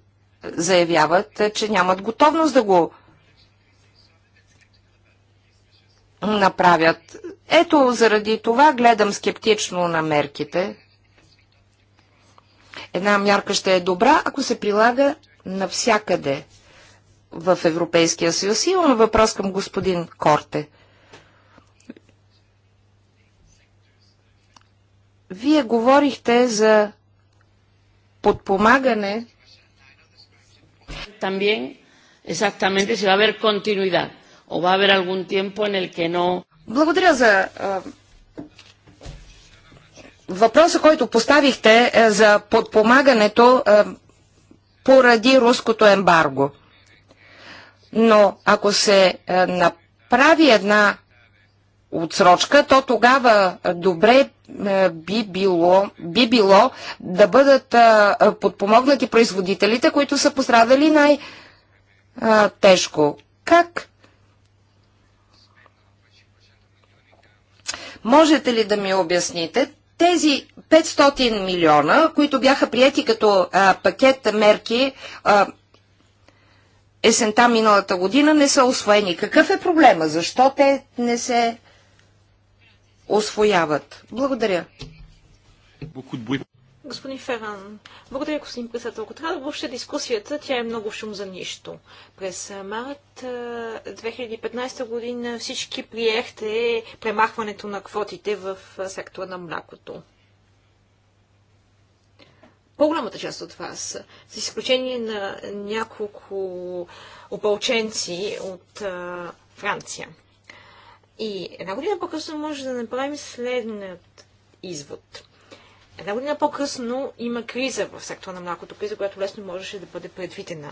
заявяват, е, че нямат готовност да го направят. Ето заради това гледам скептично на мерките. Една мярка ще е добра, ако се прилага навсякъде в Европейския съюз. Имам въпрос към господин Корте. Вие говорихте за подпомагане. También, екзактаменте, si va a haber continuidad o va a haber algún tiempo Благодаря за а, въпроса, който поставихте е за подпомагането а, поради руското ембарго но ако се е, направи една отсрочка, то тогава е, добре е, би било, би било да бъдат подпомогнати производителите, които са пострадали най-тежко. Как? Можете ли да ми обясните тези 500 милиона, които бяха прияти като а, пакет мерки а, есента миналата година не са освоени. Какъв е проблема? Защо те не се освояват? Благодаря. Господин Феран, благодаря, господин председател. Ако трябва да въобще дискусията, тя е много шум за нищо. През март 2015 година всички приехте премахването на квотите в сектора на млякото по-голямата част от вас, с изключение на няколко опълченци от а, Франция. И една година по-късно може да направим следният извод. Една година по-късно има криза в сектора на млякото, криза, която лесно можеше да бъде предвидена.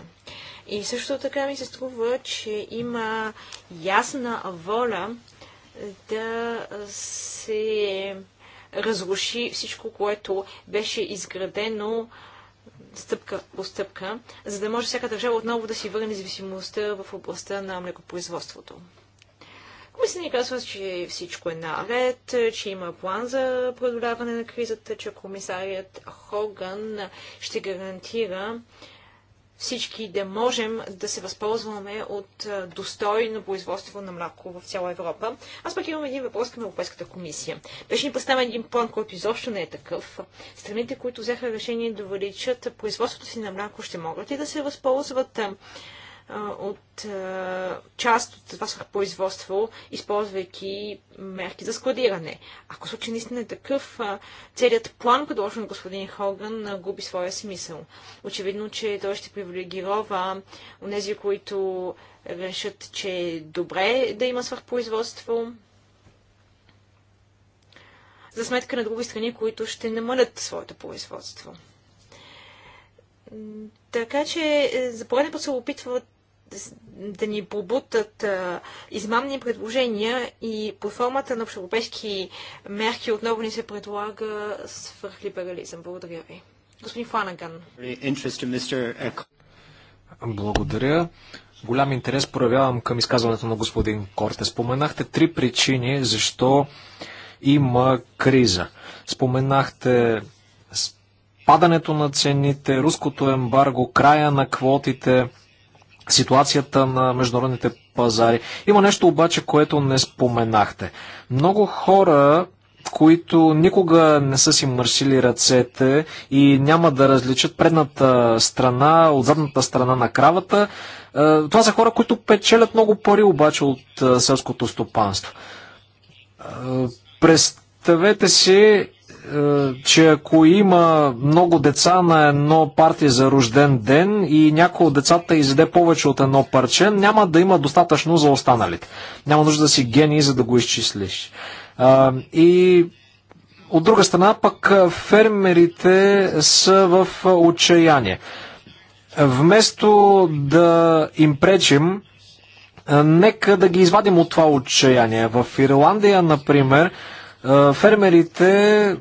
И също така ми се струва, че има ясна воля да се разруши всичко, което беше изградено стъпка по стъпка, за да може всяка държава отново да си върне независимостта в областта на млекопроизводството. Комисията ни казва, че всичко е наред, че има план за преодоляване на кризата, че комисарият Хоган ще гарантира всички да можем да се възползваме от достойно производство на мляко в цяла Европа. Аз пък имам един въпрос към Европейската комисия. Беше ни представен един план, който изобщо не е такъв. Страните, които взеха решение да увеличат производството си на мляко, ще могат ли да се възползват от част от това производство, използвайки мерки за складиране. Ако случай наистина е такъв, целият план, предложен от господин Хоган, губи своя смисъл. Очевидно, че той ще привилегирова нези, които решат, че е добре да има производство, за сметка на други страни, които ще намалят своето производство. Така че е, за пореден път се опитват да ни побутат а, измамни предложения и по формата на общоевропейски мерки отново ни се предлага свърхлиберализъм. Благодаря ви. Господин Фланаган. Благодаря. Голям интерес проявявам към изказването на господин Корте. Споменахте три причини защо има криза. Споменахте падането на цените, руското ембарго, края на квотите – ситуацията на международните пазари. Има нещо обаче, което не споменахте. Много хора които никога не са си мърсили ръцете и няма да различат предната страна от задната страна на кравата. Е, това са хора, които печелят много пари обаче от е, селското стопанство. Е, представете си е, че ако има много деца на едно парти за рожден ден и някой от децата изеде повече от едно парче, няма да има достатъчно за останалите. Няма нужда да си гений, за да го изчислиш. И от друга страна пък е, фермерите са в отчаяние. Вместо да им пречим, е, нека да ги извадим от това отчаяние. В Ирландия, например, фермерите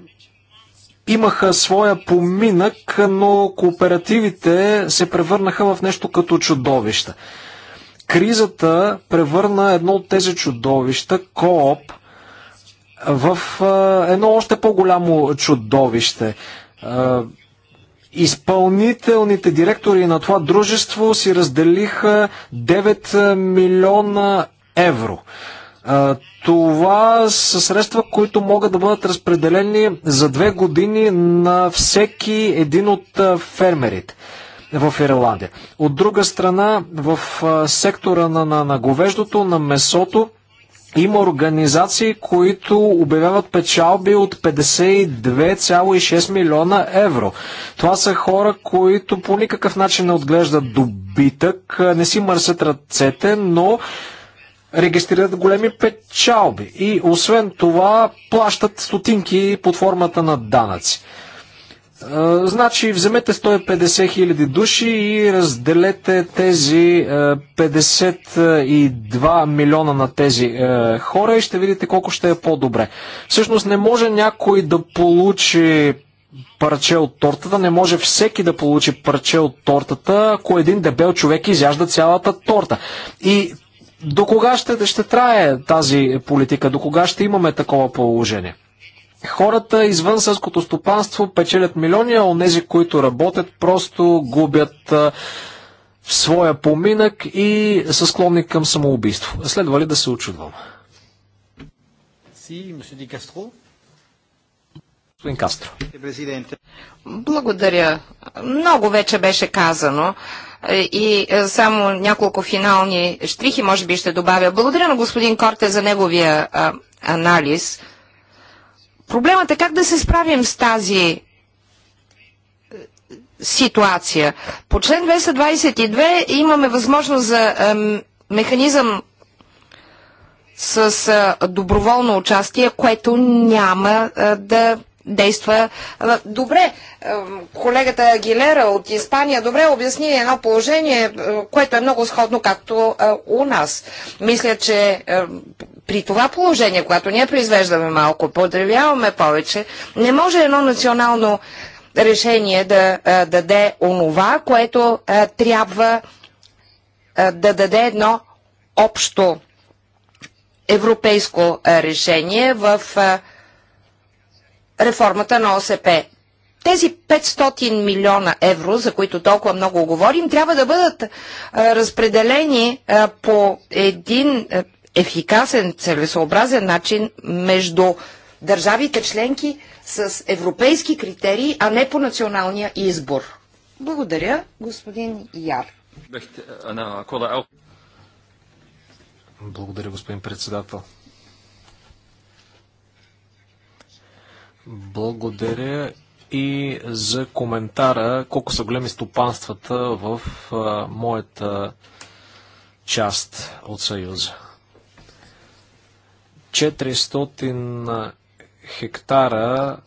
имаха своя поминък, но кооперативите се превърнаха в нещо като чудовища. Кризата превърна едно от тези чудовища, кооп, в едно още по-голямо чудовище. Изпълнителните директори на това дружество си разделиха 9 милиона евро. Това са средства, които могат да бъдат разпределени за две години на всеки един от фермерите в Ирландия. От друга страна, в сектора на, на, на говеждото, на месото, има организации, които обявяват печалби от 52,6 милиона евро. Това са хора, които по никакъв начин не отглеждат добитък, не си мърсят ръцете, но регистрират големи печалби и освен това плащат стотинки под формата на данъци. Значи, вземете 150 хиляди души и разделете тези 52 милиона на тези хора и ще видите колко ще е по-добре. Всъщност не може някой да получи парче от тортата, не може всеки да получи парче от тортата, ако един дебел човек изяжда цялата торта. И до кога ще, ще трае тази политика? До кога ще имаме такова положение? Хората извън сърското стопанство печелят милиони, а онези, които работят, просто губят а, своя поминък и са склонни към самоубийство. Следва ли да се очудвам? Си, Ди Кастро. Господин Кастро. Благодаря. Много вече беше казано. Е, и е, само няколко финални штрихи, може би, ще добавя. Благодаря на господин Корте за неговия а, анализ. Проблемът е как да се справим с тази е, ситуация. По член 222 имаме възможност за а, механизъм с а, доброволно участие, което няма а, да действа добре. Колегата Агилера от Испания добре обясни едно положение, което е много сходно както у нас. Мисля, че при това положение, когато ние произвеждаме малко, подревяваме повече, не може едно национално решение да даде онова, което трябва да даде едно общо европейско решение в а, реформата на ОСП. Тези 500 милиона евро, за които толкова много говорим, трябва да бъдат разпределени по един ефикасен, целесообразен начин между държавите членки с европейски критерии, а не по националния избор. Благодаря, господин Яр. Благодаря, господин председател. Благодаря и за коментара колко са големи стопанствата в а, моята част от Съюза. 400 хектара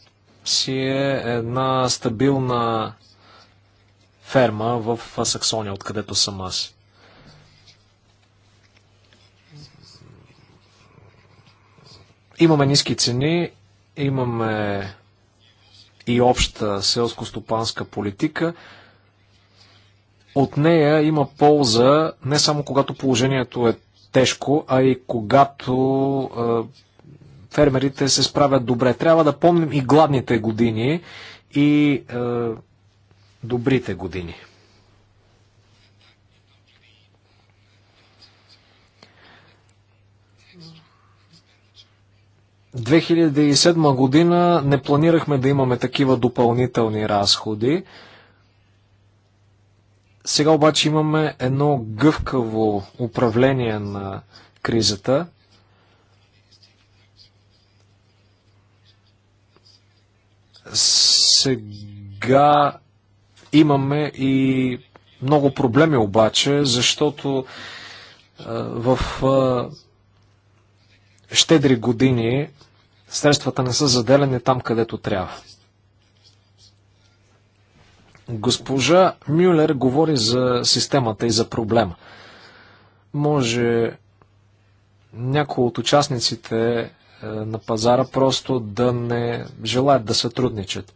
си е една стабилна ферма в Саксония, откъдето съм аз. Имаме ниски цени Имаме и обща селско-стопанска политика. От нея има полза не само когато положението е тежко, а и когато е, фермерите се справят добре. Трябва да помним и гладните години и е, добрите години. 2007 година не планирахме да имаме такива допълнителни разходи. Сега обаче имаме едно гъвкаво управление на кризата. Сега имаме и много проблеми обаче, защото в щедри години средствата не са заделени там, където трябва. Госпожа Мюлер говори за системата и за проблема. Може някои от участниците е, на пазара просто да не желаят да сътрудничат.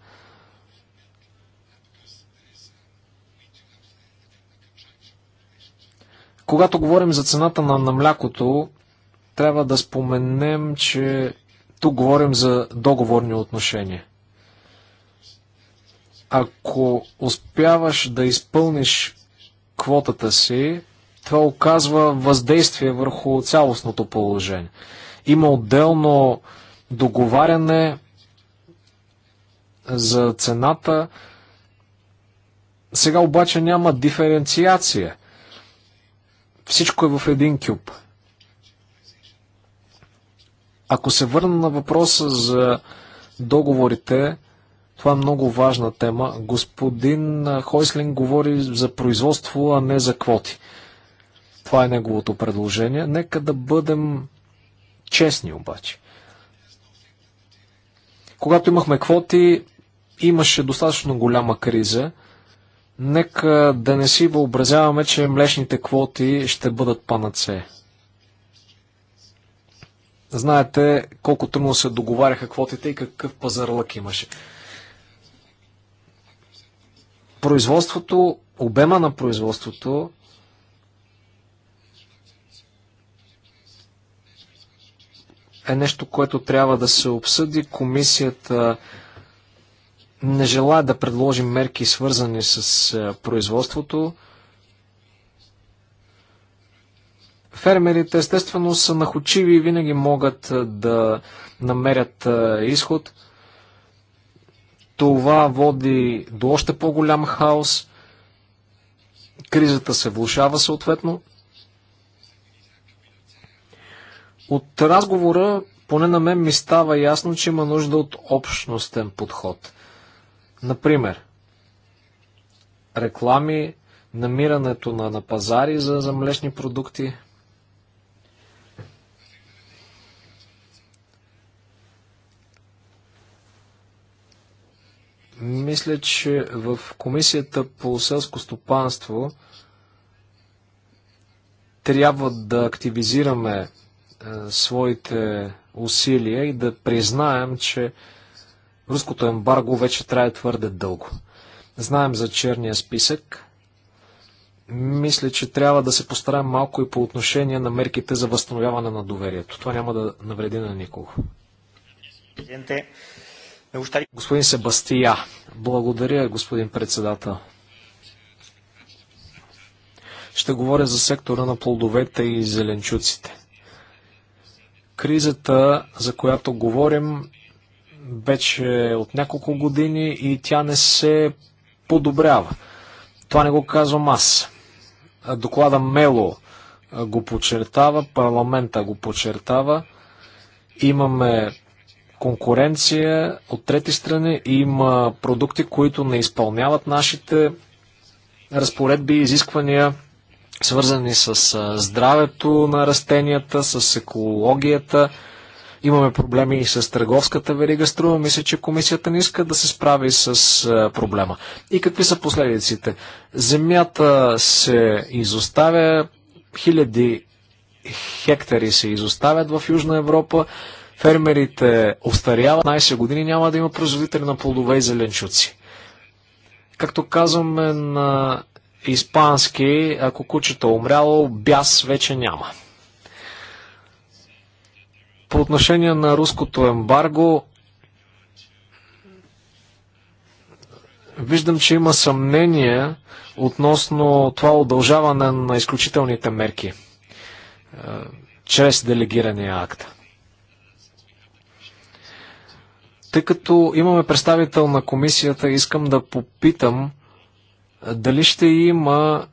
Когато говорим за цената на, на млякото, трябва да споменем, че тук говорим за договорни отношения. Ако успяваш да изпълниш квотата си, това оказва въздействие върху цялостното положение. Има отделно договаряне за цената. Сега обаче няма диференциация. Всичко е в един кюб. Ако се върна на въпроса за договорите, това е много важна тема. Господин Хойслин говори за производство, а не за квоти. Това е неговото предложение. Нека да бъдем честни обаче. Когато имахме квоти, имаше достатъчно голяма криза. Нека да не си въобразяваме, че млечните квоти ще бъдат панацея. Знаете колко трудно се договаряха квотите и какъв пазарлък имаше. Производството, обема на производството е нещо, което трябва да се обсъди. Комисията не желая да предложи мерки свързани с производството. Фермерите естествено са нахочиви и винаги могат да намерят изход. Това води до още по-голям хаос. Кризата се влушава съответно. От разговора, поне на мен ми става ясно, че има нужда от общностен подход. Например, реклами, намирането на, на пазари за, за млечни продукти – Мисля, че в Комисията по селско стопанство трябва да активизираме е, своите усилия и да признаем, че руското ембарго вече трябва твърде дълго. Знаем за черния списък. Мисля, че трябва да се постараем малко и по отношение на мерките за възстановяване на доверието. Това няма да навреди на никого. Е, господин Себастия, благодаря, господин председател. Ще говоря за сектора на плодовете и зеленчуците. Кризата, за която говорим, вече е от няколко години и тя не се подобрява. Това не го казвам аз. Доклада Мело го подчертава, парламента го подчертава. Имаме конкуренция от трети страни, има продукти, които не изпълняват нашите разпоредби и изисквания, свързани с здравето на растенията, с екологията. Имаме проблеми и с търговската верига. Струва ми се, че комисията не иска да се справи с проблема. И какви са последиците? Земята се изоставя, хиляди хектари се изоставят в Южна Европа фермерите остаряват 15 години, няма да има производители на плодове и зеленчуци. Както казваме на испански, ако кучето е умряло, бяс вече няма. По отношение на руското ембарго, виждам, че има съмнение относно това удължаване на изключителните мерки чрез делегирания акт. Тъй като имаме представител на комисията, искам да попитам дали ще има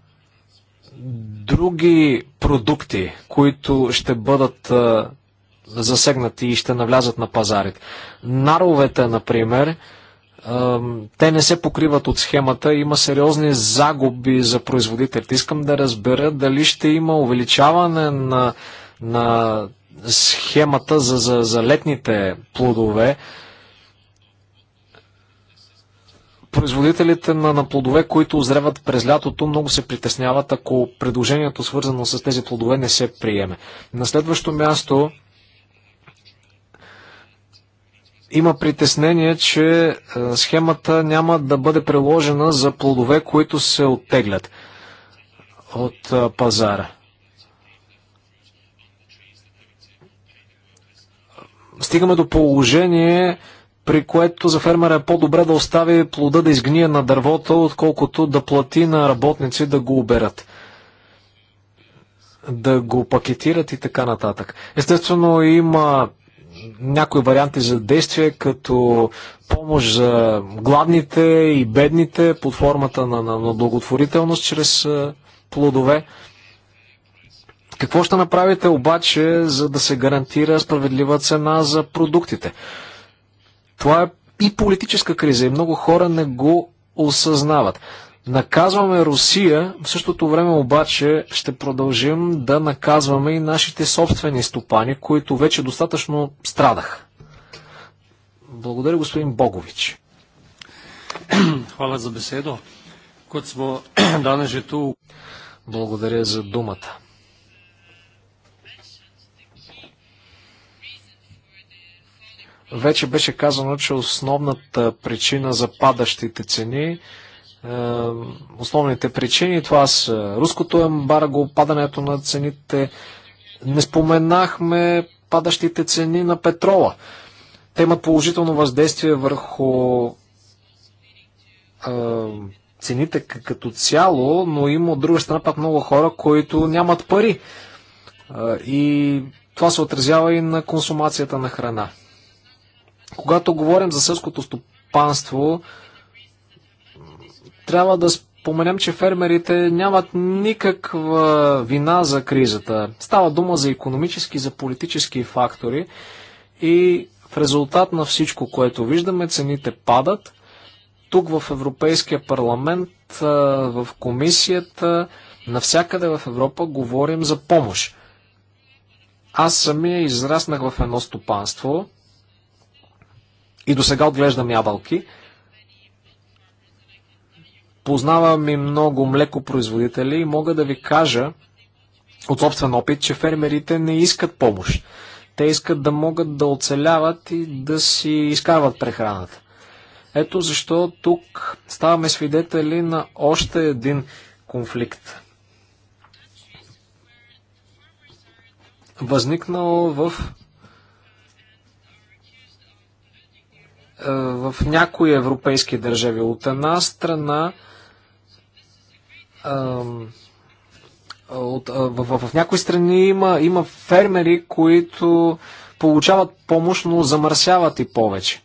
други продукти, които ще бъдат засегнати и ще навлязат на пазарите. Наровете, например, те не се покриват от схемата, има сериозни загуби за производителите. Искам да разбера дали ще има увеличаване на, на схемата за, за, за летните плодове, производителите на, на плодове, които озреват през лятото, много се притесняват, ако предложението свързано с тези плодове не се приеме. На следващо място има притеснение, че е, схемата няма да бъде приложена за плодове, които се оттеглят от е, пазара. Стигаме до положение, при което за фермера е по-добре да остави плода да изгния на дървото, отколкото да плати на работници да го оберат да го пакетират и така нататък. Естествено, има някои варианти за действие, като помощ за гладните и бедните под формата на, на, на благотворителност чрез плодове. Какво ще направите обаче, за да се гарантира справедлива цена за продуктите? Това е и политическа криза и много хора не го осъзнават. Наказваме Русия, в същото време обаче ще продължим да наказваме и нашите собствени стопани, които вече достатъчно страдах. Благодаря, господин Богович. Хвала за беседо. Благодаря за думата. Вече беше казано, че основната причина за падащите цени, е, основните причини, това са е, руското ембарго, падането на цените. Не споменахме падащите цени на петрола. Те имат положително въздействие върху е, цените като цяло, но има от друга страна пак много хора, които нямат пари. И това се отразява и на консумацията на храна. Когато говорим за сълското стопанство, трябва да споменем, че фермерите нямат никаква вина за кризата. Става дума за економически, за политически фактори и в резултат на всичко, което виждаме, цените падат. Тук в Европейския парламент, в комисията, навсякъде в Европа говорим за помощ. Аз самия израснах в едно стопанство. И до сега отглеждам ябълки. Познавам и много млекопроизводители и мога да ви кажа от собствен опит, че фермерите не искат помощ. Те искат да могат да оцеляват и да си изкарват прехраната. Ето защо тук ставаме свидетели на още един конфликт. Възникнал в Е, в някои европейски държави. От една страна, от, в, в, в някои страни има, има фермери, които получават помощ, но замърсяват и повече.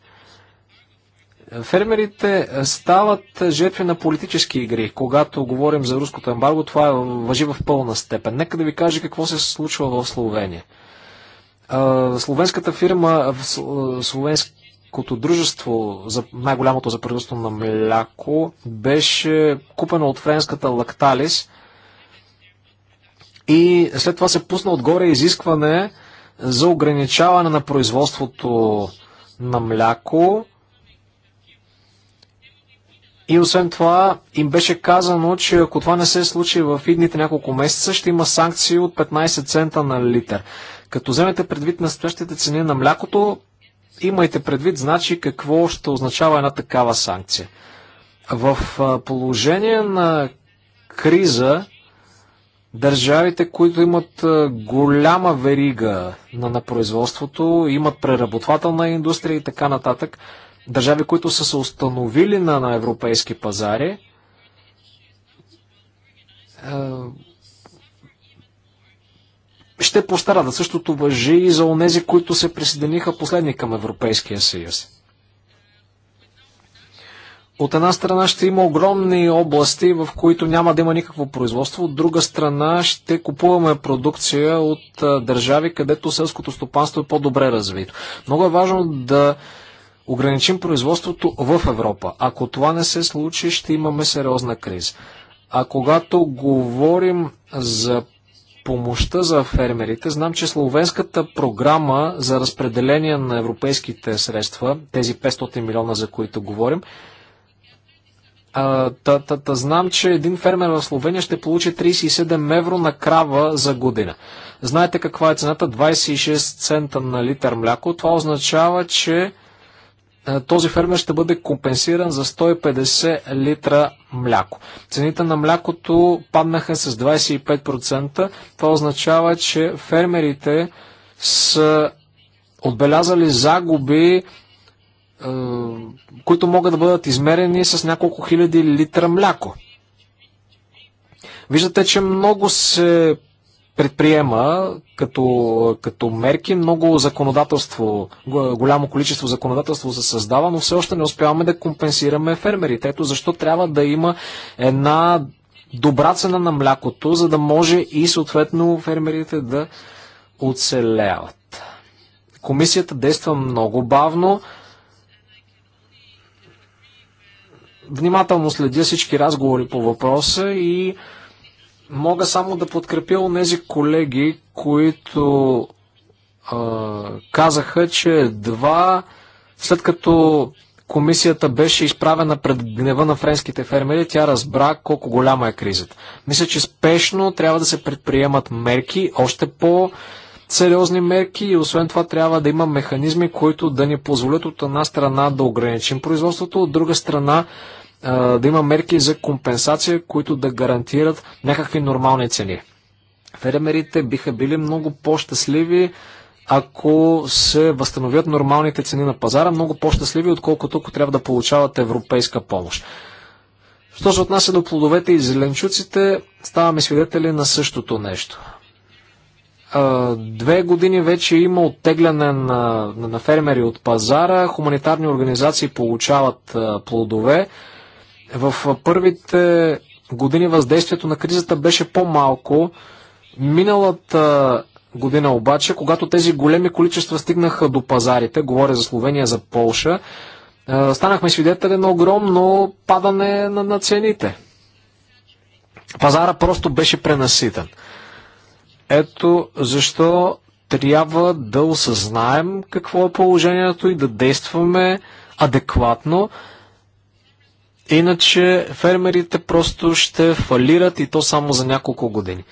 Фермерите стават жертви на политически игри. Когато говорим за руското ембарго, това е въжи в пълна степен. Нека да ви кажа какво се случва в Словения. Словенската фирма, словенски като дружество, за най-голямото за производство на мляко, беше купено от френската Лакталис и след това се пусна отгоре изискване за ограничаване на производството на мляко. И освен това им беше казано, че ако това не се случи в идните няколко месеца, ще има санкции от 15 цента на литър. Като вземете предвид на стоящите цени на млякото, Имайте предвид, значи, какво ще означава една такава санкция. В положение на криза, държавите, които имат голяма верига на, на производството, имат преработвателна индустрия и така нататък, държави, които са се установили на, на европейски пазари, ще пострадат. Същото въжи и за онези, които се присъединиха последни към Европейския съюз. От една страна ще има огромни области, в които няма да има никакво производство, от друга страна ще купуваме продукция от държави, където селското стопанство е по-добре развито. Много е важно да ограничим производството в Европа. Ако това не се случи, ще имаме сериозна криза. А когато говорим за помощта за фермерите. Знам, че словенската програма за разпределение на европейските средства, тези 500 милиона, за които говорим, а, та, та, та, знам, че един фермер в Словения ще получи 37 евро на крава за година. Знаете каква е цената? 26 цента на литър мляко. Това означава, че е, този фермер ще бъде компенсиран за 150 литра мляко. Цените на млякото паднаха с 25%. Това означава, че фермерите са отбелязали загуби, е, които могат да бъдат измерени с няколко хиляди литра мляко. Виждате, че много се предприема като, като мерки. Много законодателство, голямо количество законодателство се създава, но все още не успяваме да компенсираме фермерите. Ето защо трябва да има една добра цена на млякото, за да може и съответно фермерите да оцеляват. Комисията действа много бавно. Внимателно следя всички разговори по въпроса и Мога само да подкрепя онези колеги, които а, казаха, че едва след като комисията беше изправена пред гнева на френските фермери, тя разбра колко голяма е кризата. Мисля, че спешно трябва да се предприемат мерки, още по сериозни мерки и освен това трябва да има механизми, които да ни позволят от една страна да ограничим производството, от друга страна да има мерки за компенсация, които да гарантират някакви нормални цени. Фермерите биха били много по-щастливи, ако се възстановят нормалните цени на пазара, много по-щастливи, отколкото ако трябва да получават европейска помощ. Що се отнася до плодовете и зеленчуците, ставаме свидетели на същото нещо. Две години вече има оттегляне на, на фермери от пазара, хуманитарни организации получават плодове, в първите години въздействието на кризата беше по-малко. Миналата година обаче, когато тези големи количества стигнаха до пазарите, говоря за Словения, за Полша, станахме свидетели на огромно падане на, на цените. Пазара просто беше пренаситен. Ето защо трябва да осъзнаем какво е положението и да действаме адекватно. Иначе фермерите просто ще фалират и то само за няколко години.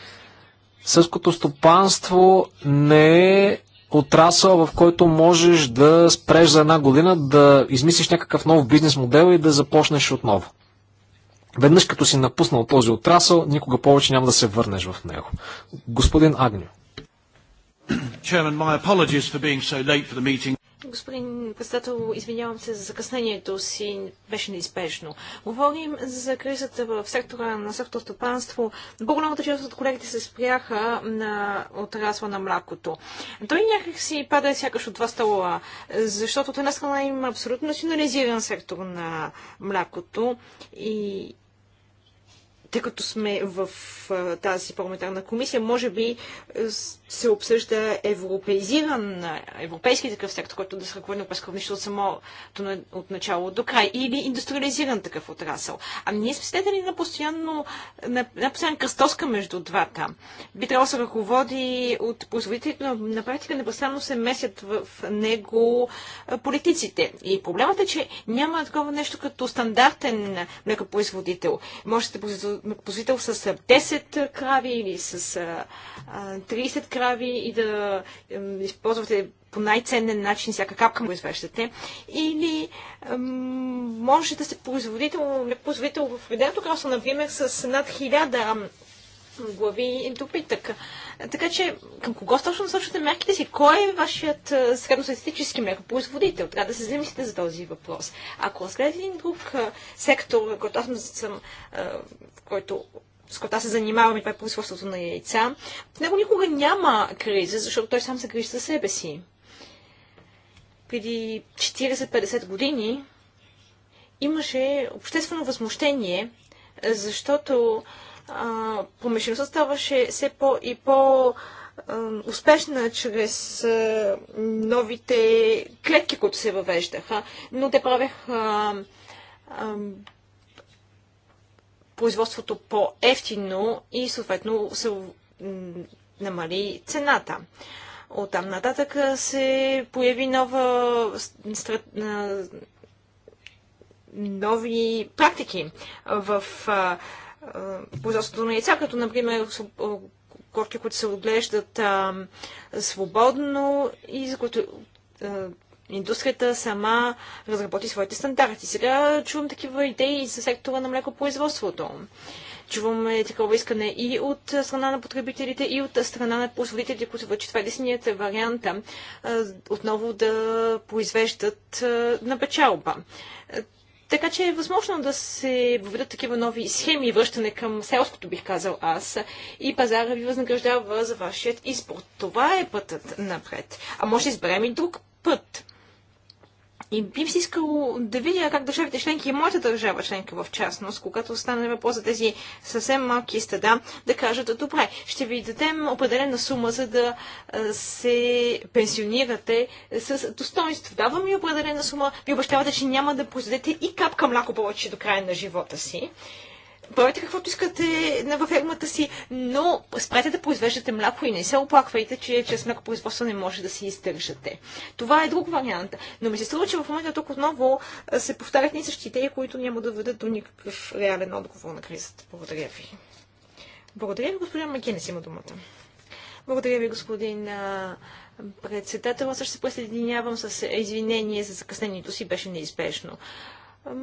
Съското стопанство не е отрасъл, в който можеш да спреш за една година, да измислиш някакъв нов бизнес модел и да започнеш отново. Веднъж като си напуснал този отрасъл, никога повече няма да се върнеш в него. Господин Агнио господин председател. Извинявам се за закъснението си. Беше неизбежно. Говорим за кризата в сектора на сектор По-голямата част от колегите се спряха на отрасла на млякото. Той някак си пада сякаш от два стола, защото от една има абсолютно национализиран сектор на млякото и тъй като сме в а, тази парламентарна комисия, може би е, се обсъжда европеизиран, европейски такъв сектор, който да се ръководи на равнище от самото от начало до край, или индустриализиран такъв отрасъл. А ние сме свидетели на постоянно, на, на постоянно кръстоска между двата. Би трябвало да се ръководи от производителите, но на практика непрестанно се месят в, него политиците. И проблемът е, че няма такова нещо като стандартен млекопроизводител. Може да ръководител с 10 крави или с 30 крави и да използвате по най-ценен начин всяка капка му извеждате. Или може да сте производител, производител в Обединеното кралство, например, с над 1000 глави и допитък. Така че, към кого точно насочвате мерките си? Кой е вашият е, средностатистически меркопроизводител? Трябва да се замислите за този въпрос. Ако разгледате един друг е, сектор, който аз съм е, който с който аз се занимавам и това е производството на яйца, в него никога няма криза, защото той сам се грижи за себе си. Преди 40-50 години имаше обществено възмущение, защото а, ставаше все по и по успешна чрез новите клетки, които се въвеждаха, но те правеха производството по-ефтино и съответно се намали цената. От там нататък се появи нова нови практики в производството на яйца, като например корки, които се отглеждат свободно и за които Индустрията сама разработи своите стандарти. Сега чувам такива идеи и за сектора на млекопроизводството. Чуваме такова искане и от страна на потребителите, и от страна на производителите, които вече това е единственият вариант отново да произвеждат на печалба. Така че е възможно да се въведат такива нови схеми, връщане към селското, бих казал аз, и пазара ви възнаграждава за вашият избор. Това е пътът напред. А може да изберем и друг път. И би си искало да видя как държавите членки и моята държава членка в частност, когато стане въпрос за тези съвсем малки стада, да кажат, добре, ще ви дадем определена сума, за да се пенсионирате с достоинство. Давам ви определена сума, ви обещавате, че няма да произведете и капка мляко повече до края на живота си. Бойте каквото искате на във фермата си, но спрете да произвеждате мляко и не се оплаквайте, че чрез мляко производство не може да си издържате. Това е друг вариант. Но ми се струва, че в момента тук отново се повтарят ни същите идеи, които няма да ведат до никакъв реален отговор на кризата. Благодаря ви. Благодаря ви, господин Макенес има думата. Благодаря ви, господин председател. Аз ще се присъединявам с извинение за закъснението си. Беше неизбежно.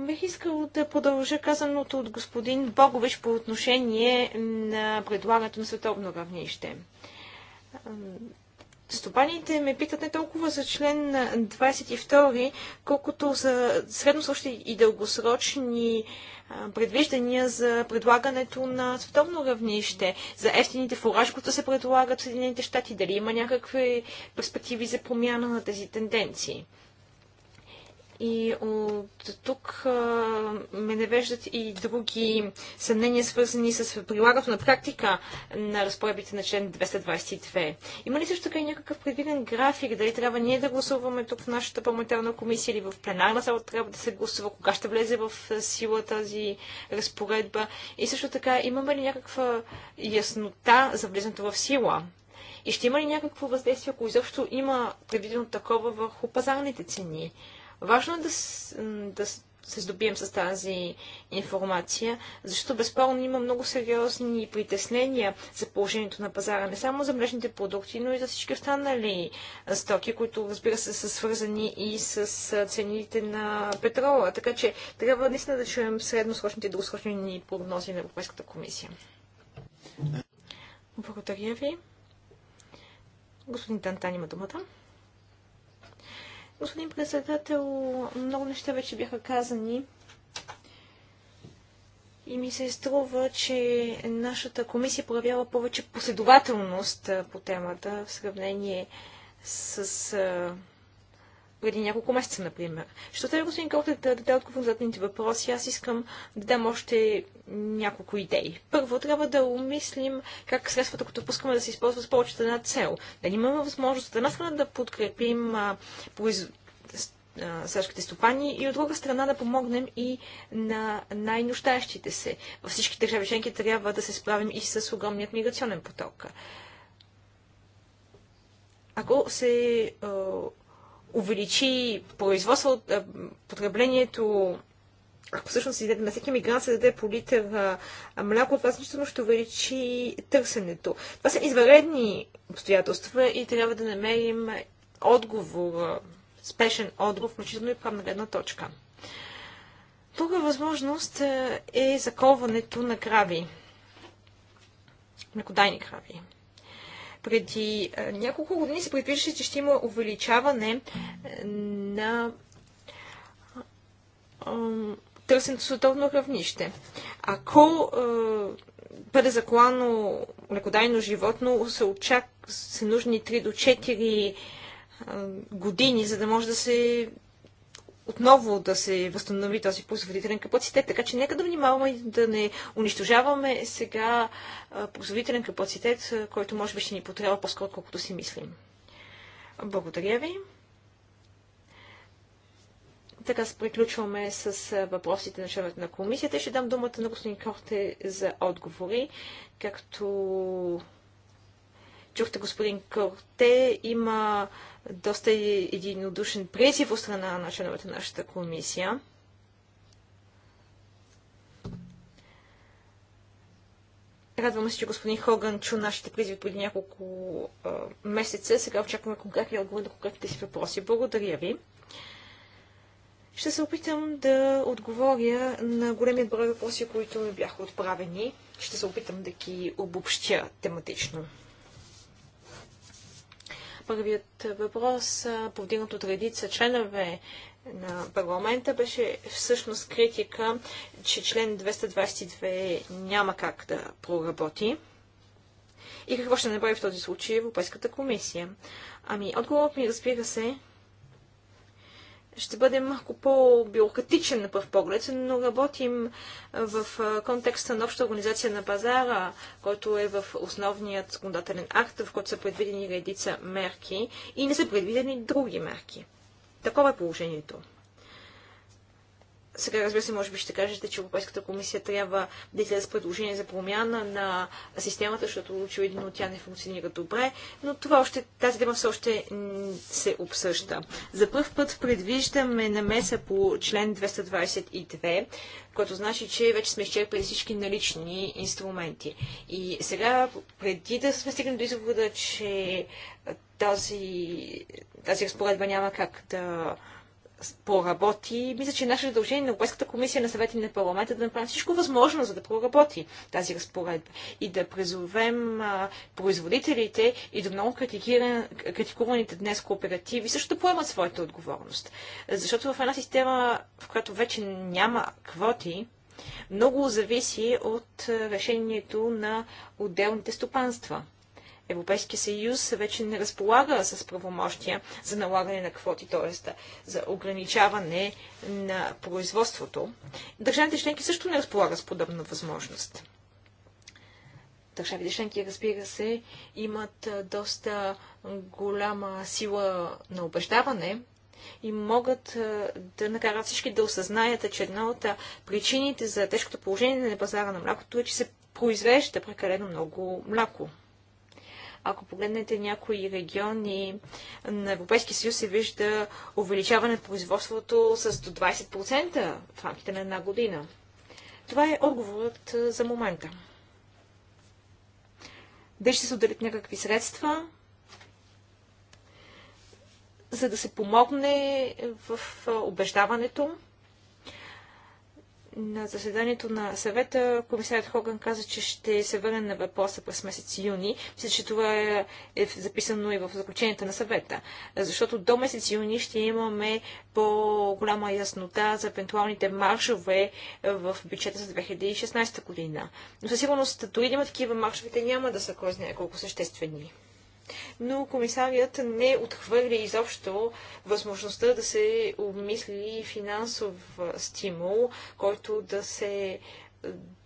Бих искал да продължа казаното от господин Богович по отношение на предлагането на световно равнище. Стопаните ме питат не толкова за член 22, колкото за средносрочни и дългосрочни предвиждания за предлагането на световно равнище, за ефтините фураж, които се предлагат в Съединените щати, дали има някакви перспективи за промяна на тези тенденции. И от тук а, ме навеждат и други съмнения, свързани с прилагането на практика на разпоредбите на член 222. Има ли също така и някакъв предвиден график? Дали трябва ние да гласуваме тук в нашата парламентарна комисия или в пленарна зала трябва да се гласува? Кога ще влезе в сила тази разпоредба? И също така, имаме ли някаква яснота за влизането в сила? И ще има ли някакво въздействие, ако изобщо има предвидено такова върху пазарните цени? Важно е да, да се здобием с тази информация, защото безспорно има много сериозни притеснения за положението на пазара, не само за млечните продукти, но и за всички останали стоки, които разбира се са свързани и с цените на петрола. Така че трябва наистина да чуем средносрочните и дългосрочни прогнози на Европейската комисия. Благодаря ви. Господин Тантан има думата. Господин председател, много неща вече бяха казани. И ми се струва, че нашата комисия проявява повече последователност по темата в сравнение с преди няколко месеца, например. Ще оставя господин Корте да даде отговор на задните въпроси. Аз искам да дам още няколко идеи. Първо, трябва да умислим как средствата, които пускаме да се използват с повечето една цел. Да имаме възможност от една страна да подкрепим а, произ... стопани и от друга страна да помогнем и на най нощащите се. Във всички държави членки трябва да се справим и с огромният миграционен поток. Ако се увеличи производство, е, потреблението ако всъщност на всеки мигрант се даде по литър е, мляко, това значително ще увеличи търсенето. Това са извънредни обстоятелства и трябва да намерим отговор, е, спешен отговор, включително и правна гледна точка. Друга възможност е заколването на крави. Мекодайни крави. Преди няколко години се предвиждаше, че ще има увеличаване на търсенето световно равнище. Ако бъде заклано лекодайно животно, се, очаква се нужни 3 до 4 години, за да може да се отново да се възстанови този производителен капацитет. Така че нека да внимаваме и да не унищожаваме сега производителен капацитет, който може би ще ни потребва по-скоро, колкото си мислим. Благодаря ви. Така се приключваме с въпросите на членовете на комисията. Ще дам думата на господин Корте за отговори, както чухте господин Кълте, има доста единодушен призив от страна на членовете на нашата комисия. Радвам се, че господин Хоган чу нашите призиви преди няколко а, месеца. Сега очакваме конкретни отговори на конкретните си въпроси. Благодаря ви. Ще се опитам да отговоря на големият брой въпроси, които ми бяха отправени. Ще се опитам да ги обобщя тематично. Първият въпрос, повдигнат от редица членове на парламента, беше всъщност критика, че член 222 няма как да проработи. И какво ще направи в този случай Европейската комисия? Ами, отговорът ми, разбира се, ще бъде малко по-бюрократичен на пръв поглед, но работим в контекста на обща организация на пазара, който е в основният законодателен акт, в който са предвидени редица мерки и не са предвидени други мерки. Такова е положението. Сега, разбира се, може би ще кажете, че Европейската комисия трябва да излезе с предложение за промяна на системата, защото очевидно тя не функционира добре, но това още, тази тема все още се обсъжда. За първ път предвиждаме намеса по член 222, което значи, че вече сме изчерпали всички налични инструменти. И сега, преди да сме стигнали до извода, че тази, тази разпоредба няма как да поработи. Мисля, че е наше задължение на Европейската комисия на съвети и на парламента да направим всичко възможно, за да проработи тази разпоредба и да призовем а, производителите и до много критикуваните днес кооперативи също да поемат своята отговорност. Защото в една система, в която вече няма квоти, много зависи от решението на отделните стопанства. Европейския съюз вече не разполага с правомощия за налагане на квоти, т.е. за ограничаване на производството. Държавите членки също не разполагат с подобна възможност. Държавите членки, разбира се, имат доста голяма сила на убеждаване, и могат да накарат всички да осъзнаят, че една от причините за тежкото положение на пазара на млякото е, че се произвежда прекалено много мляко. Ако погледнете някои региони на Европейския съюз, се вижда увеличаване на производството с до 20% в рамките на една година. Това е отговорът за момента. Де ще се отделят някакви средства, за да се помогне в убеждаването на заседанието на съвета комисарят Хоган каза, че ще се върне на въпроса през месец юни. Мисля, че това е, е, записано и в заключенията на съвета. Защото до месец юни ще имаме по-голяма яснота за евентуалните маршове в бюджета за 2016 година. Но със сигурност, дори да има такива маршове, те няма да са кой знае колко съществени но комисарият не отхвърля изобщо възможността да се обмисли финансов стимул, който да се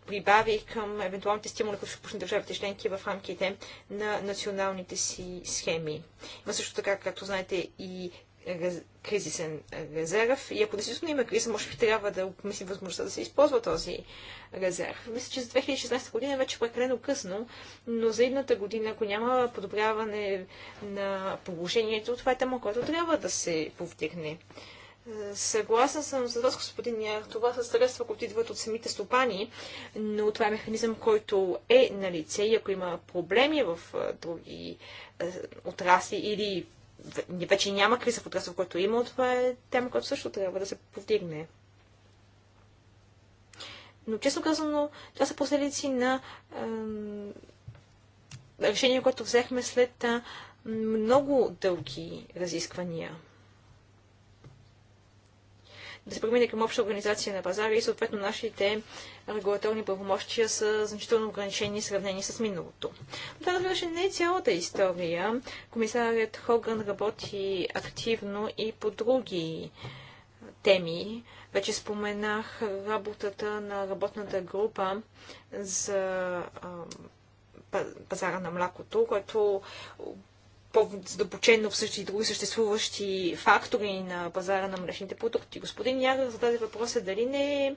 прибави към евентуалните стимули, които ще пуснат държавите членки в рамките на националните си схеми. Има също така, както знаете, и кризисен резерв. И ако действително има криза, може би трябва да обмисли възможността да се използва този резерв. Мисля, че за 2016 година е вече прекалено късно, но за едната година, ако няма подобряване на положението, това е тема, която трябва да се повдигне. Съгласен съм с вас, господин Яр. Това са средства, които идват от самите стопани, но това е механизъм, който е на лице и ако има проблеми в други отрасли или вече няма криза в отрасъл, който има, това е тема, която също трябва да се повдигне. Но честно казано, това са последици на е, решение, което взехме след е, много дълги разисквания да се премине към обща организация на пазара и съответно нашите регулаторни правомощия са значително ограничени в сравнение с миналото. Но това, разбира се, не е цялата история. Комисарят Хоган работи активно и по други теми. Вече споменах работата на работната група за пазара на млякото, който по-задълбочено същи и други съществуващи фактори на пазара на млечните продукти. Господин Яра зададе въпроса е дали не е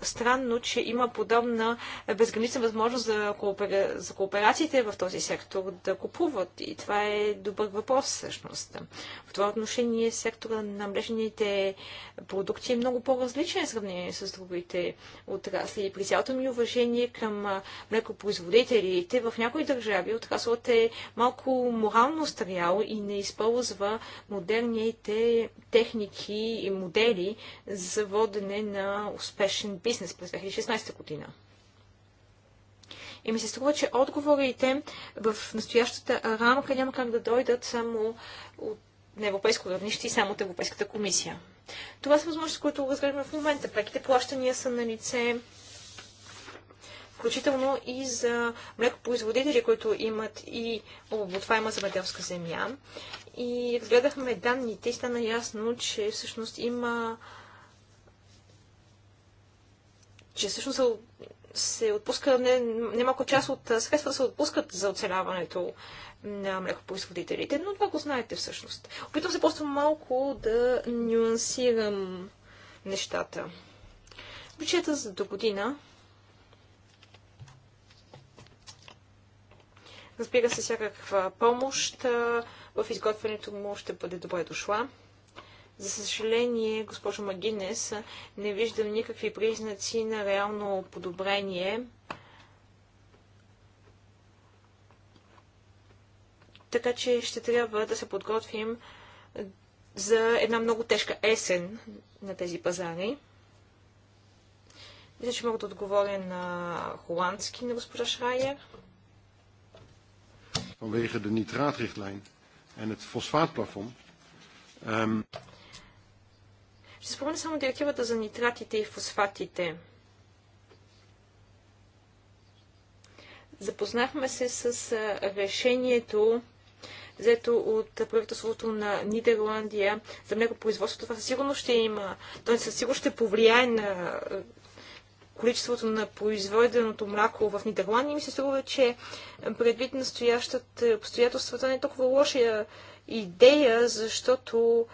странно, че има подобна безгранична възможност за, коопера... за кооперациите в този сектор да купуват. И това е добър въпрос всъщност. В това отношение сектора на млечните продукти е много по-различен в сравнение с другите отрасли. И при цялото ми уважение към млекопроизводителите в някои държави отраслът е малко морално стрял и не използва модерните техники и модели за водене на успешен бизнес през 2016 година. И ми се струва, че отговорите в настоящата рамка няма как да дойдат само от на европейско равнище и само от Европейската комисия. Това са възможности, които разгледаме в момента. Преките плащания са на лице, включително и за млекопроизводители, които имат и обработваема земеделска земя. И разгледахме данните и стана ясно, че всъщност има че всъщност се отпуска немалко не част от средства се отпускат за оцеляването на млекопроизводителите, но това го знаете всъщност. Опитвам се просто малко да нюансирам нещата. Бюджета за до година Разбира се, всякаква помощ в изготвянето му ще бъде добре дошла. За съжаление, госпожо Магинес, не виждам никакви признаци на реално подобрение. Така че ще трябва да се подготвим за една много тежка есен на тези пазари. Мисля, че мога да отговоря на холандски на госпожа Шрайер. Vanwege de nitraatrichtlijn en het fosfaatplafond. Um... Ще спомена само директивата за нитратите и фосфатите. Запознахме се с решението взето от правителството на Нидерландия за млекопроизводството. Това със сигурност ще има, той със сигурност ще повлияе на количеството на произведеното мляко в Нидерландия. Ми се струва, че предвид настоящата обстоятелствата не е толкова лоша идея, защото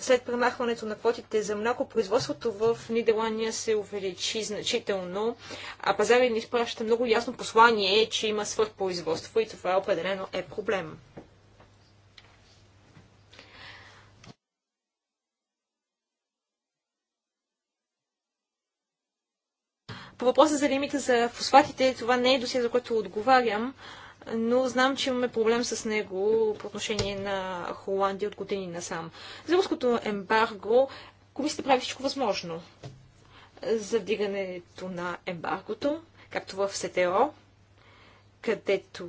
след премахването на квотите за мляко, производството в Нидерландия се увеличи значително, а пазарът ни изпраща много ясно послание, че има свърхпроизводство и това определено е проблем. По въпроса за лимита за фосфатите, това не е досия, за което отговарям, но знам, че имаме проблем с него по отношение на Холандия от години насам. За руското ембарго комисията прави всичко възможно за вдигането на ембаргото, както в СТО, където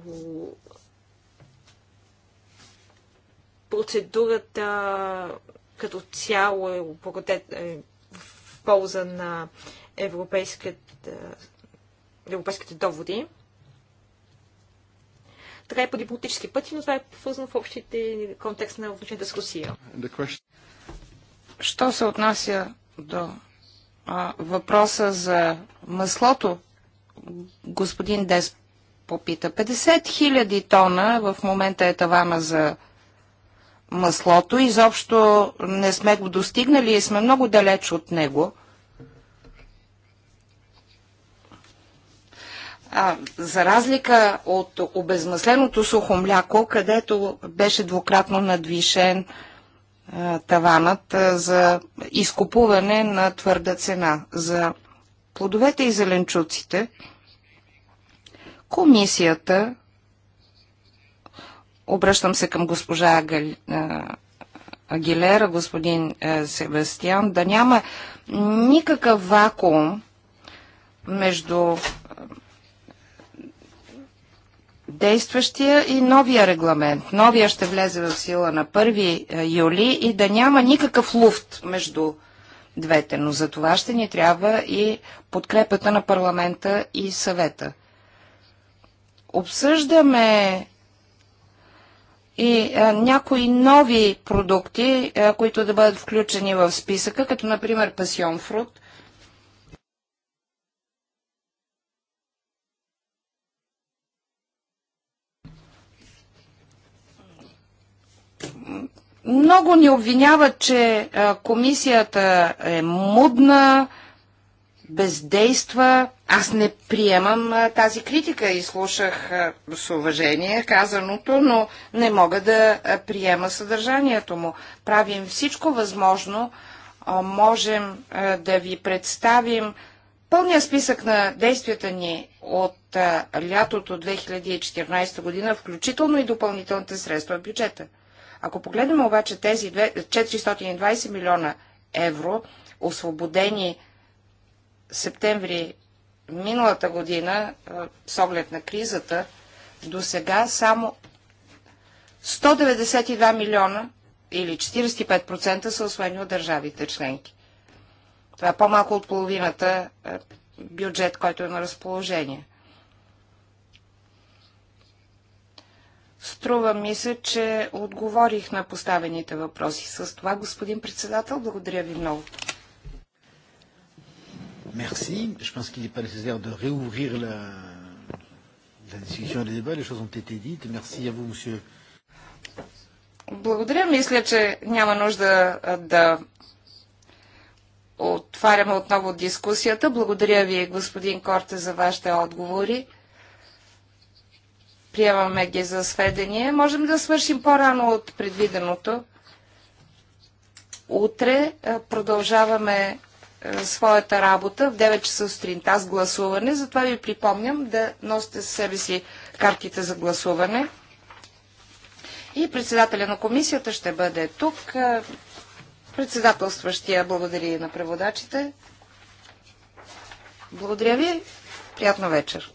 процедурата като цяло е, е в полза на европейските доводи и по дипломатически пъти, но това е свързано в общите контекст на отношенията с Русия. Що се отнася до а, въпроса за маслото, господин Дес попита. 50 000 тона в момента е тавана за маслото. Изобщо не сме го достигнали и сме много далеч от него – за разлика от обезмасленото сухо мляко, където беше двукратно надвишен таванът за изкупуване на твърда цена. За плодовете и зеленчуците комисията, обръщам се към госпожа Агилера, господин Себастиан, да няма никакъв вакуум между действащия и новия регламент. Новия ще влезе в сила на 1 е, юли и да няма никакъв луфт между двете, но за това ще ни трябва и подкрепата на парламента и съвета. Обсъждаме и а, е, някои нови продукти, а, е, които да бъдат включени в списъка, като например пасионфрут, Много ни обвиняват, че комисията е мудна, бездейства. Аз не приемам тази критика и слушах с уважение казаното, но не мога да приема съдържанието му. Правим всичко възможно, можем да ви представим пълния списък на действията ни от лятото 2014 година, включително и допълнителните средства в бюджета. Ако погледнем обаче тези 420 милиона евро, освободени септември миналата година с оглед на кризата, до сега само 192 милиона или 45% са освоени от държавите членки. Това е по-малко от половината бюджет, който е на разположение. Струва ми се, че отговорих на поставените въпроси. С това, господин председател, благодаря ви много. Merci. Je pense qu'il n'est pas nécessaire de réouvrir la, la discussion et le débat. Les choses ont été dites. Merci à vous, monsieur. Благодаря. Мисля, че няма нужда да отваряме отново дискусията. Благодаря ви, господин Корте, за вашите отговори приемаме ги за сведение. Можем да свършим по-рано от предвиденото. Утре продължаваме своята работа в 9 часа сутринта с гласуване. Затова ви припомням да носите със себе си картите за гласуване. И председателя на комисията ще бъде тук. Председателстващия благодари на преводачите. Благодаря ви. Приятна вечер.